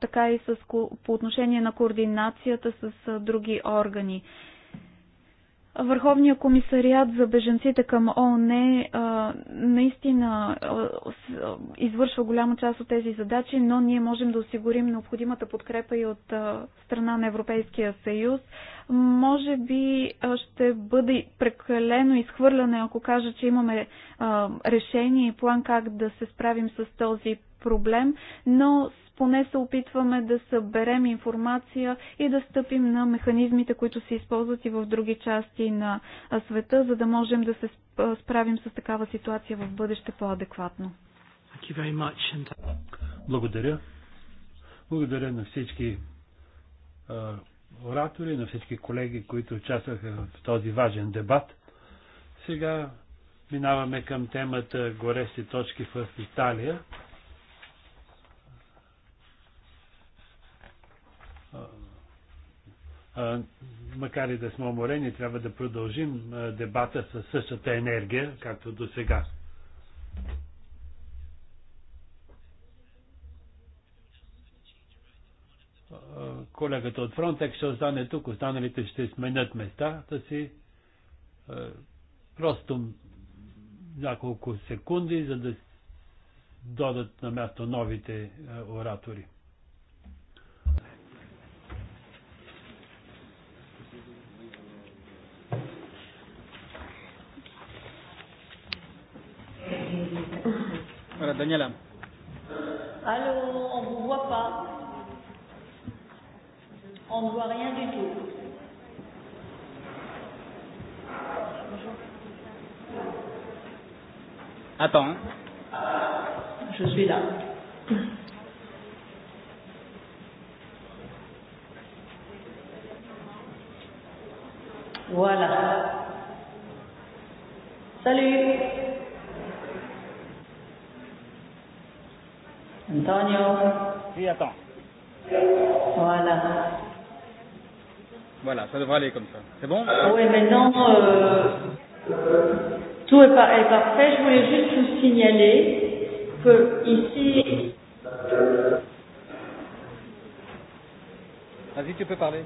така и с, по отношение на координацията с други органи. Върховния комисариат за беженците към ООН е, наистина извършва голяма част от тези задачи, но ние можем да осигурим необходимата подкрепа и от страна на Европейския съюз. Може би ще бъде прекалено изхвърляне, ако кажа, че имаме решение и план как да се справим с този проблем, но поне се опитваме да съберем информация и да стъпим на механизмите, които се използват и в други части на света, за да можем да се справим с такава ситуация в бъдеще по-адекватно. Uh, Благодаря. Благодаря на всички оратори, на всички колеги, които участваха в този важен дебат. Сега минаваме към темата горещи точки в Италия. макар и да сме уморени, трябва да продължим дебата със същата енергия, както до сега. Колегата от Фронтек ще остане тук, останалите ще сменят местата си. Просто няколко секунди, за да додат на място новите оратори. Daniela. Allô, on ne vous voit pas. On ne voit rien du tout. Attends. Je suis là. Voilà. Salut. Antonio Oui, attends. Voilà. Voilà, ça devrait aller comme ça. C'est bon Oui, maintenant, euh, tout est, par est parfait. Je voulais juste vous signaler que ici... Vas-y, tu peux parler.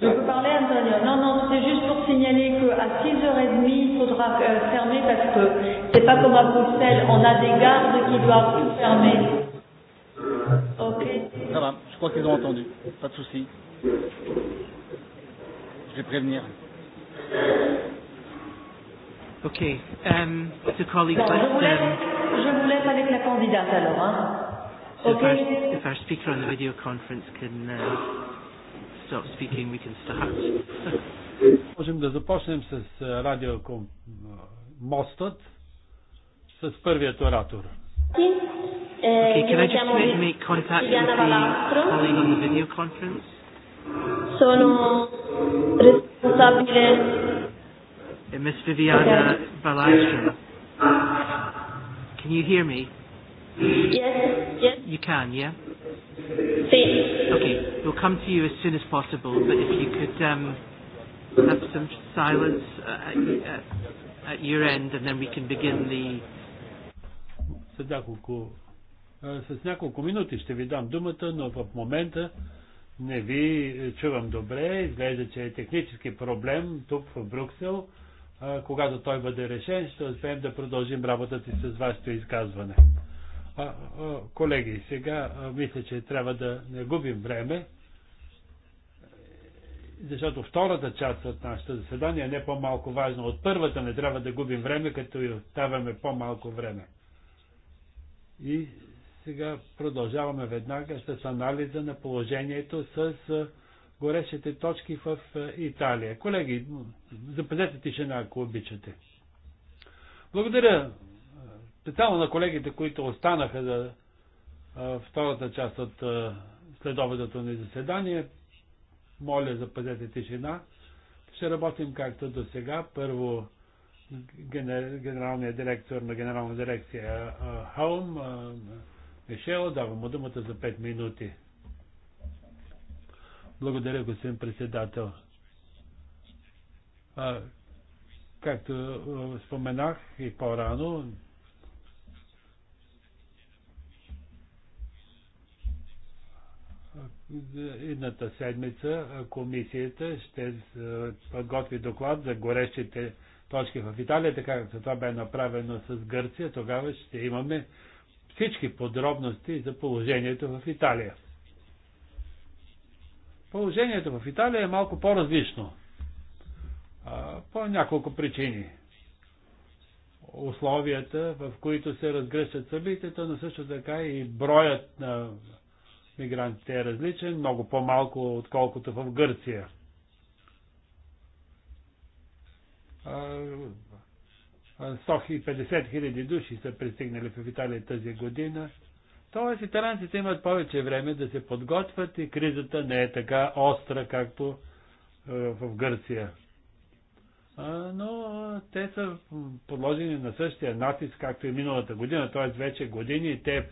Je peux parler, Antonio Non, non, c'est juste pour signaler qu'à 6h30, il faudra euh, fermer parce que c'est pas comme à Bruxelles, on a des gardes qui doivent tout fermer. Je crois qu'ils ont entendu. Pas de souci. Je vais prévenir. Ok. Um, the colleague, non, but, je, vous laisse, um, je vous laisse avec la candidate alors. Hein. So ok. Si our, if our speaker on the video conference can uh, stop speaking, we can start. Можем да започнем с радио моста с първият оратор. Yes okay, can I just make, make contact with the colleague on the video conference? Sono responsabile. Uh, Miss Viviana okay. Balastro. Can you hear me? Yes, yes. You can, yeah? Sì. Okay, we'll come to you as soon as possible, but if you could um, have some silence at, at, at your end and then we can begin the. С няколко минути ще ви дам думата, но в момента не ви чувам добре. Изглежда, че е технически проблем тук в Брюксел. Когато той бъде решен, ще успеем да продължим работата си с вашето изказване. Колеги, сега мисля, че трябва да не губим време, защото втората част от нашето заседание е не по-малко важна. От първата не трябва да губим време, като и оставяме по-малко време. И сега продължаваме веднага с анализа на положението с горещите точки в Италия. Колеги, запазете тишина, ако обичате. Благодаря специално на колегите, които останаха за втората част от следобедното ни заседание. Моля, запазете тишина. Ще работим както до сега. Първо генералният директор на генерална дирекция Хаум, Мишел. Давам му думата за 5 минути. Благодаря, господин председател. А, както споменах и по-рано, едната седмица комисията ще подготви доклад за горещите точки в Италия, така както това бе направено с Гърция. Тогава ще имаме всички подробности за положението в Италия. Положението в Италия е малко по-различно. По няколко причини. Условията, в които се разгръщат събитията, но също така и броят на мигрантите е различен, много по-малко, отколкото в Гърция 150 хиляди души са пристигнали в Италия тази година. Тоест италянците имат повече време да се подготвят и кризата не е така остра, както е, в Гърция. Но те са подложени на същия натиск, както и миналата година, т.е. вече години и те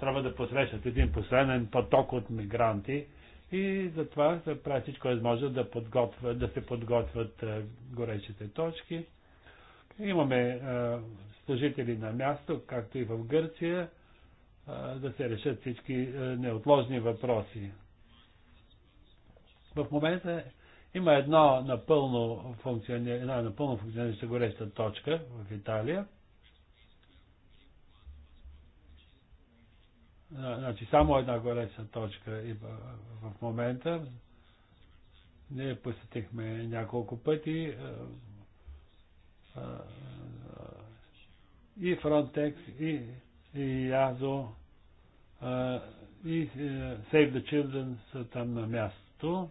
трябва да посрещат един постоянен поток от мигранти и затова се прави всичко възможно да, подготвят, да се подготвят горещите точки. Имаме служители на място, както и в Гърция, да се решат всички неотложни въпроси. В момента има едно напълно функционер, една напълно функционираща гореща точка в Италия. Значи само една гореща точка в момента. Ние посетихме няколко пъти и Frontex, и, и Язо, и е, Save the Children са там на място.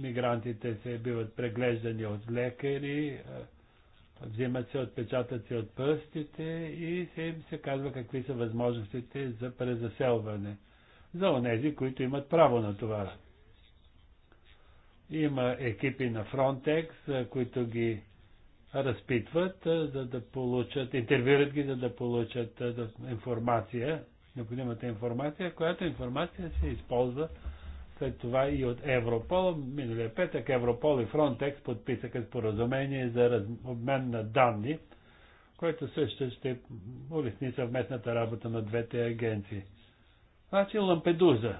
Мигрантите се биват преглеждани от лекари, взимат се отпечатъци от пръстите и се им се казва какви са възможностите за презаселване за онези, които имат право на това. Има екипи на Frontex, които ги разпитват, за да получат, интервюрат ги, за да получат информация, необходимата информация, която информация се използва след това и от Европол. Миналия петък Европол и Фронтекс подписаха споразумение за раз... обмен на данни, което също ще улесни съвместната работа на двете агенции. Значи Лампедуза.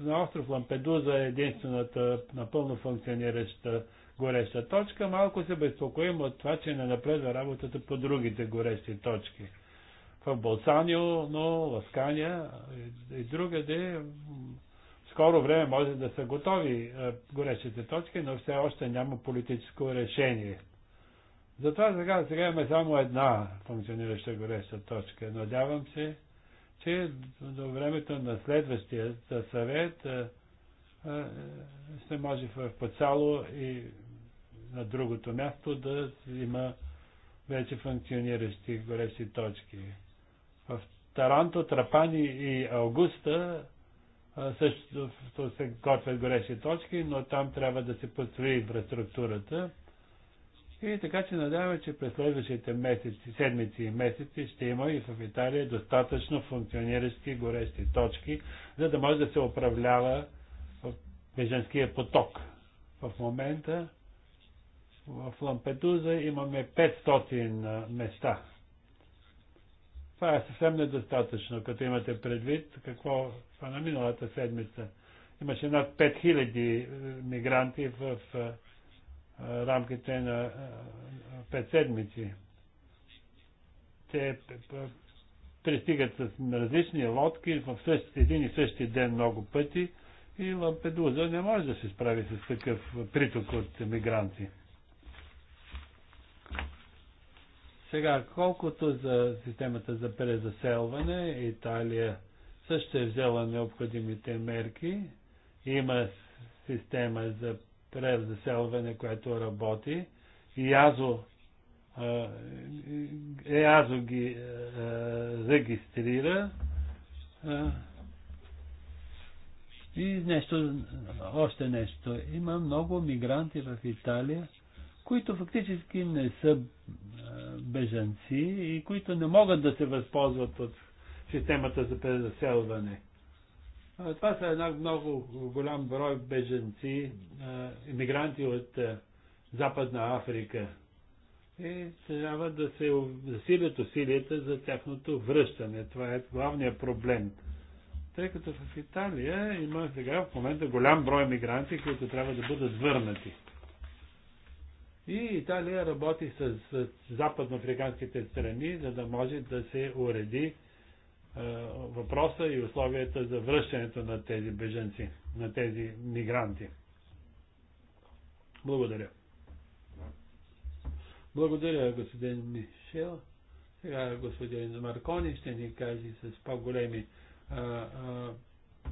на остров Лампедуза е единствената напълно функционираща гореща точка, малко се безпокоим от това, че не напредва работата по другите горещи точки. В Болсанио, но Ласкания и другаде скоро време може да са готови е, горещите точки, но все още няма политическо решение. Затова сега, сега имаме само една функционираща гореща точка. Надявам се, че до времето на следващия съвет е, е, ще може в по цяло и на другото място да има вече функциониращи горещи точки. В Таранто, Трапани и Аугуста също се готвят горещи точки, но там трябва да се построи инфраструктурата. И така че надяваме, че през следващите месеци, седмици и месеци ще има и в Италия достатъчно функциониращи горещи точки, за да може да се управлява беженския поток. В момента в Лампедуза имаме 500 места. Това е съвсем недостатъчно, като имате предвид какво това е на миналата седмица. Имаше над 5000 е, мигранти в е, рамките на 5 седмици. Те пристигат с различни лодки в един и същи ден много пъти и Лампедуза не може да се справи с такъв приток от мигранти. Сега, колкото за системата за презаселване, Италия също е взела необходимите мерки. Има система за презаселване, която работи. И Азо ЕАЗО ги е, регистрира е, и нещо, още нещо. Има много мигранти в Италия, които фактически не са е, бежанци и които не могат да се възползват от системата за преселване. Това са една много голям брой беженци, е, иммигранти от е, Западна Африка. И трябва да се засилят усилията за тяхното връщане. Това е главният проблем. Тъй като в Италия има сега в момента голям брой мигранти, които трябва да бъдат върнати. И Италия работи с, с западноафриканските страни, за да може да се уреди е, въпроса и условията за връщането на тези беженци, на тези мигранти. Благодаря. Благодаря, господин Мишел. Сега господин Маркони ще ни каже с по-големи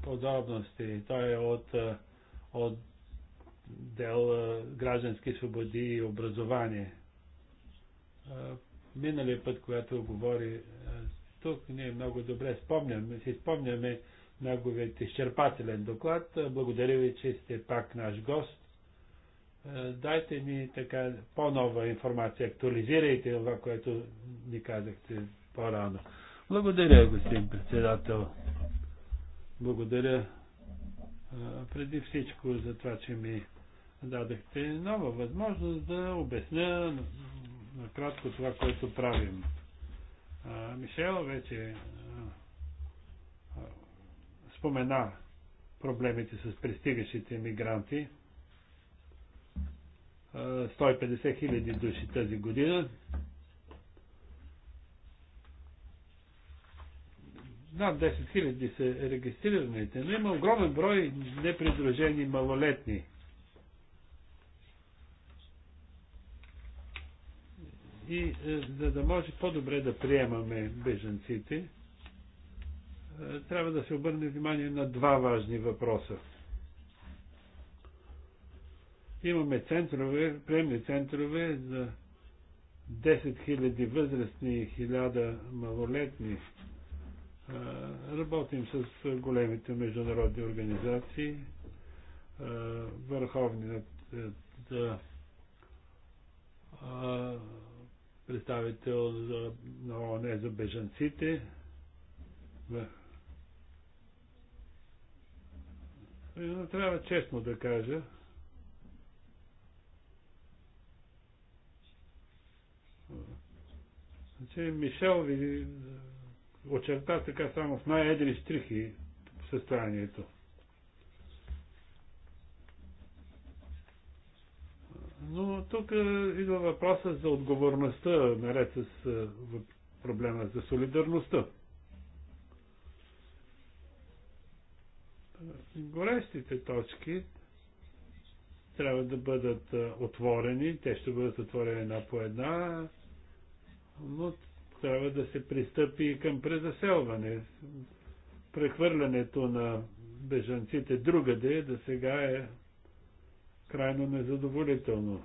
подробности. Той е от, от дел граждански свободи и образование. Миналият път, когато говори тук, ние много добре спомняме, си спомняме неговият изчерпателен доклад. Благодаря ви, че сте пак наш гост. Дайте ни така по-нова информация, актуализирайте това, което ни казахте по-рано. Благодаря, господин председател. Благодаря преди всичко за това, че ми дадахте нова възможност да обясня накратко това, което правим. Мишел вече спомена проблемите с пристигащите мигранти. 150 хиляди души тази година. Над 10 хиляди са регистрираните, но има огромен брой непридружени малолетни И е, за да може по-добре да приемаме беженците, е, трябва да се обърне внимание на два важни въпроса. Имаме центрове, приемни центрове за 10 000 възрастни и 1000 малолетни. Е, работим с големите международни организации, върховният представител за, на ООН за бежанците. Трябва честно да кажа, че Мишел ви очерта така само в най-едри штрихи състоянието. Но тук е, идва въпроса за отговорността, наред с е, проблема за солидарността. Горещите точки трябва да бъдат е, отворени, те ще бъдат отворени една по една, но трябва да се пристъпи към презаселване. Прехвърлянето на бежанците другаде да сега е крайно незадоволително.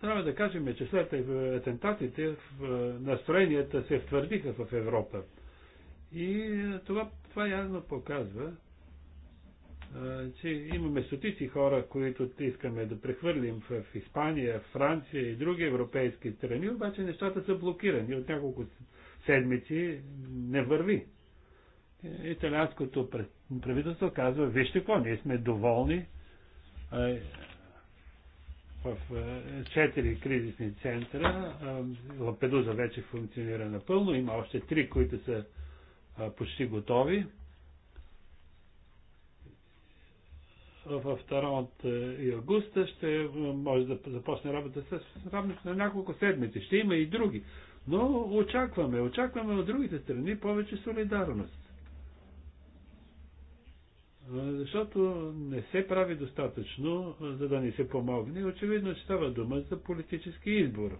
Трябва да кажем, че след атентатите настроенията се втвърдиха в Европа. И това, това явно показва, че имаме стотици хора, които искаме да прехвърлим в Испания, Франция и други европейски страни, обаче нещата са блокирани от няколко седмици не върви. Италианското правителство казва, вижте какво, ние сме доволни в четири кризисни центъра. Лапедуза вече функционира напълно, има още три, които са почти готови. втора от е, и августа ще е, може да започне работа с равност на няколко седмици. Ще има и други. Но очакваме, очакваме от другите страни повече солидарност. Защото не се прави достатъчно, за да ни се помогне. Очевидно, че става дума за политически избор.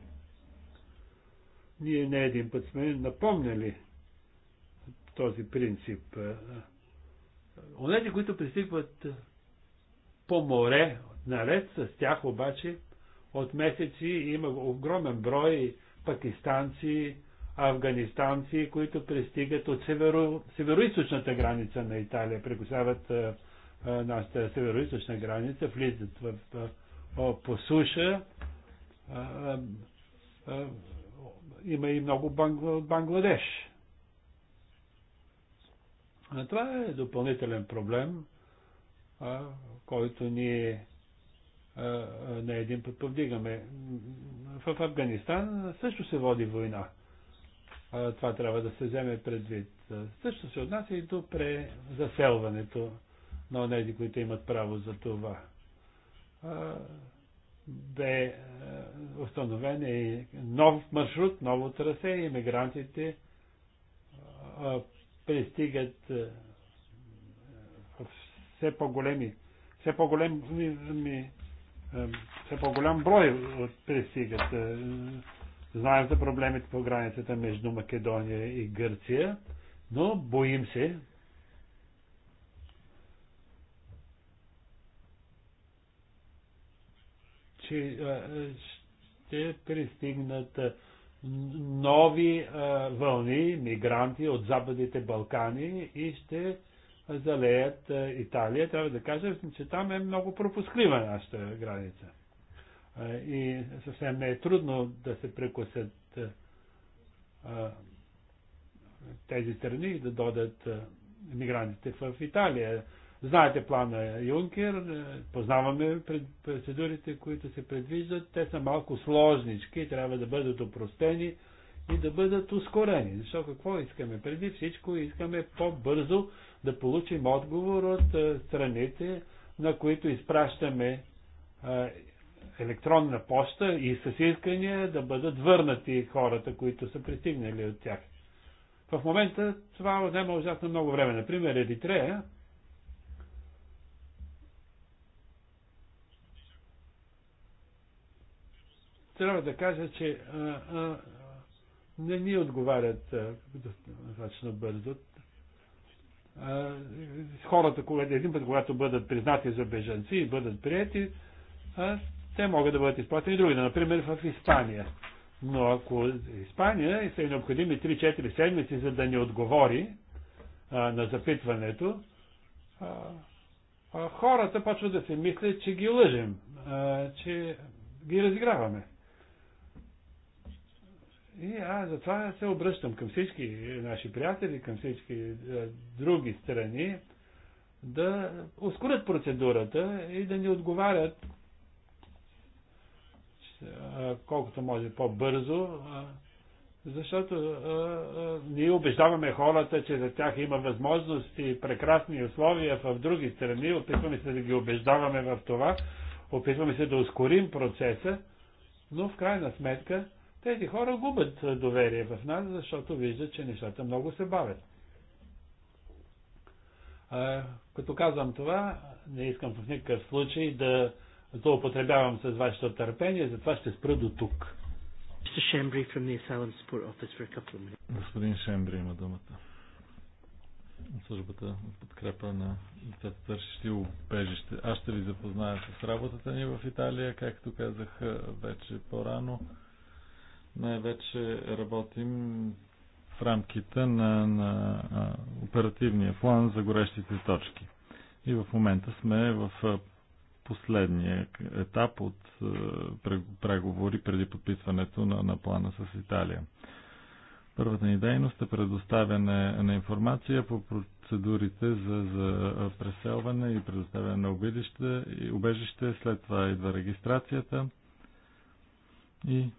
Ние не един път сме напомняли този принцип. Онези, които пристигват по море, наред с тях обаче от месеци има огромен брой пакистанци, афганистанци, които пристигат от северо, северо граница на Италия, прекусяват нашата северо граница, влизат в, в, в по суша. има и много Бангладеш. това е допълнителен проблем, който ние на един път повдигаме. В Афганистан също се води война. Това трябва да се вземе предвид. Също се отнася и до презаселването на тези, които имат право за това. Бе установен е и нов маршрут, ново трасе и мигрантите пристигат в все по-големи все по-голям е, все по-голям брой пристигат. Е, знаем за проблемите по границата между Македония и Гърция, но боим се, че е, ще пристигнат нови вълни мигранти от Западните Балкани и ще залеят е, Италия. Трябва да кажа, че там е много пропусклива нашата граница. Е, и съвсем не е трудно да се прекусят е, тези страни и да додат мигрантите в Италия. Знаете плана Юнкер, познаваме процедурите, които се предвиждат. Те са малко сложнички, трябва да бъдат опростени и да бъдат ускорени. Защо какво искаме? Преди всичко искаме по-бързо да получим отговор от страните, на които изпращаме електронна почта и с искания да бъдат върнати хората, които са пристигнали от тях. В момента това взема ужасно много време. Например, Еритрея трябва да кажа, че а, а, не ни отговарят достатъчно бързо. хората, когато, един път, когато бъдат признати за бежанци и бъдат прияти, те могат да бъдат изплатени други, например в Испания. Но ако Испания са необходими 3-4 седмици, за да ни отговори а, на запитването, а, а, хората почват да се мислят, че ги лъжим, а, че ги разиграваме. И аз затова се обръщам към всички наши приятели, към всички е, други страни, да ускорят процедурата и да ни отговарят че, а, колкото може по-бързо, защото а, а, ние убеждаваме хората, че за тях има възможности, и прекрасни условия в други страни, опитваме се да ги убеждаваме в това, опитваме се да ускорим процеса, но в крайна сметка тези хора губят е, доверие в нас, защото виждат, че нещата много се бавят. А, е, като казвам това, не искам в никакъв случай да злоупотребявам с вашето търпение, затова ще спра до тук. Господин Шембри има думата. Службата в подкрепа на лицата търсещи убежище. Аз ще ви запозная с работата ни в Италия, както казах е, вече по-рано. Най-вече работим в рамките на, на оперативния план за горещите точки. И в момента сме в последния етап от преговори преди подписването на, на плана с Италия. Първата ни дейност е предоставяне на информация по процедурите за, за преселване и предоставяне на убежище, след това идва регистрацията и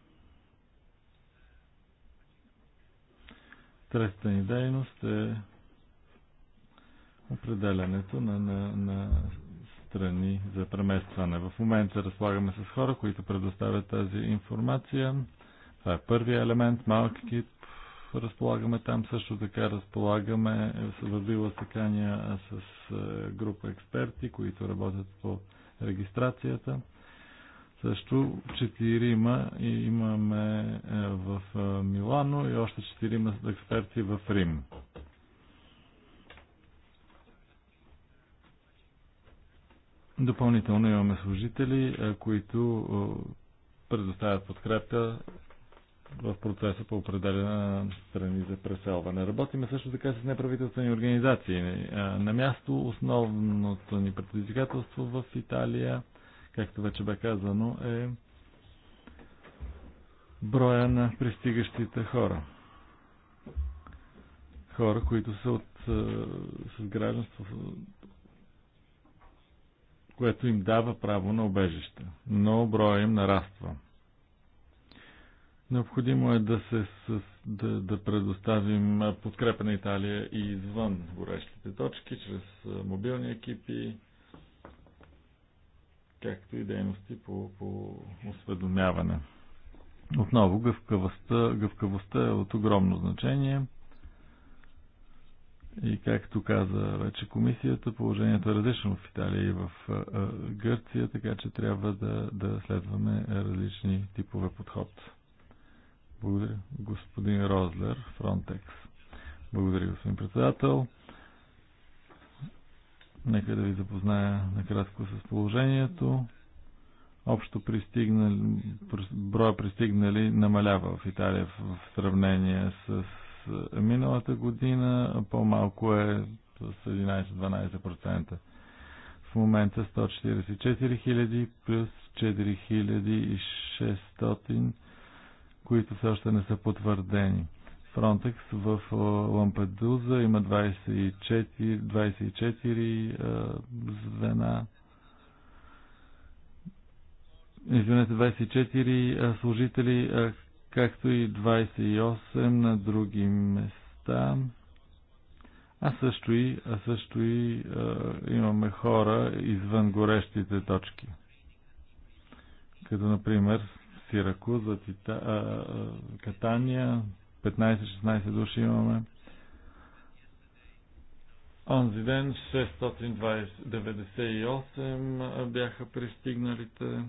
Третата ни дейност е определянето на, на, на страни за преместване. В момента разполагаме с хора, които предоставят тази информация. Това е първият елемент, малък екип. Разполагаме там също така, разполагаме в стъкания с е, група експерти, които работят по регистрацията. Също четирима имаме е, в е, Милано и още четирима експерти в Рим. Допълнително имаме служители, е, които предоставят подкрепа в процеса по определена на страни за преселване. Работиме също така с неправителствени организации. На място основното ни предизвикателство в Италия – както вече бе казано, е броя на пристигащите хора. Хора, които са от, е, с гражданство, което им дава право на обежище, но броя им нараства. Необходимо е да, се, с, да, да предоставим подкрепа на Италия и извън горещите точки, чрез е, мобилни екипи, както и дейности по, по осведомяване. Отново, гъвкавостта, гъвкавостта е от огромно значение. И както каза вече комисията, положението е различно в Италия и в Гърция, така че трябва да, да следваме различни типове подход. Благодаря. Господин Розлер, Фронтекс. Благодаря, господин председател. Нека да ви запозная накратко с положението. Общо пристигнали, броя пристигнали намалява в Италия в сравнение с е, миналата година. По-малко е с 11-12%. В момента 144 000 плюс 4600, които все още не са потвърдени. Фронтекс в Лампедуза има 24, 24 звена. Извинете, 24 служители, както и 28 на други места. А също и, а също и имаме хора извън горещите точки. Като, например, Сиракуза, Катания, 15-16 души имаме. Онзи ден 698 бяха пристигналите.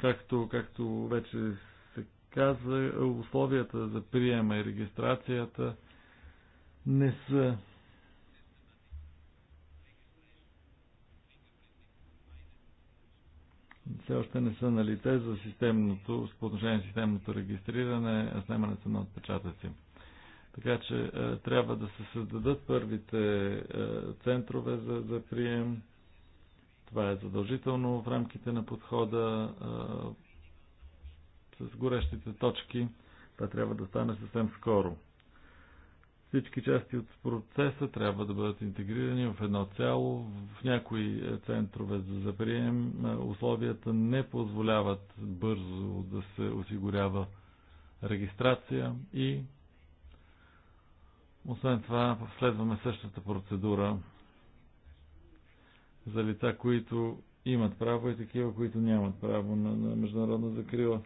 Както, както вече се каза, условията за приема и регистрацията не са все още не са на лице за системното, с отношение на системното регистриране, снимането на отпечатъци. Така че е, трябва да се създадат първите е, центрове за, за прием. Това е задължително в рамките на подхода е, с горещите точки. Това трябва да стане съвсем скоро. Всички части от процеса трябва да бъдат интегрирани в едно цяло. В някои е, центрове за заприем е, условията не позволяват бързо да се осигурява регистрация и освен това следваме същата процедура за лица, които имат право и такива, които нямат право на, на международна закрила.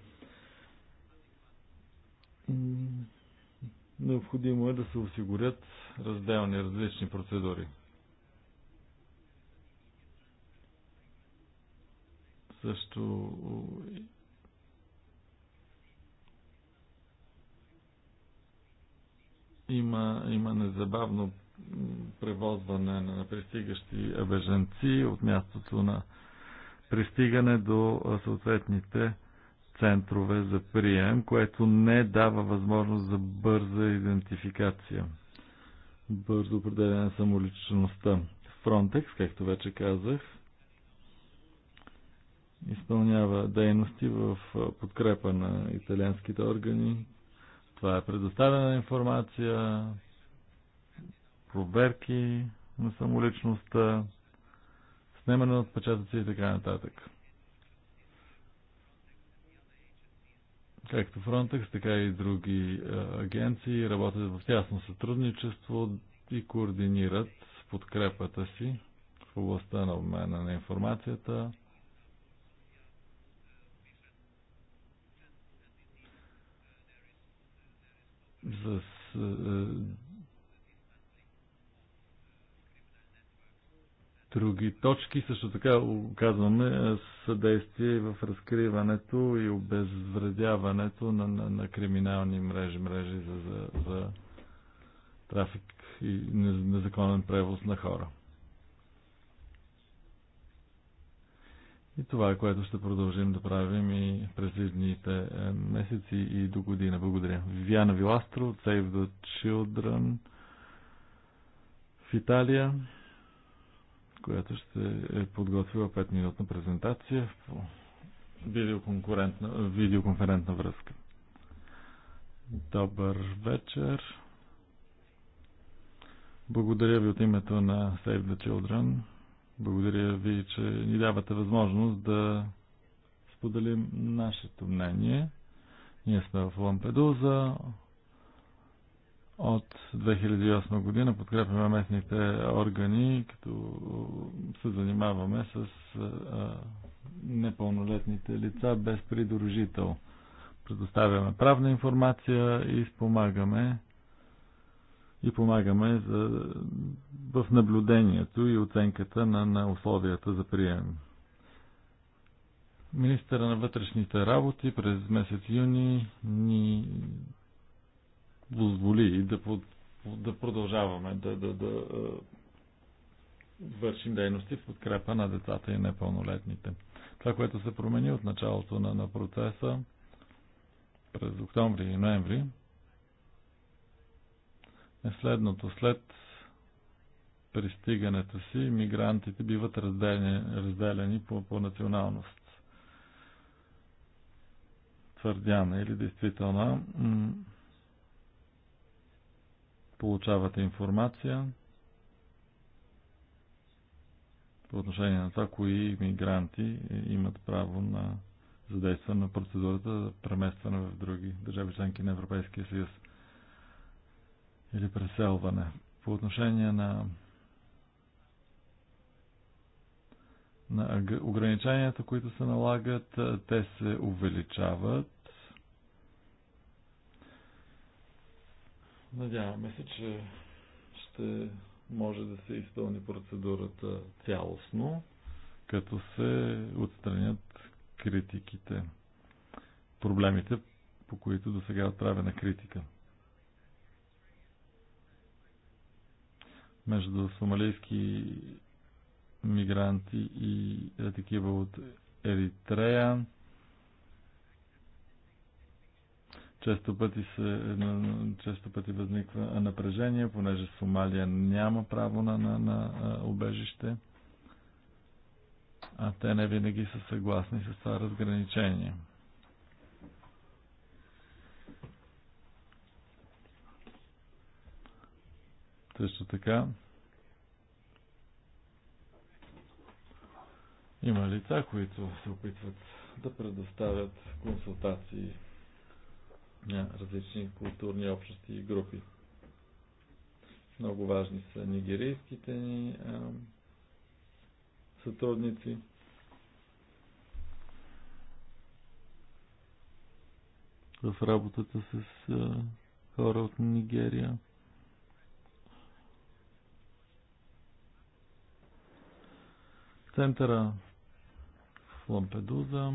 Необходимо е да се осигурят разделни различни процедури. Също има, има незабавно превозване на пристигащи беженци от мястото на пристигане до съответните центрове за прием, което не дава възможност за бърза идентификация. Бързо определяне на самоличността. Frontex, както вече казах, изпълнява дейности в подкрепа на италианските органи. Това е предоставена информация, проверки на самоличността, снимане на отпечатъци и така нататък. както Frontex, така и други е, агенции работят в тясно сътрудничество и координират подкрепата си в областта на обмена на информацията. За е, други точки. Също така оказваме е, съдействие в разкриването и обезвредяването на, на, на криминални мрежи, мрежи за, за, за трафик и незаконен превоз на хора. И това е което ще продължим да правим и през едните е, месеци и до година. Благодаря. Вивиана Виластро от Save the Children в Италия която ще е подготвила 5-минутна презентация по видеоконферентна връзка. Добър вечер! Благодаря ви от името на Save the Children. Благодаря ви, че ни давате възможност да споделим нашето мнение. Ние сме в Лампедуза, от 2008 година подкрепяме местните органи, като се занимаваме с непълнолетните лица без придружител. Предоставяме правна информация и спомагаме и помагаме за, в наблюдението и оценката на, на условията за прием. Министъра на вътрешните работи през месец юни ни позволи да, да продължаваме да, да, да вършим дейности в подкрепа на децата и непълнолетните. Това, което се промени от началото на, на процеса през октомври и ноември, е следното. След пристигането си, мигрантите биват разделени, разделени по, по националност. Твърдяна или действителна получавате информация по отношение на това, кои мигранти имат право на задействане на процедурата за преместване в други държави членки на Европейския съюз или преселване. По отношение на, на ограниченията, които се налагат, те се увеличават Надяваме се, че ще може да се изпълни процедурата цялостно, като се отстранят критиките, проблемите, по които до сега е отправена критика. Между сомалийски мигранти и такива от Еритрея Често пъти, се, често пъти възниква напрежение, понеже Сомалия няма право на, на, на убежище, а те не винаги са съгласни с това разграничение. Също така, има лица, които се опитват да предоставят консултации на различни културни общности и групи. Много важни са нигерийските ни а, сътрудници. В работата с а, хора от Нигерия. Центъра в Лампедуза.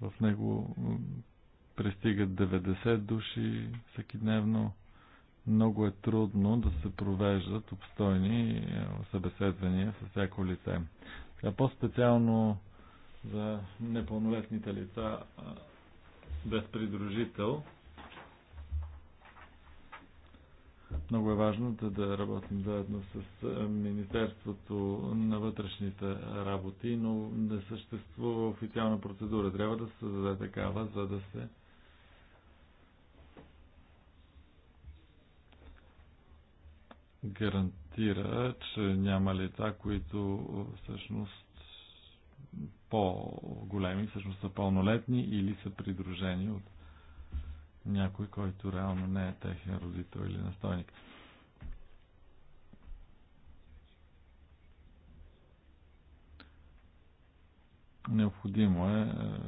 В него пристигат 90 души всеки дневно. Много е трудно да се провеждат обстойни е, събеседвания с всяко лице. А по-специално за непълнолетните лица без придружител – Много е важно да, да работим заедно с е, Министерството на вътрешните работи, но не съществува официална процедура. Трябва да се създаде такава, за да се гарантира, че няма лица, които всъщност по-големи, всъщност са пълнолетни или са придружени от някой, който реално не е техен родител или настойник. Необходимо е, е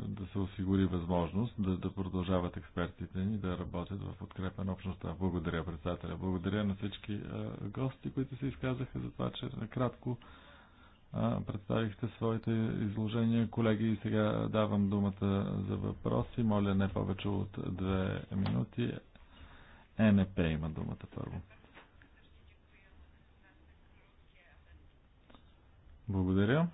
да се осигури възможност да, да продължават експертите ни да работят в подкрепа на общността. Благодаря, председателя. Благодаря на всички е, гости, които се изказаха за това, че накратко представихте своите изложения. Колеги, и сега давам думата за въпроси. Моля не повече от две минути. Е НП има думата първо. Благодаря.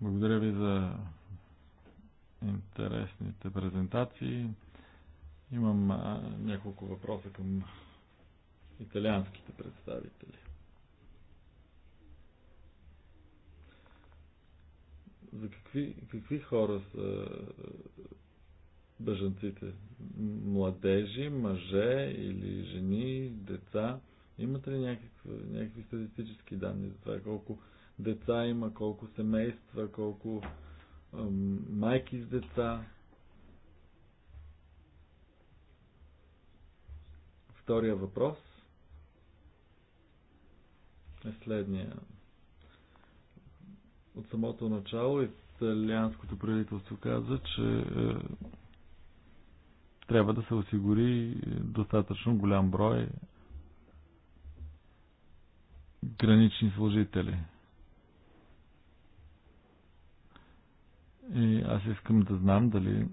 Благодаря ви за интересните презентации. Имам а, няколко въпроса към италианските представители. За какви, какви хора са бежанците? Младежи, мъже или жени, деца? Имате ли някакви, някакви статистически данни за това? Колко деца има, колко семейства, колко майки с деца? Втория въпрос е следния. От самото начало италианското правителство каза, че е, трябва да се осигури е, достатъчно голям брой гранични служители. И аз искам да знам дали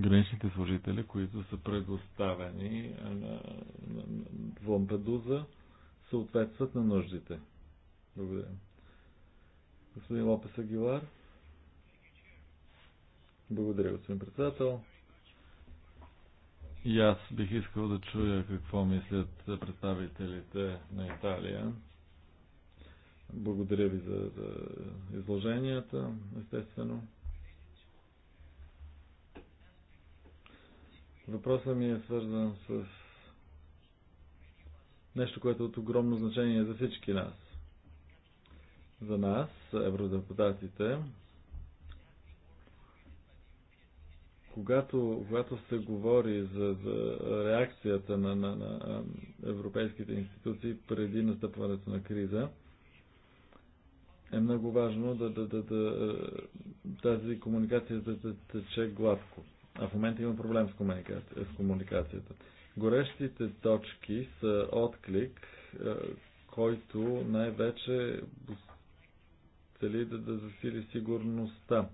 граничните служители, които са предоставени на, в Лампедуза, съответстват на нуждите. Благодаря. Господин Лопес Агилар. Благодаря, господин председател. И аз бих искал да чуя какво мислят представителите на Италия. Благодаря ви за, за изложенията, естествено. Въпросът ми е свързан с нещо, което е от огромно значение за всички нас. За нас, евродепутатите, когато, когато се говори за, за реакцията на, на, на европейските институции преди настъпването на криза, е много важно да, да, да, да тази комуникация да тече да, да, да, гладко. А в момента има проблем с, комуника... с комуникацията. Горещите точки са отклик, е, който най-вече цели да, да засили сигурността.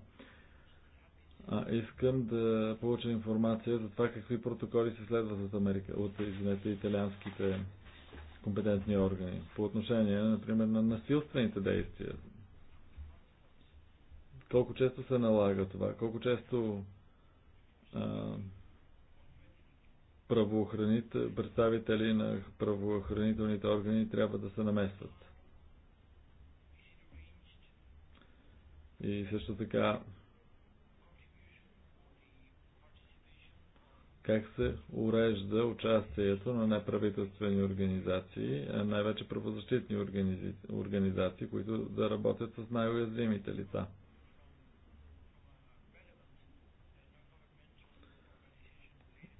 А, искам да получа информация за това какви протоколи се следват от Америка, от извинете, италианските компетентни органи по отношение, например, на насилствените действия. Колко често се налага това? Колко често представители на правоохранителните органи трябва да се наместват. И също така как се урежда участието на неправителствени организации, най-вече правозащитни организации, които да работят с най-уязвимите лица.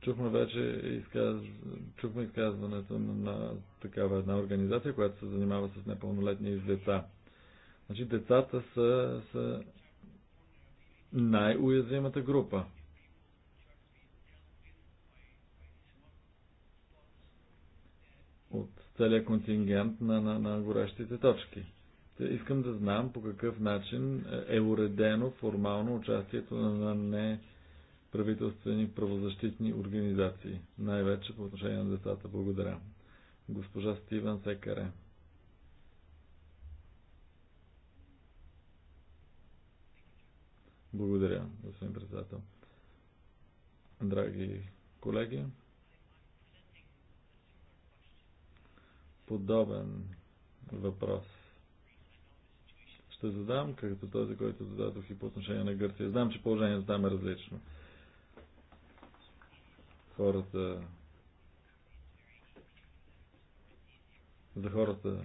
Чухме вече изказ... Чухме изказването на, на такава една организация, която се занимава с непълнолетни деца. Значи децата са, са най-уязвимата група. От целият контингент на, на, на горещите точки. Те искам да знам по какъв начин е уредено формално участието на, на не правителствени правозащитни организации, най-вече по отношение на децата. Благодаря. Госпожа Стивен Секаре. Благодаря, господин председател. Драги колеги, подобен въпрос ще задам, като този, който зададох и по отношение на Гърция. Знам, че положението там е различно хората за хората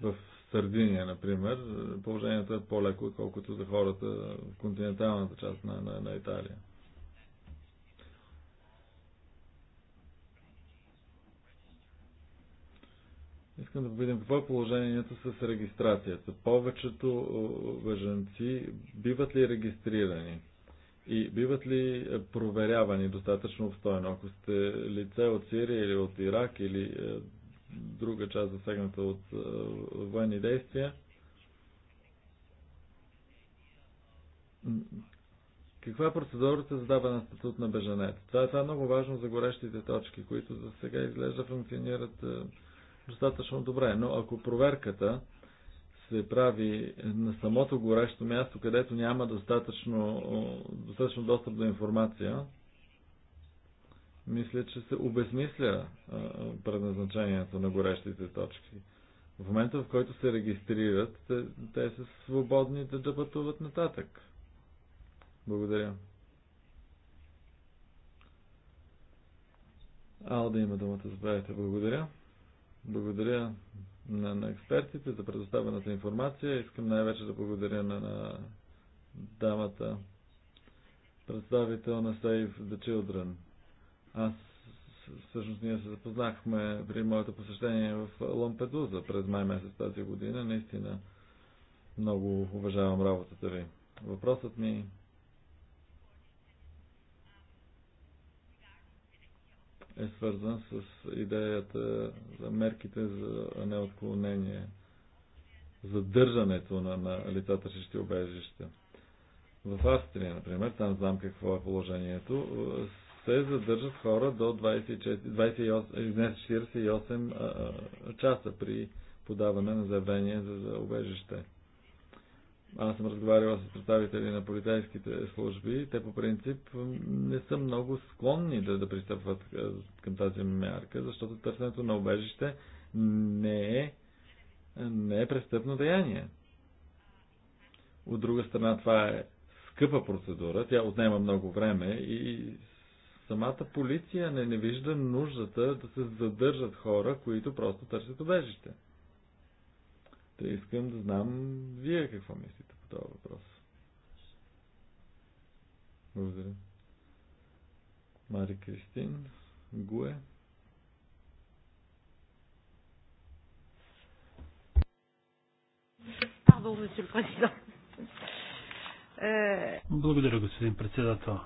в Сърдиния, например, положението е по-леко, колкото за хората в континенталната част на, на, на Италия. Искам да видим какво е положението с регистрацията. Повечето бежанци биват ли регистрирани и биват ли е, проверявани достатъчно обстойно? Ако сте лице от Сирия или от Ирак или е, друга част засегната от е, военни действия, каква е процедурата за даване на статут на беженец? Това, е, това е много важно за горещите точки, които за сега изглежда функционират достатъчно добре, но ако проверката се прави на самото горещо място, където няма достатъчно, достатъчно достъп до информация, мисля, че се обезмисля предназначението на горещите точки. В момента, в който се регистрират, те, те са свободни да, да пътуват нататък. Благодаря. Алда, има думата, заповядайте. Благодаря. Благодаря на, на експертите за предоставената информация. Искам най-вече да благодаря на, на дамата, представител на Save the Children. Аз всъщност ние се запознахме при моето посещение в Лампедуза през май месец тази година. Наистина много уважавам работата ви. Въпросът ми е свързан с идеята за мерките за неотклонение, задържането на, на лицата ще обежище. В Австрия, например, там знам какво е положението, се задържат хора до 24, 28, 48 а, а, часа при подаване на заявление за, за обежище. Аз съм разговарял с представители на полицейските служби. Те по принцип не са много склонни да, да пристъпват е, към тази мярка, защото търсенето на обежище не е, не е престъпно деяние. От друга страна, това е скъпа процедура, тя отнема много време и самата полиция не, не вижда нуждата да се задържат хора, които просто търсят обежище. Та искам да знам вие какво мислите по този въпрос. Благодаря. Мари Кристин Гуе. Е, Благодаря, господин председател.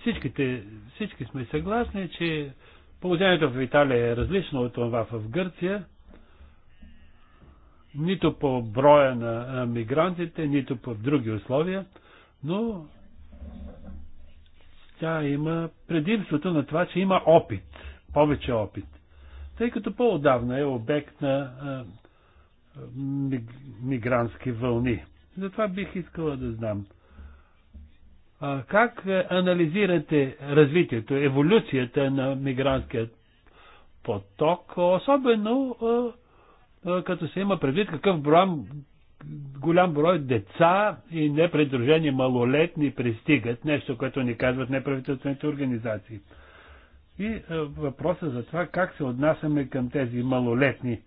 Всичките, всички сме съгласни, че положението в Италия е различно от това в Гърция нито по броя на мигрантите, нито по други условия, но тя има предимството на това, че има опит, повече опит. Тъй като по-отдавна е обект на мигрантски вълни. Затова бих искала да знам. А, как анализирате развитието, еволюцията на мигрантският поток, особено а, като се има предвид какъв брой, голям брой деца и непредружени малолетни пристигат, нещо, което ни казват неправителствените организации. И въпроса за това как се отнасяме към тези малолетни,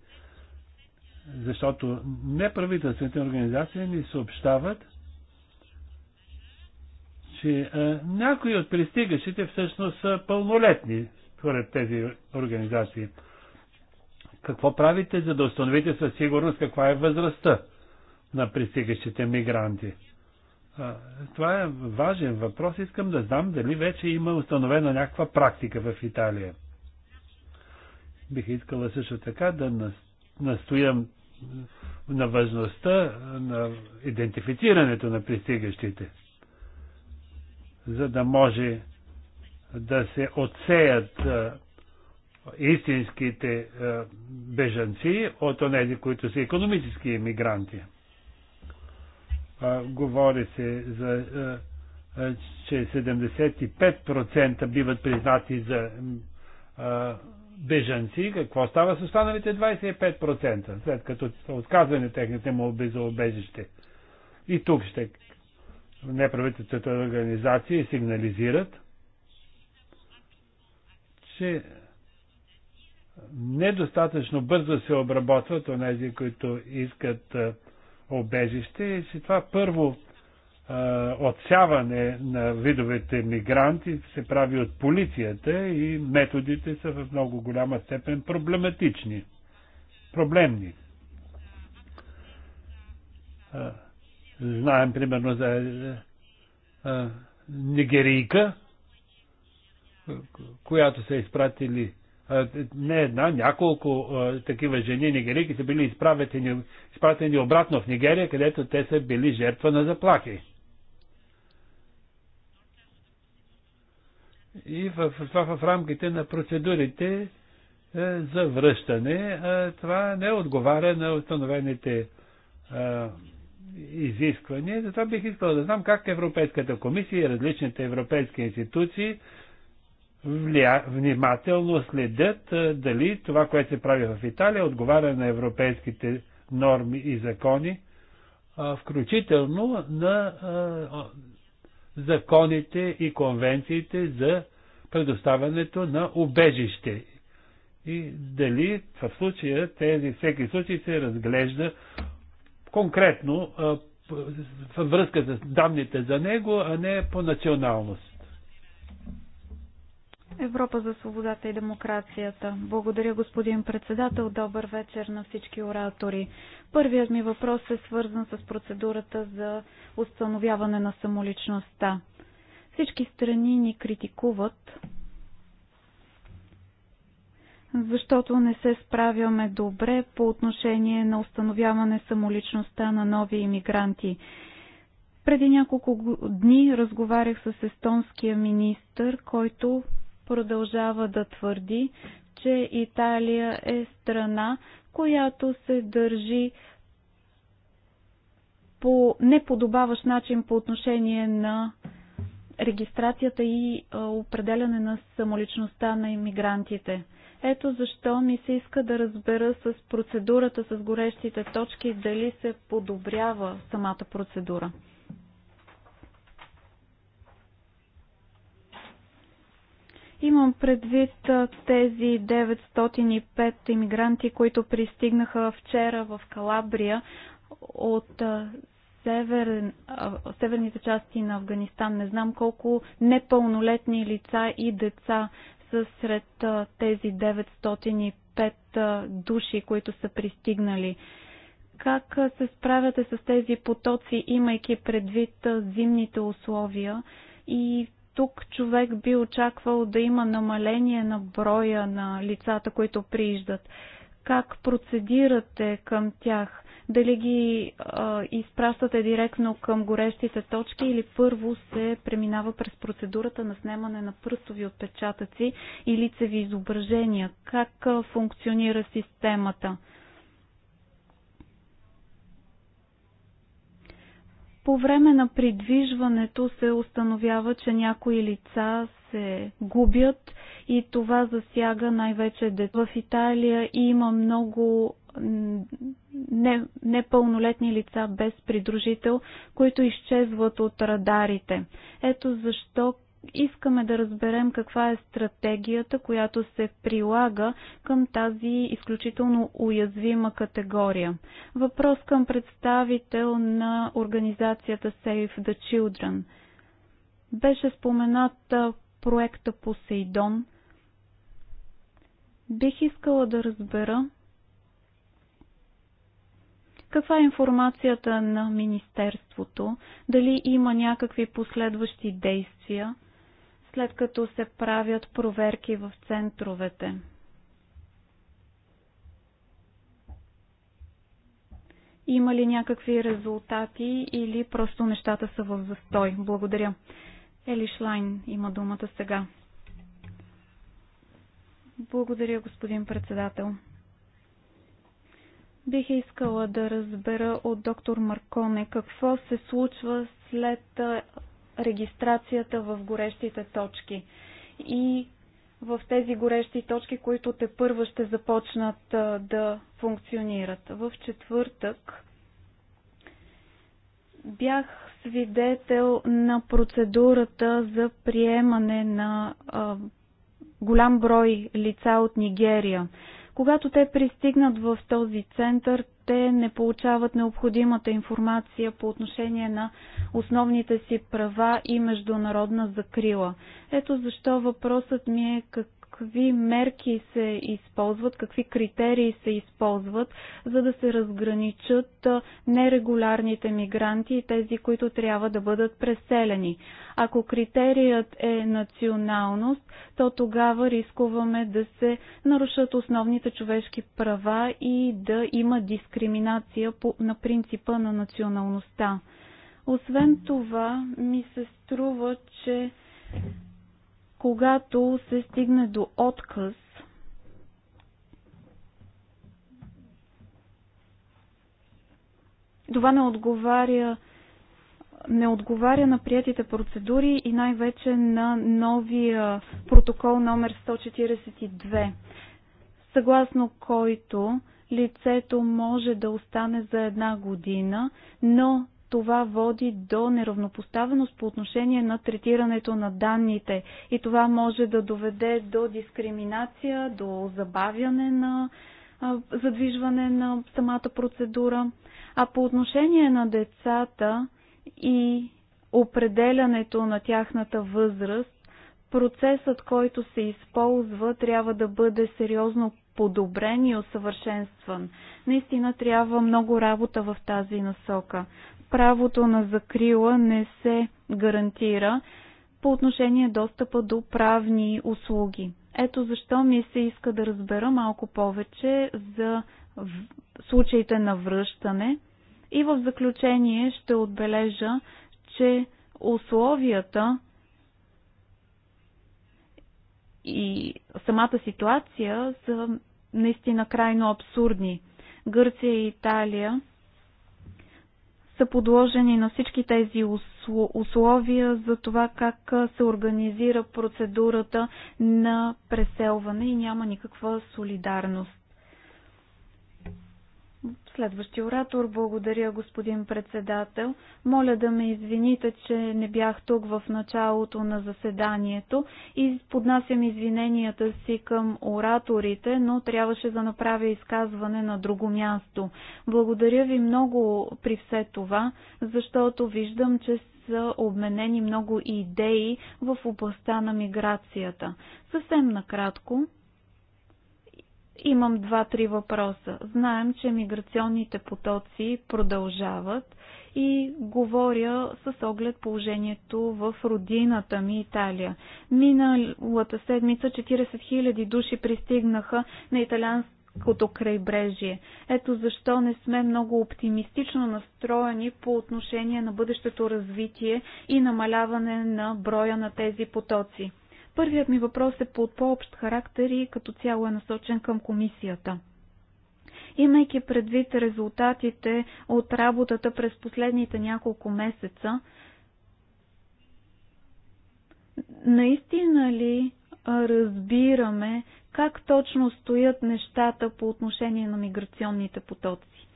защото неправителствените организации ни съобщават, че някои от пристигащите всъщност са пълнолетни, според тези организации какво правите, за да установите със сигурност каква е възрастта на пристигащите мигранти? Това е важен въпрос. Искам да знам дали вече има установена някаква практика в Италия. Бих искала също така да настоям на важността на идентифицирането на пристигащите, за да може да се отсеят истинските е, бежанци от онези, които са економически емигранти. Говори се за е, че 75% биват признати за е, бежанци, какво става с останалите 25%, след като са отказани техните му за обежище. И тук ще неправителствените организации сигнализират, че недостатъчно бързо се обработват онези, които искат обежище и си това първо отсяване на видовете мигранти се прави от полицията и методите са в много голяма степен проблематични, проблемни. Знаем примерно за нигерийка, която са изпратили не една, няколко такива жени нигерийки са били изпратени, изпратени обратно в Нигерия, където те са били жертва на заплахи. И в, в, в, в рамките на процедурите е, за връщане. Е, това не отговаря на установените е, изисквания. Затова бих искал да знам как Европейската комисия и различните европейски институции внимателно следят дали това, което се прави в Италия, отговаря на европейските норми и закони, включително на законите и конвенциите за предоставянето на убежище. И дали в случая, тези, всеки случай се разглежда конкретно във връзка с данните за него, а не по националност. Европа за свободата и демокрацията. Благодаря, господин председател. Добър вечер на всички оратори. Първият ми въпрос е свързан с процедурата за установяване на самоличността. Всички страни ни критикуват, защото не се справяме добре по отношение на установяване самоличността на нови иммигранти. Преди няколко дни разговарях с естонския министр, който продължава да твърди, че Италия е страна, която се държи по неподобаващ начин по отношение на регистрацията и определяне на самоличността на иммигрантите. Ето защо ми се иска да разбера с процедурата с горещите точки дали се подобрява самата процедура. Имам предвид тези 905 иммигранти, които пристигнаха вчера в Калабрия от северен, северните части на Афганистан. Не знам колко непълнолетни лица и деца са сред тези 905 души, които са пристигнали. Как се справяте с тези потоци, имайки предвид зимните условия и тук човек би очаквал да има намаление на броя на лицата, които прииждат. Как процедирате към тях? Дали ги а, изпращате директно към горещите точки или първо се преминава през процедурата на снимане на пръстови отпечатъци и лицеви изображения? Как а, функционира системата? По време на придвижването се установява, че някои лица се губят и това засяга най-вече деца. В Италия има много не, непълнолетни лица без придружител, които изчезват от радарите. Ето защо искаме да разберем каква е стратегията, която се прилага към тази изключително уязвима категория. Въпрос към представител на организацията Save the Children. Беше споменат проекта Посейдон. Бих искала да разбера каква е информацията на Министерството, дали има някакви последващи действия, след като се правят проверки в центровете. Има ли някакви резултати или просто нещата са в застой? Благодаря. Ели Шлайн има думата сега. Благодаря, господин председател. Бих искала да разбера от доктор Марконе какво се случва след регистрацията в горещите точки и в тези горещи точки, които те първо ще започнат да функционират. В четвъртък бях свидетел на процедурата за приемане на а, голям брой лица от Нигерия. Когато те пристигнат в този център, те не получават необходимата информация по отношение на основните си права и международна закрила. Ето защо въпросът ми е как какви мерки се използват, какви критерии се използват, за да се разграничат нерегулярните мигранти и тези, които трябва да бъдат преселени. Ако критерият е националност, то тогава рискуваме да се нарушат основните човешки права и да има дискриминация на принципа на националността. Освен това, ми се струва, че когато се стигне до отказ това не отговаря не отговаря на приятите процедури и най-вече на новия протокол номер 142, съгласно който лицето може да остане за една година, но това води до неравнопоставеност по отношение на третирането на данните и това може да доведе до дискриминация, до забавяне на задвижване на самата процедура. А по отношение на децата и определянето на тяхната възраст, процесът, който се използва, трябва да бъде сериозно подобрен и усъвършенстван. Наистина трябва много работа в тази насока правото на закрила не се гарантира по отношение достъпа до правни услуги. Ето защо ми се иска да разбера малко повече за случаите на връщане и в заключение ще отбележа, че условията и самата ситуация са наистина крайно абсурдни. Гърция и Италия са подложени на всички тези условия за това как се организира процедурата на преселване и няма никаква солидарност. Следващия оратор. Благодаря, господин председател. Моля да ме извините, че не бях тук в началото на заседанието и поднасям извиненията си към ораторите, но трябваше да направя изказване на друго място. Благодаря ви много при все това, защото виждам, че са обменени много идеи в областта на миграцията. Съвсем накратко, Имам два-три въпроса. Знаем, че миграционните потоци продължават и говоря с оглед положението в родината ми Италия. Миналата седмица 40 000 души пристигнаха на италианското крайбрежие. Ето защо не сме много оптимистично настроени по отношение на бъдещето развитие и намаляване на броя на тези потоци. Първият ми въпрос е по по-общ характер и като цяло е насочен към комисията. Имайки предвид резултатите от работата през последните няколко месеца, наистина ли разбираме как точно стоят нещата по отношение на миграционните потоци?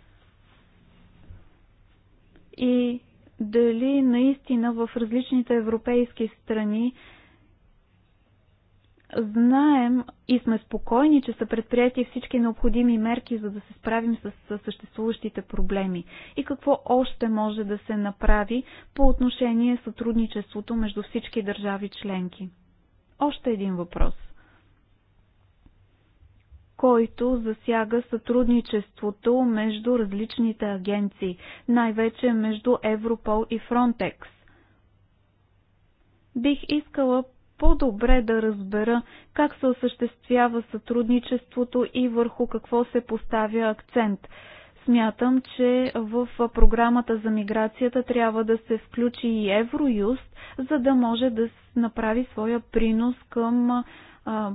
И дали наистина в различните европейски страни Знаем и сме спокойни, че са предприяти всички необходими мерки, за да се справим с съществуващите проблеми. И какво още може да се направи по отношение сътрудничеството между всички държави членки? Още един въпрос който засяга сътрудничеството между различните агенции, най-вече между Европол и Фронтекс. Бих искала по-добре да разбера как се осъществява сътрудничеството и върху какво се поставя акцент. Смятам, че в програмата за миграцията трябва да се включи и Евроюст, за да може да направи своя принос към а,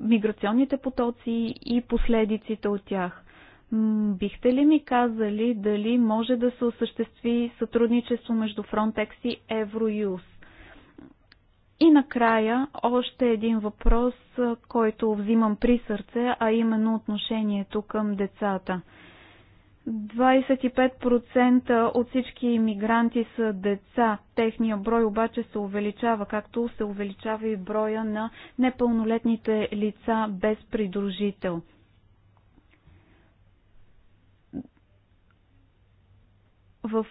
миграционните потоци и последиците от тях. Бихте ли ми казали дали може да се осъществи сътрудничество между Frontex и Евроюст? И накрая още един въпрос, който взимам при сърце, а именно отношението към децата. 25% от всички иммигранти са деца. Техния брой обаче се увеличава, както се увеличава и броя на непълнолетните лица без придружител. В,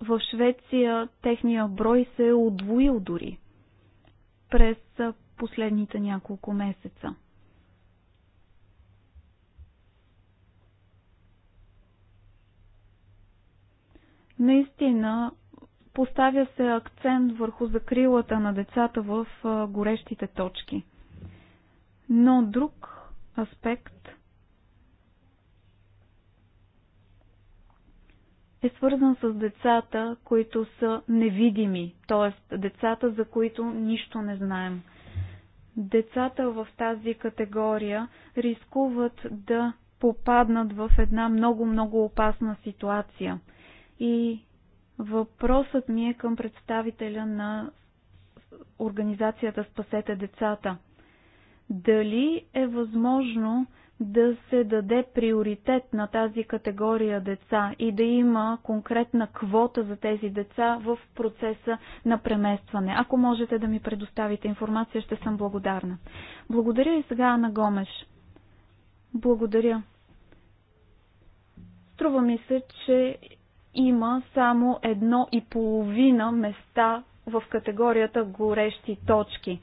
в Швеция техния брой се е удвоил дори през последните няколко месеца. Наистина, поставя се акцент върху закрилата на децата в горещите точки. Но друг аспект е свързан с децата, които са невидими, т.е. децата, за които нищо не знаем. Децата в тази категория рискуват да попаднат в една много-много опасна ситуация. И въпросът ми е към представителя на организацията Спасете децата. Дали е възможно да се даде приоритет на тази категория деца и да има конкретна квота за тези деца в процеса на преместване. Ако можете да ми предоставите информация, ще съм благодарна. Благодаря и сега Ана Гомеш. Благодаря. Струва ми се, че има само едно и половина места в категорията горещи точки.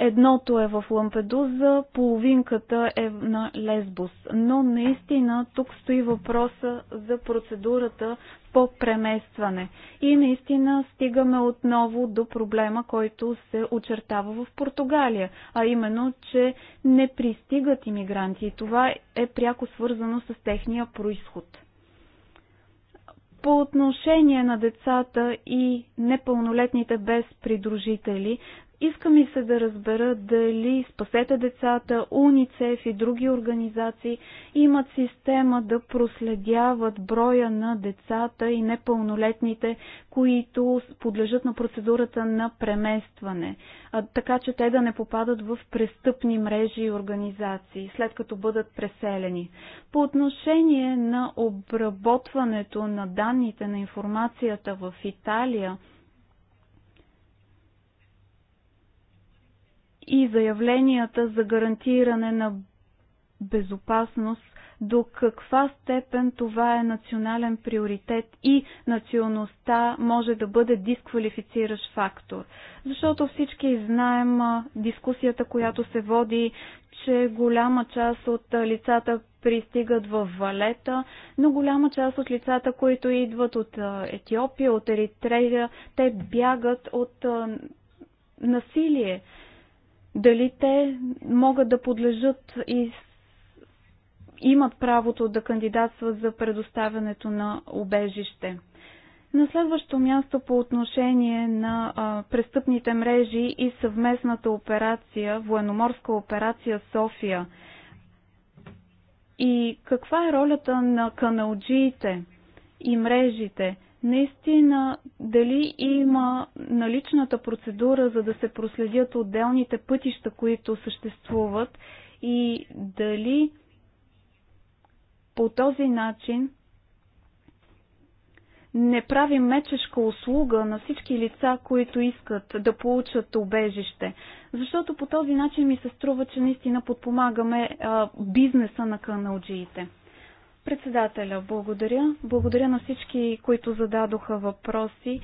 Едното е в Лампедуза, половинката е на лесбус. Но наистина тук стои въпроса за процедурата по преместване. И наистина стигаме отново до проблема, който се очертава в Португалия, а именно, че не пристигат иммигранти и това е пряко свързано с техния происход. По отношение на децата и непълнолетните без придружители, иска ми се да разбера дали Спасете децата, УНИЦЕФ и други организации имат система да проследяват броя на децата и непълнолетните, които подлежат на процедурата на преместване, така че те да не попадат в престъпни мрежи и организации, след като бъдат преселени. По отношение на обработването на данните на информацията в Италия, и заявленията за гарантиране на безопасност до каква степен това е национален приоритет и националността може да бъде дисквалифициращ фактор. Защото всички знаем дискусията, която се води, че голяма част от лицата пристигат в Валета, но голяма част от лицата, които идват от Етиопия, от Еритрея, те бягат от насилие дали те могат да подлежат и имат правото да кандидатстват за предоставянето на обежище. На следващо място по отношение на а, престъпните мрежи и съвместната операция, военноморска операция София. И каква е ролята на каналджиите и мрежите? наистина дали има наличната процедура, за да се проследят отделните пътища, които съществуват и дали по този начин не правим мечешка услуга на всички лица, които искат да получат обежище. Защото по този начин ми се струва, че наистина подпомагаме а, бизнеса на каналджиите. Председателя, благодаря. Благодаря на всички, които зададоха въпроси.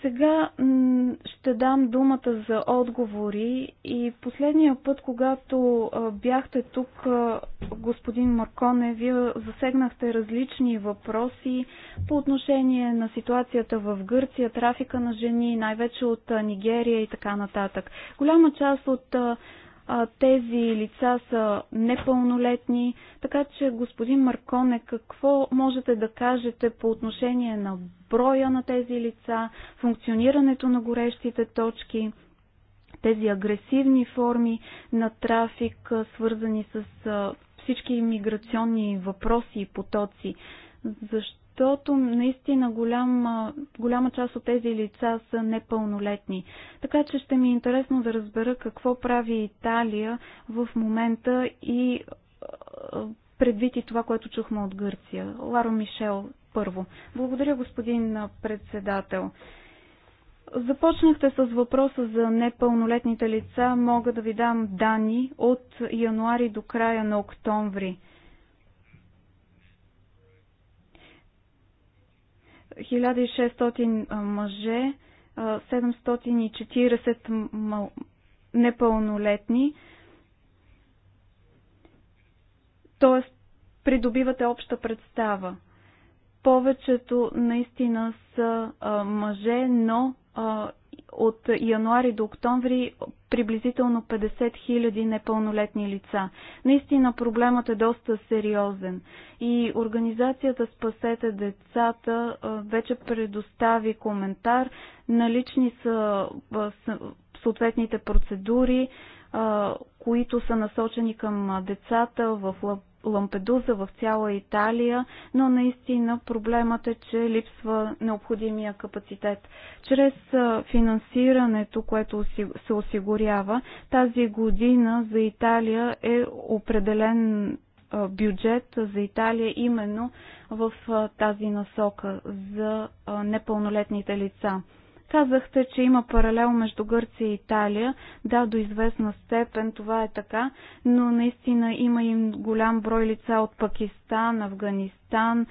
Сега ще дам думата за отговори и последния път, когато бяхте тук, господин Марконе, вие засегнахте различни въпроси по отношение на ситуацията в Гърция, трафика на жени, най-вече от Нигерия и така нататък. Голяма част от тези лица са непълнолетни. Така че, господин Марконе, какво можете да кажете по отношение на броя на тези лица, функционирането на горещите точки, тези агресивни форми на трафик, свързани с всички миграционни въпроси и потоци? Защо защото наистина голяма, голяма част от тези лица са непълнолетни. Така че ще ми е интересно да разбера какво прави Италия в момента и предвид и това, което чухме от Гърция. Ларо Мишел първо. Благодаря, господин председател. Започнахте с въпроса за непълнолетните лица. Мога да ви дам данни от януари до края на октомври. 1600 мъже, 740 непълнолетни. Тоест, придобивате обща представа. Повечето наистина са мъже, но от януари до октомври приблизително 50 000 непълнолетни лица. Наистина проблемът е доста сериозен и организацията Спасете децата вече предостави коментар. Налични са съответните процедури, които са насочени към децата в Лампедуза, в цяла Италия, но наистина проблемът е, че липсва необходимия капацитет. Чрез финансирането, което се осигурява, тази година за Италия е определен бюджет за Италия именно в тази насока за непълнолетните лица. Казахте, че има паралел между Гърция и Италия. Да, до известна степен това е така, но наистина има и голям брой лица от Пакистан, Афганистан,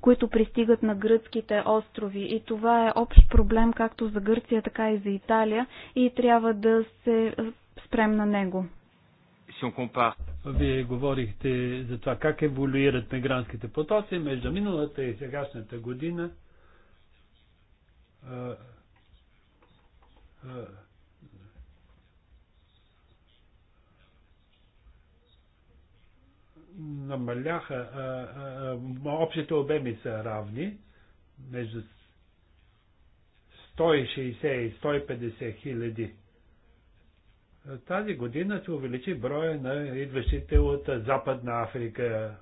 които пристигат на гръцките острови. И това е общ проблем както за Гърция, така и за Италия и трябва да се спрем на него. Вие говорихте за това как еволюират мигрантските потоци между миналата и сегашната година намаляха, а, намаляха, а, а, общите обеми са равни, между 160 и 150 хиляди. Тази година се увеличи броя на идващите от Западна Африка,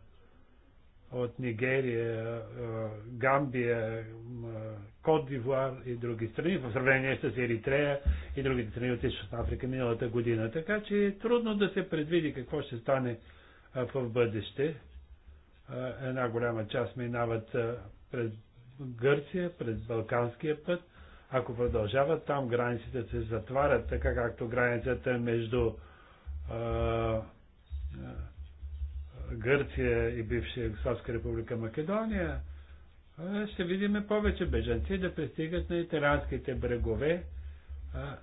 от Нигерия, Гамбия, Кот Дивуар и други страни, в сравнение с Еритрея и другите страни от Източна Африка миналата година. Така че е трудно да се предвиди какво ще стане в бъдеще. Една голяма част минават през Гърция, през Балканския път. Ако продължават там, границите се затварят, така както границата между Гърция и бивша Югославска република Македония, ще видим повече бежанци да пристигат на италианските брегове а,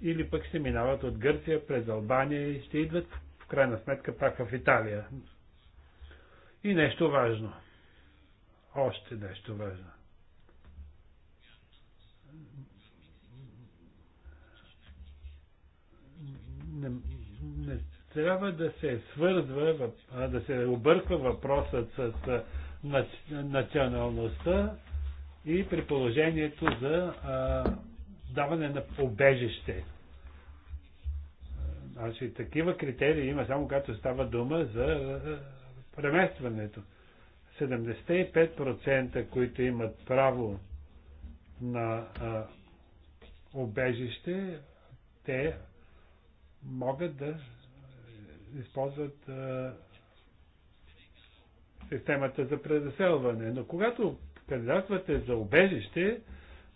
или пък се минават от Гърция през Албания и ще идват в крайна сметка пак в Италия. И нещо важно. Още нещо важно. Не, трябва да се свързва, да се обърква въпросът с националността и при положението за даване на обежище. Значи, такива критерии има само когато става дума за преместването. 75%, които имат право на а, обежище, те могат да използват а, системата за презаселване. Но когато кандидатствате за убежище,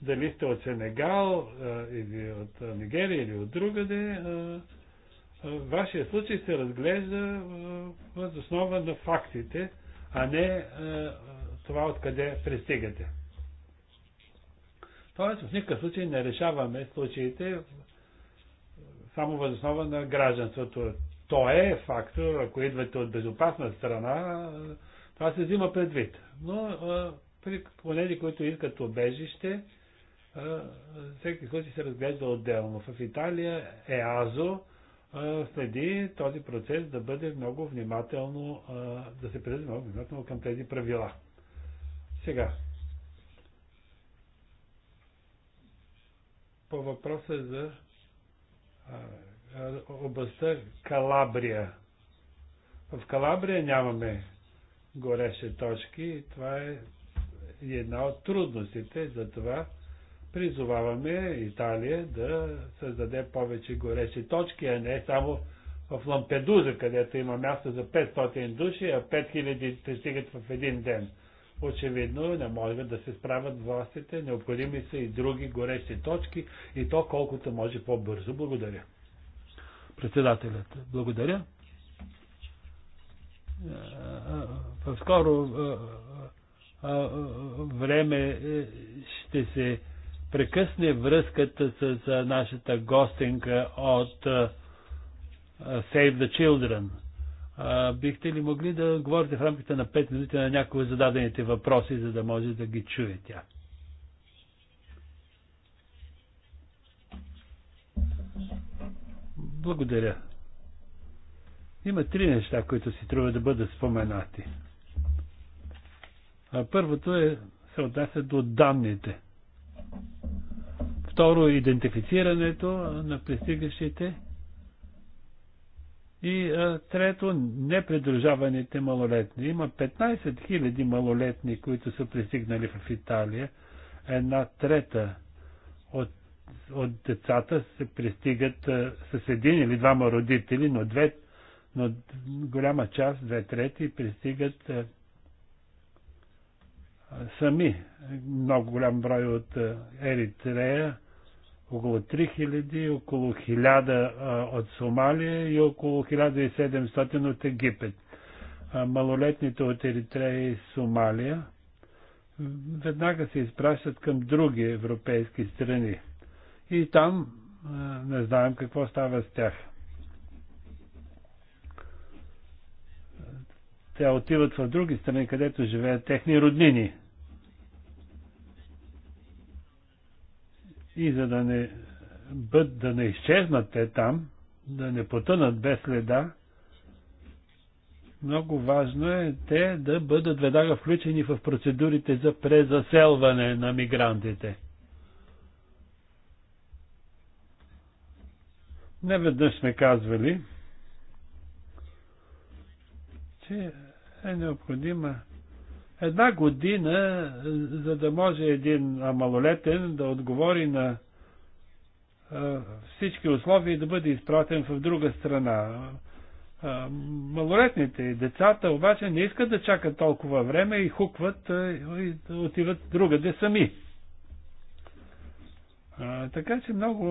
дали сте от Сенегал а, или от Нигерия или от другаде, а, а, вашия случай се разглежда въз основа на фактите, а не а, това откъде пристигате. Тоест в никакъв случай не решаваме случаите само въз основа на гражданството то е фактор, ако идвате от безопасна страна, това се взима предвид. Но при понеди, които искат обежище, всеки случай се разглежда отделно. В Италия ЕАЗО следи този процес да бъде много внимателно, да се преди много внимателно към тези правила. Сега. По въпроса за а, е, областта Калабрия. В Калабрия нямаме горещи точки. Това е една от трудностите. Затова призоваваме Италия да създаде повече горещи точки, а не само в Лампедуза, където има място за 500 души, а 5000 пристигат в един ден. Очевидно не могат да се справят властите, необходими са и други горещи точки и то колкото може по-бързо. Благодаря. Председателят. Благодаря. В е, е, е, скоро време ще се прекъсне връзката с нашата гостенка от Save the Children. Бихте ли могли да говорите в рамките на 5 минути на някои зададените въпроси, за да може да ги чуе тя? Благодаря. Има три неща, които си трябва да бъдат споменати. А първото е, се отнася до данните. Второ, идентифицирането на пристигащите. И а, трето, непридружаваните малолетни. Има 15 000 малолетни, които са пристигнали в Италия. Една трета от от децата се пристигат с един или двама родители, но, две, но голяма част, две трети, пристигат сами. Много голям брой от Еритрея, около 3000, около 1000 от Сомалия и около 1700 от Египет. Малолетните от Еритрея и Сомалия веднага се изпращат към други европейски страни и там не знаем какво става с тях. Те отиват в други страни, където живеят техни роднини. И за да не, бъд, да не изчезнат те там, да не потънат без следа, много важно е те да бъдат веднага включени в процедурите за презаселване на мигрантите – Не веднъж сме казвали, че е необходима една година, за да може един малолетен да отговори на всички условия и да бъде изпратен в друга страна. Малолетните и децата обаче не искат да чакат толкова време и хукват и отиват другаде сами. А, така че много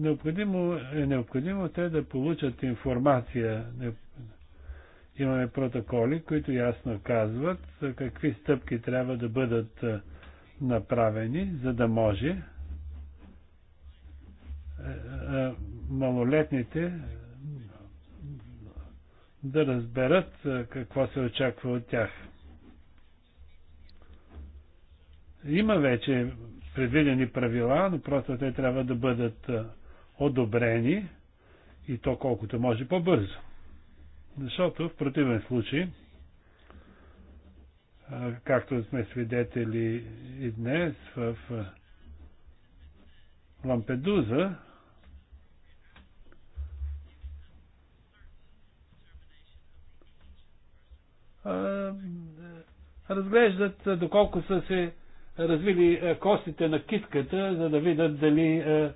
необходимо, е необходимо те да получат информация. Имаме протоколи, които ясно казват какви стъпки трябва да бъдат направени, за да може е, е, малолетните да разберат какво се очаква от тях. Има вече предвидени правила, но просто те трябва да бъдат одобрени и то колкото може по-бързо. Защото в противен случай, както сме свидетели и днес в Лампедуза, разглеждат доколко са се развили е, костите на китката, за да видят дали е,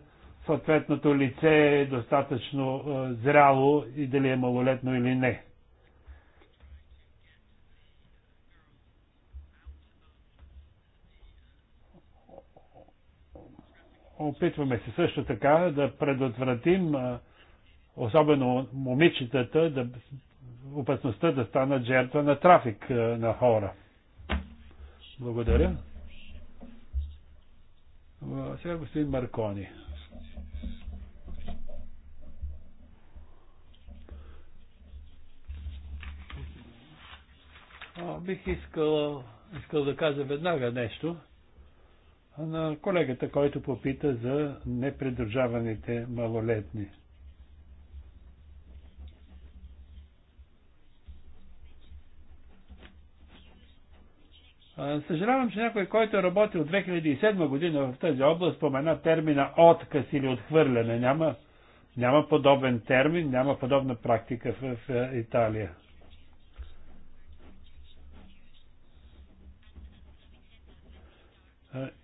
съответното лице е достатъчно е, зряло и дали е малолетно или не. Опитваме се също така да предотвратим, особено момичетата, да, опасността да станат жертва на трафик на хора. Благодаря. Сега господин Маркони. бих искал, искал да кажа веднага нещо на колегата, който попита за непредържаваните малолетни. Съжалявам, че някой, който е работил от 2007 година в тази област, спомена термина отказ или отхвърляне. Няма, няма подобен термин, няма подобна практика в, в е, Италия.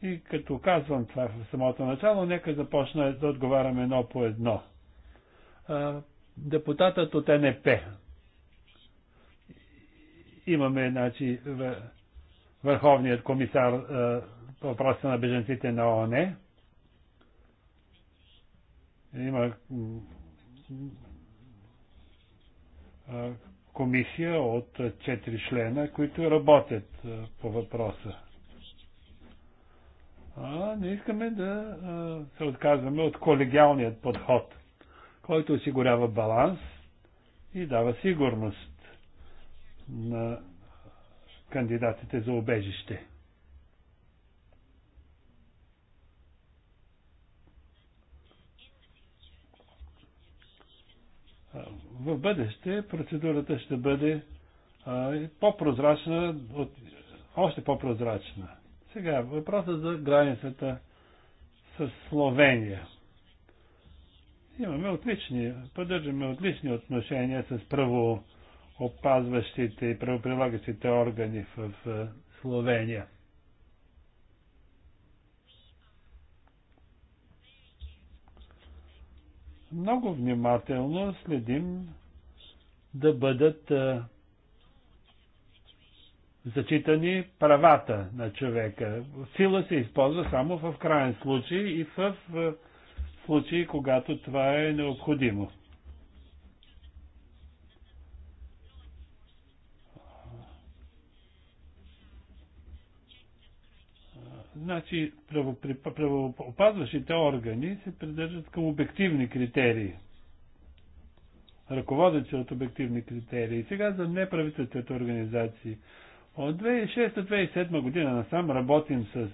И като казвам това в самото начало, нека започна да отговарям едно по едно. Депутатът от НП. Имаме, значи, върховният комисар е, по въпросите на беженците на ООН. Има е, комисия от четири члена, които работят е, по въпроса. А, не искаме да се отказваме от колегиалният подход, който осигурява баланс и дава сигурност на кандидатите за обежище. В бъдеще процедурата ще бъде по-прозрачна, още по-прозрачна. Сега въпросът за границата с Словения. Имаме отлични, поддържаме отлични отношения с първо опазващите и правоприлагащите органи в Словения. Много внимателно следим да бъдат зачитани правата на човека. Сила се използва само в крайен случай и в случаи, когато това е необходимо. Значи, правоопазващите органи се придържат към обективни критерии. Ръководят се от обективни критерии. Сега за неправителствените организации. От 2006-2007 година насам работим с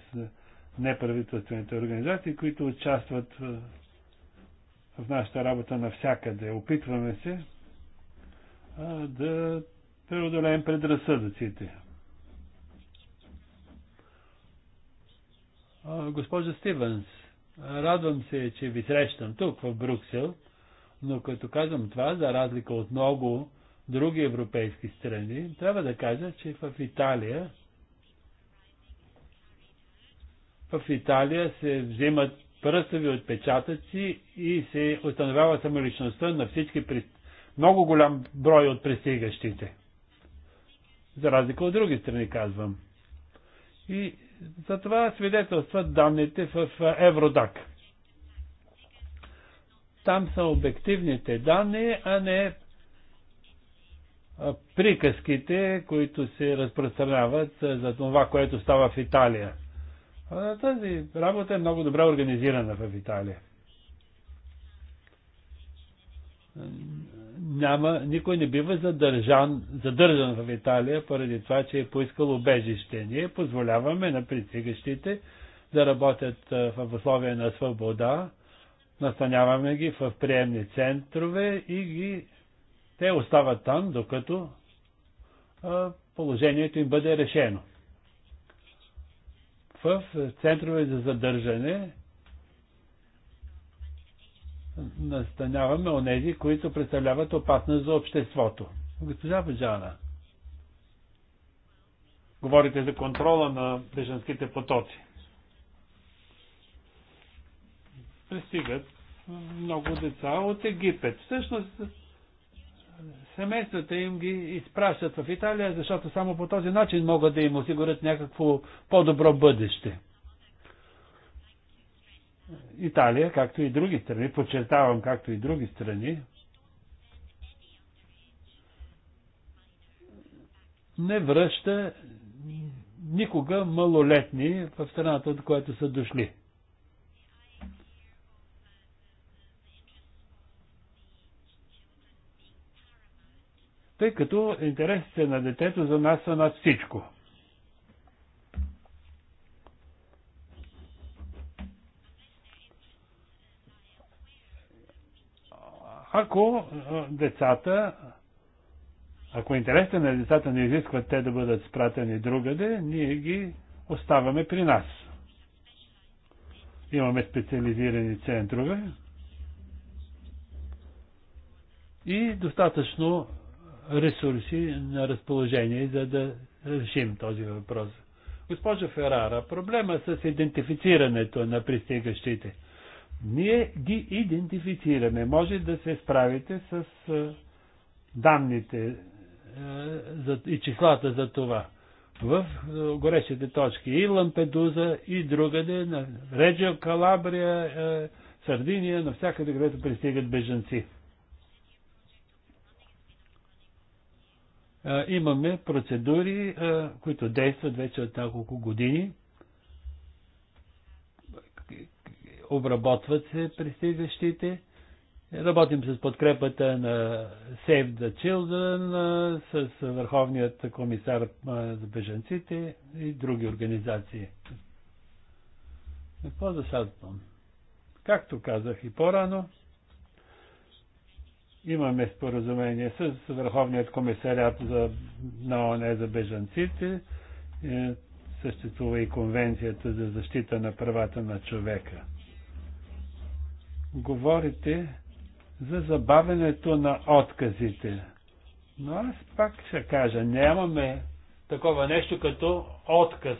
неправителствените организации, които участват в, нашата работа навсякъде. Опитваме се да преодолеем предразсъдъците. Госпожо Стивенс, радвам се, че ви срещам тук в Брюксел, но като казвам това, за разлика от много други европейски страни, трябва да кажа, че в Италия в Италия се взимат пръстови отпечатъци и се установява самоличността на всички при... много голям брой от пристигащите. За разлика от други страни, казвам. И за това свидетелстват данните в е, Евродак. Там са обективните данни, а не е, приказките, които се разпространяват е, за това, което става в Италия. Тази работа е много добре организирана в Италия няма, никой не бива задържан, задържан в Италия поради това, че е поискал убежище. Ние позволяваме на притигащите да работят в условия на свобода, настаняваме ги в приемни центрове и ги, те остават там, докато а, положението им бъде решено. В центрове за задържане настаняваме онези, които представляват опасност за обществото. Госпожа Баджана, говорите за контрола на бежанските потоци. Пристигат много деца от Египет. Всъщност, семействата им ги изпращат в Италия, защото само по този начин могат да им осигурят някакво по-добро бъдеще. Италия, както и други страни, подчертавам, както и други страни, не връща никога малолетни в страната, от която са дошли. Тъй като интересите на детето за нас са над всичко. ако децата, ако интересите на децата не изискват те да бъдат спратени другаде, ние ги оставаме при нас. Имаме специализирани центрове и достатъчно ресурси на разположение, за да решим този въпрос. Госпожо Ферара, проблема с идентифицирането на пристигащите – ние ги идентифицираме. Може да се справите с данните и числата за това. В горещите точки и Лампедуза, и другаде, на Реджио Калабрия, Сардиния, навсякъде, където пристигат бежанци. имаме процедури, които действат вече от няколко години. обработват се пристигащите. Работим с подкрепата на Save the Children, с Върховният комисар за беженците и други организации. Какво за Садтон? Както казах и по-рано, имаме споразумение с Върховният комисарят за, на за бежанците. Е, съществува и Конвенцията за защита на правата на човека говорите за забавенето на отказите. Но аз пак ще кажа, нямаме такова нещо като отказ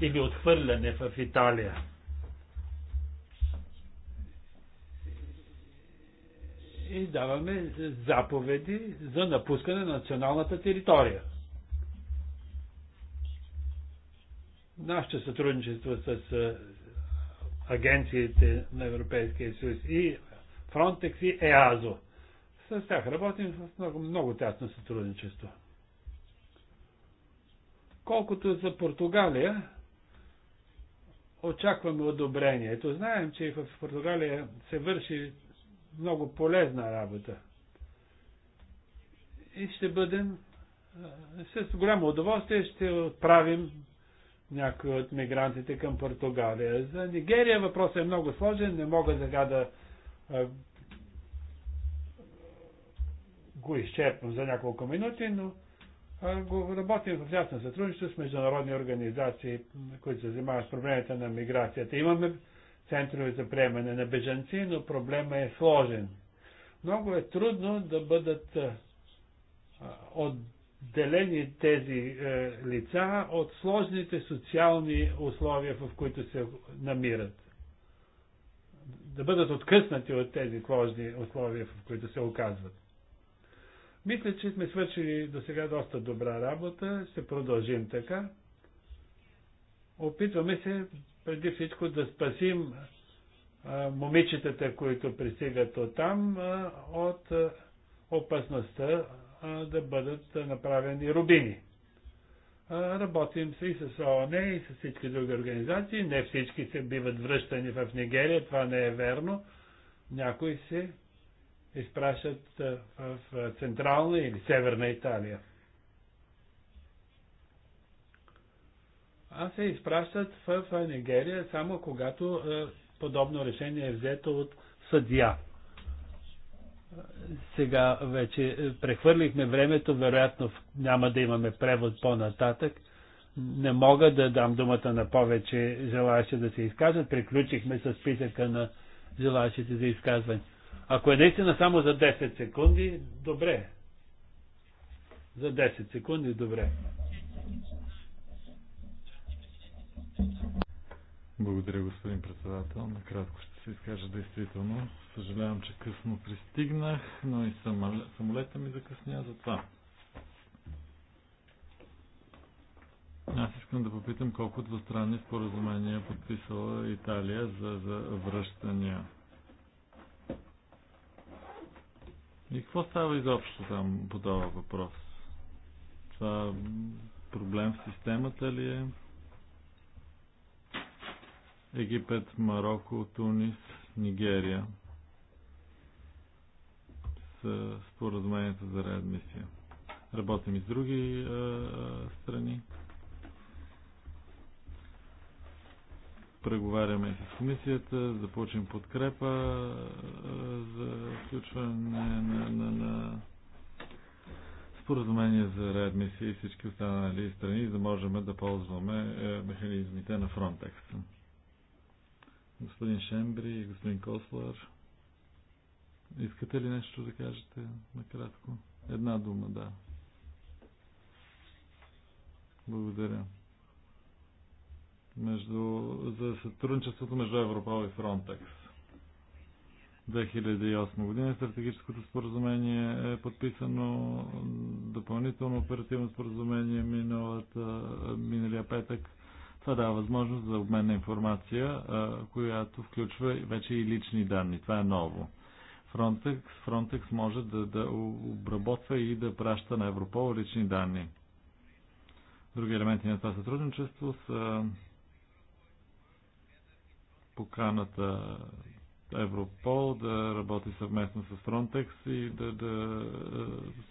или отхвърляне в Италия. И даваме заповеди за напускане на националната територия. Нашето сътрудничество с агенциите на Европейския съюз и Фронтекс и ЕАЗО. С тях работим в много, много тясно сътрудничество. Колкото за Португалия, очакваме одобрението. Знаем, че в Португалия се върши много полезна работа. И ще бъдем с голямо удоволствие ще отправим някои от мигрантите към Португалия. За Нигерия въпросът е много сложен, не мога сега да а, го изчерпам за няколко минути, но а, го работим в тясно сътрудничество с международни организации, които се занимават с проблемите на миграцията. Имаме центрове за приемане на бежанци, но проблема е сложен. Много е трудно да бъдат а, от отделени тези е, лица от сложните социални условия, в които се намират. Да бъдат откъснати от тези сложни условия, в които се оказват. Мисля, че сме свършили до сега доста добра работа, ще продължим така. Опитваме се преди всичко да спасим а, е, момичетата, които пристигат е, от там, а, от а, опасността да бъдат направени рубини. Работим и с ООН, и с всички други организации. Не всички се биват връщани в Нигерия, това не е верно. Някои се изпращат в Централна или Северна Италия. а се изпращат в Нигерия само когато подобно решение е взето от съдия. Сега вече е, прехвърлихме времето, вероятно няма да имаме превод по-нататък. Не мога да дам думата на повече желаящи да се изказват. Приключихме с списъка на желаящите за изказване. Ако е наистина само за 10 секунди, добре. За 10 секунди, добре. Благодаря, господин председател. Накратко ще се изкажа действително. Съжалявам, че късно пристигнах, но и самолета ми закъсня за това. Аз искам да попитам колко двустранни споразумения е подписала Италия за, за връщания. И какво става изобщо там по това въпрос? Това проблем в системата ли е? Египет, Марокко, Тунис, Нигерия с споразумението за реадмисия. Работим и с други а, е, е, страни. преговаряме с комисията, да получим подкрепа е, за включване на, на, на споразумение за реадмисия и всички останали страни, за да можем да ползваме механизмите на Frontex господин Шембри и господин Кослар. Искате ли нещо да кажете накратко? Една дума, да. Благодаря. Между, за сътрудничеството между Европа и Фронтекс. 2008 година стратегическото споразумение е подписано допълнително оперативно споразумение миналата, миналия петък това дава възможност за обмен на информация, която включва вече и лични данни. Това е ново. Frontex, Frontex може да, да обработва и да праща на Европол лични данни. Други елементи на това сътрудничество са поканата Европол да работи съвместно с Frontex и да, да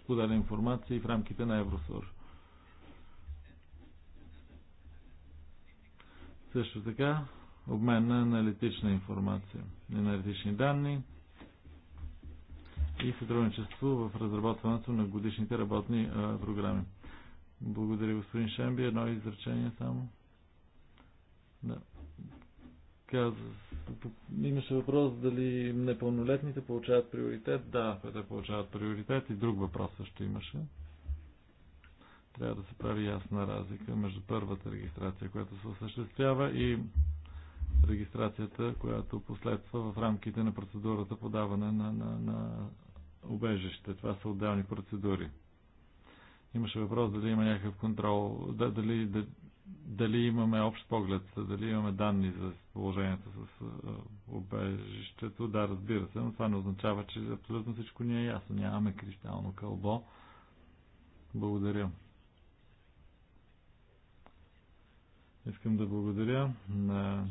споделя информация и в рамките на Евросур. Също така обмен на аналитична информация, аналитични данни и сътрудничество в разработването на годишните работни а, програми. Благодаря, господин Шемби. Едно изречение само. Да. Каза, имаше въпрос дали непълнолетните получават приоритет. Да, те получават приоритет и друг въпрос също имаше. Трябва да се прави ясна разлика между първата регистрация, която се осъществява и регистрацията, която последва в рамките на процедурата подаване на, на, на убежище. Това са отделни процедури. Имаше въпрос дали има някакъв контрол, дали, дали, дали имаме общ поглед, дали имаме данни за положението с обежището. Да, разбира се, но това не означава, че абсолютно всичко ни е ясно. Нямаме кристално кълбо. Благодаря. Искам да благодаря на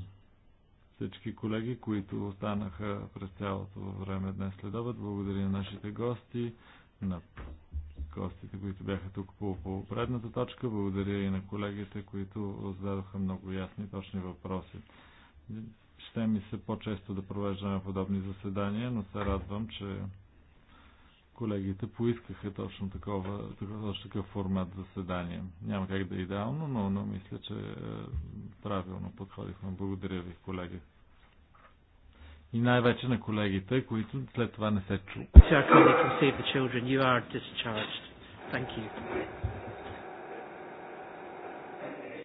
всички колеги, които останаха през цялото време днес след обед. Благодаря на нашите гости, на гостите, които бяха тук по, по предната точка. Благодаря и на колегите, които зададоха много ясни и точни въпроси. Ще ми се по-често да провеждаме подобни заседания, но се радвам, че колегите поискаха точно, такова, точно такъв формат заседание. Няма как да е идеално, но, но мисля, че е, правилно подходихме. Благодаря ви, колеги. И най-вече на колегите, които след това не се чу.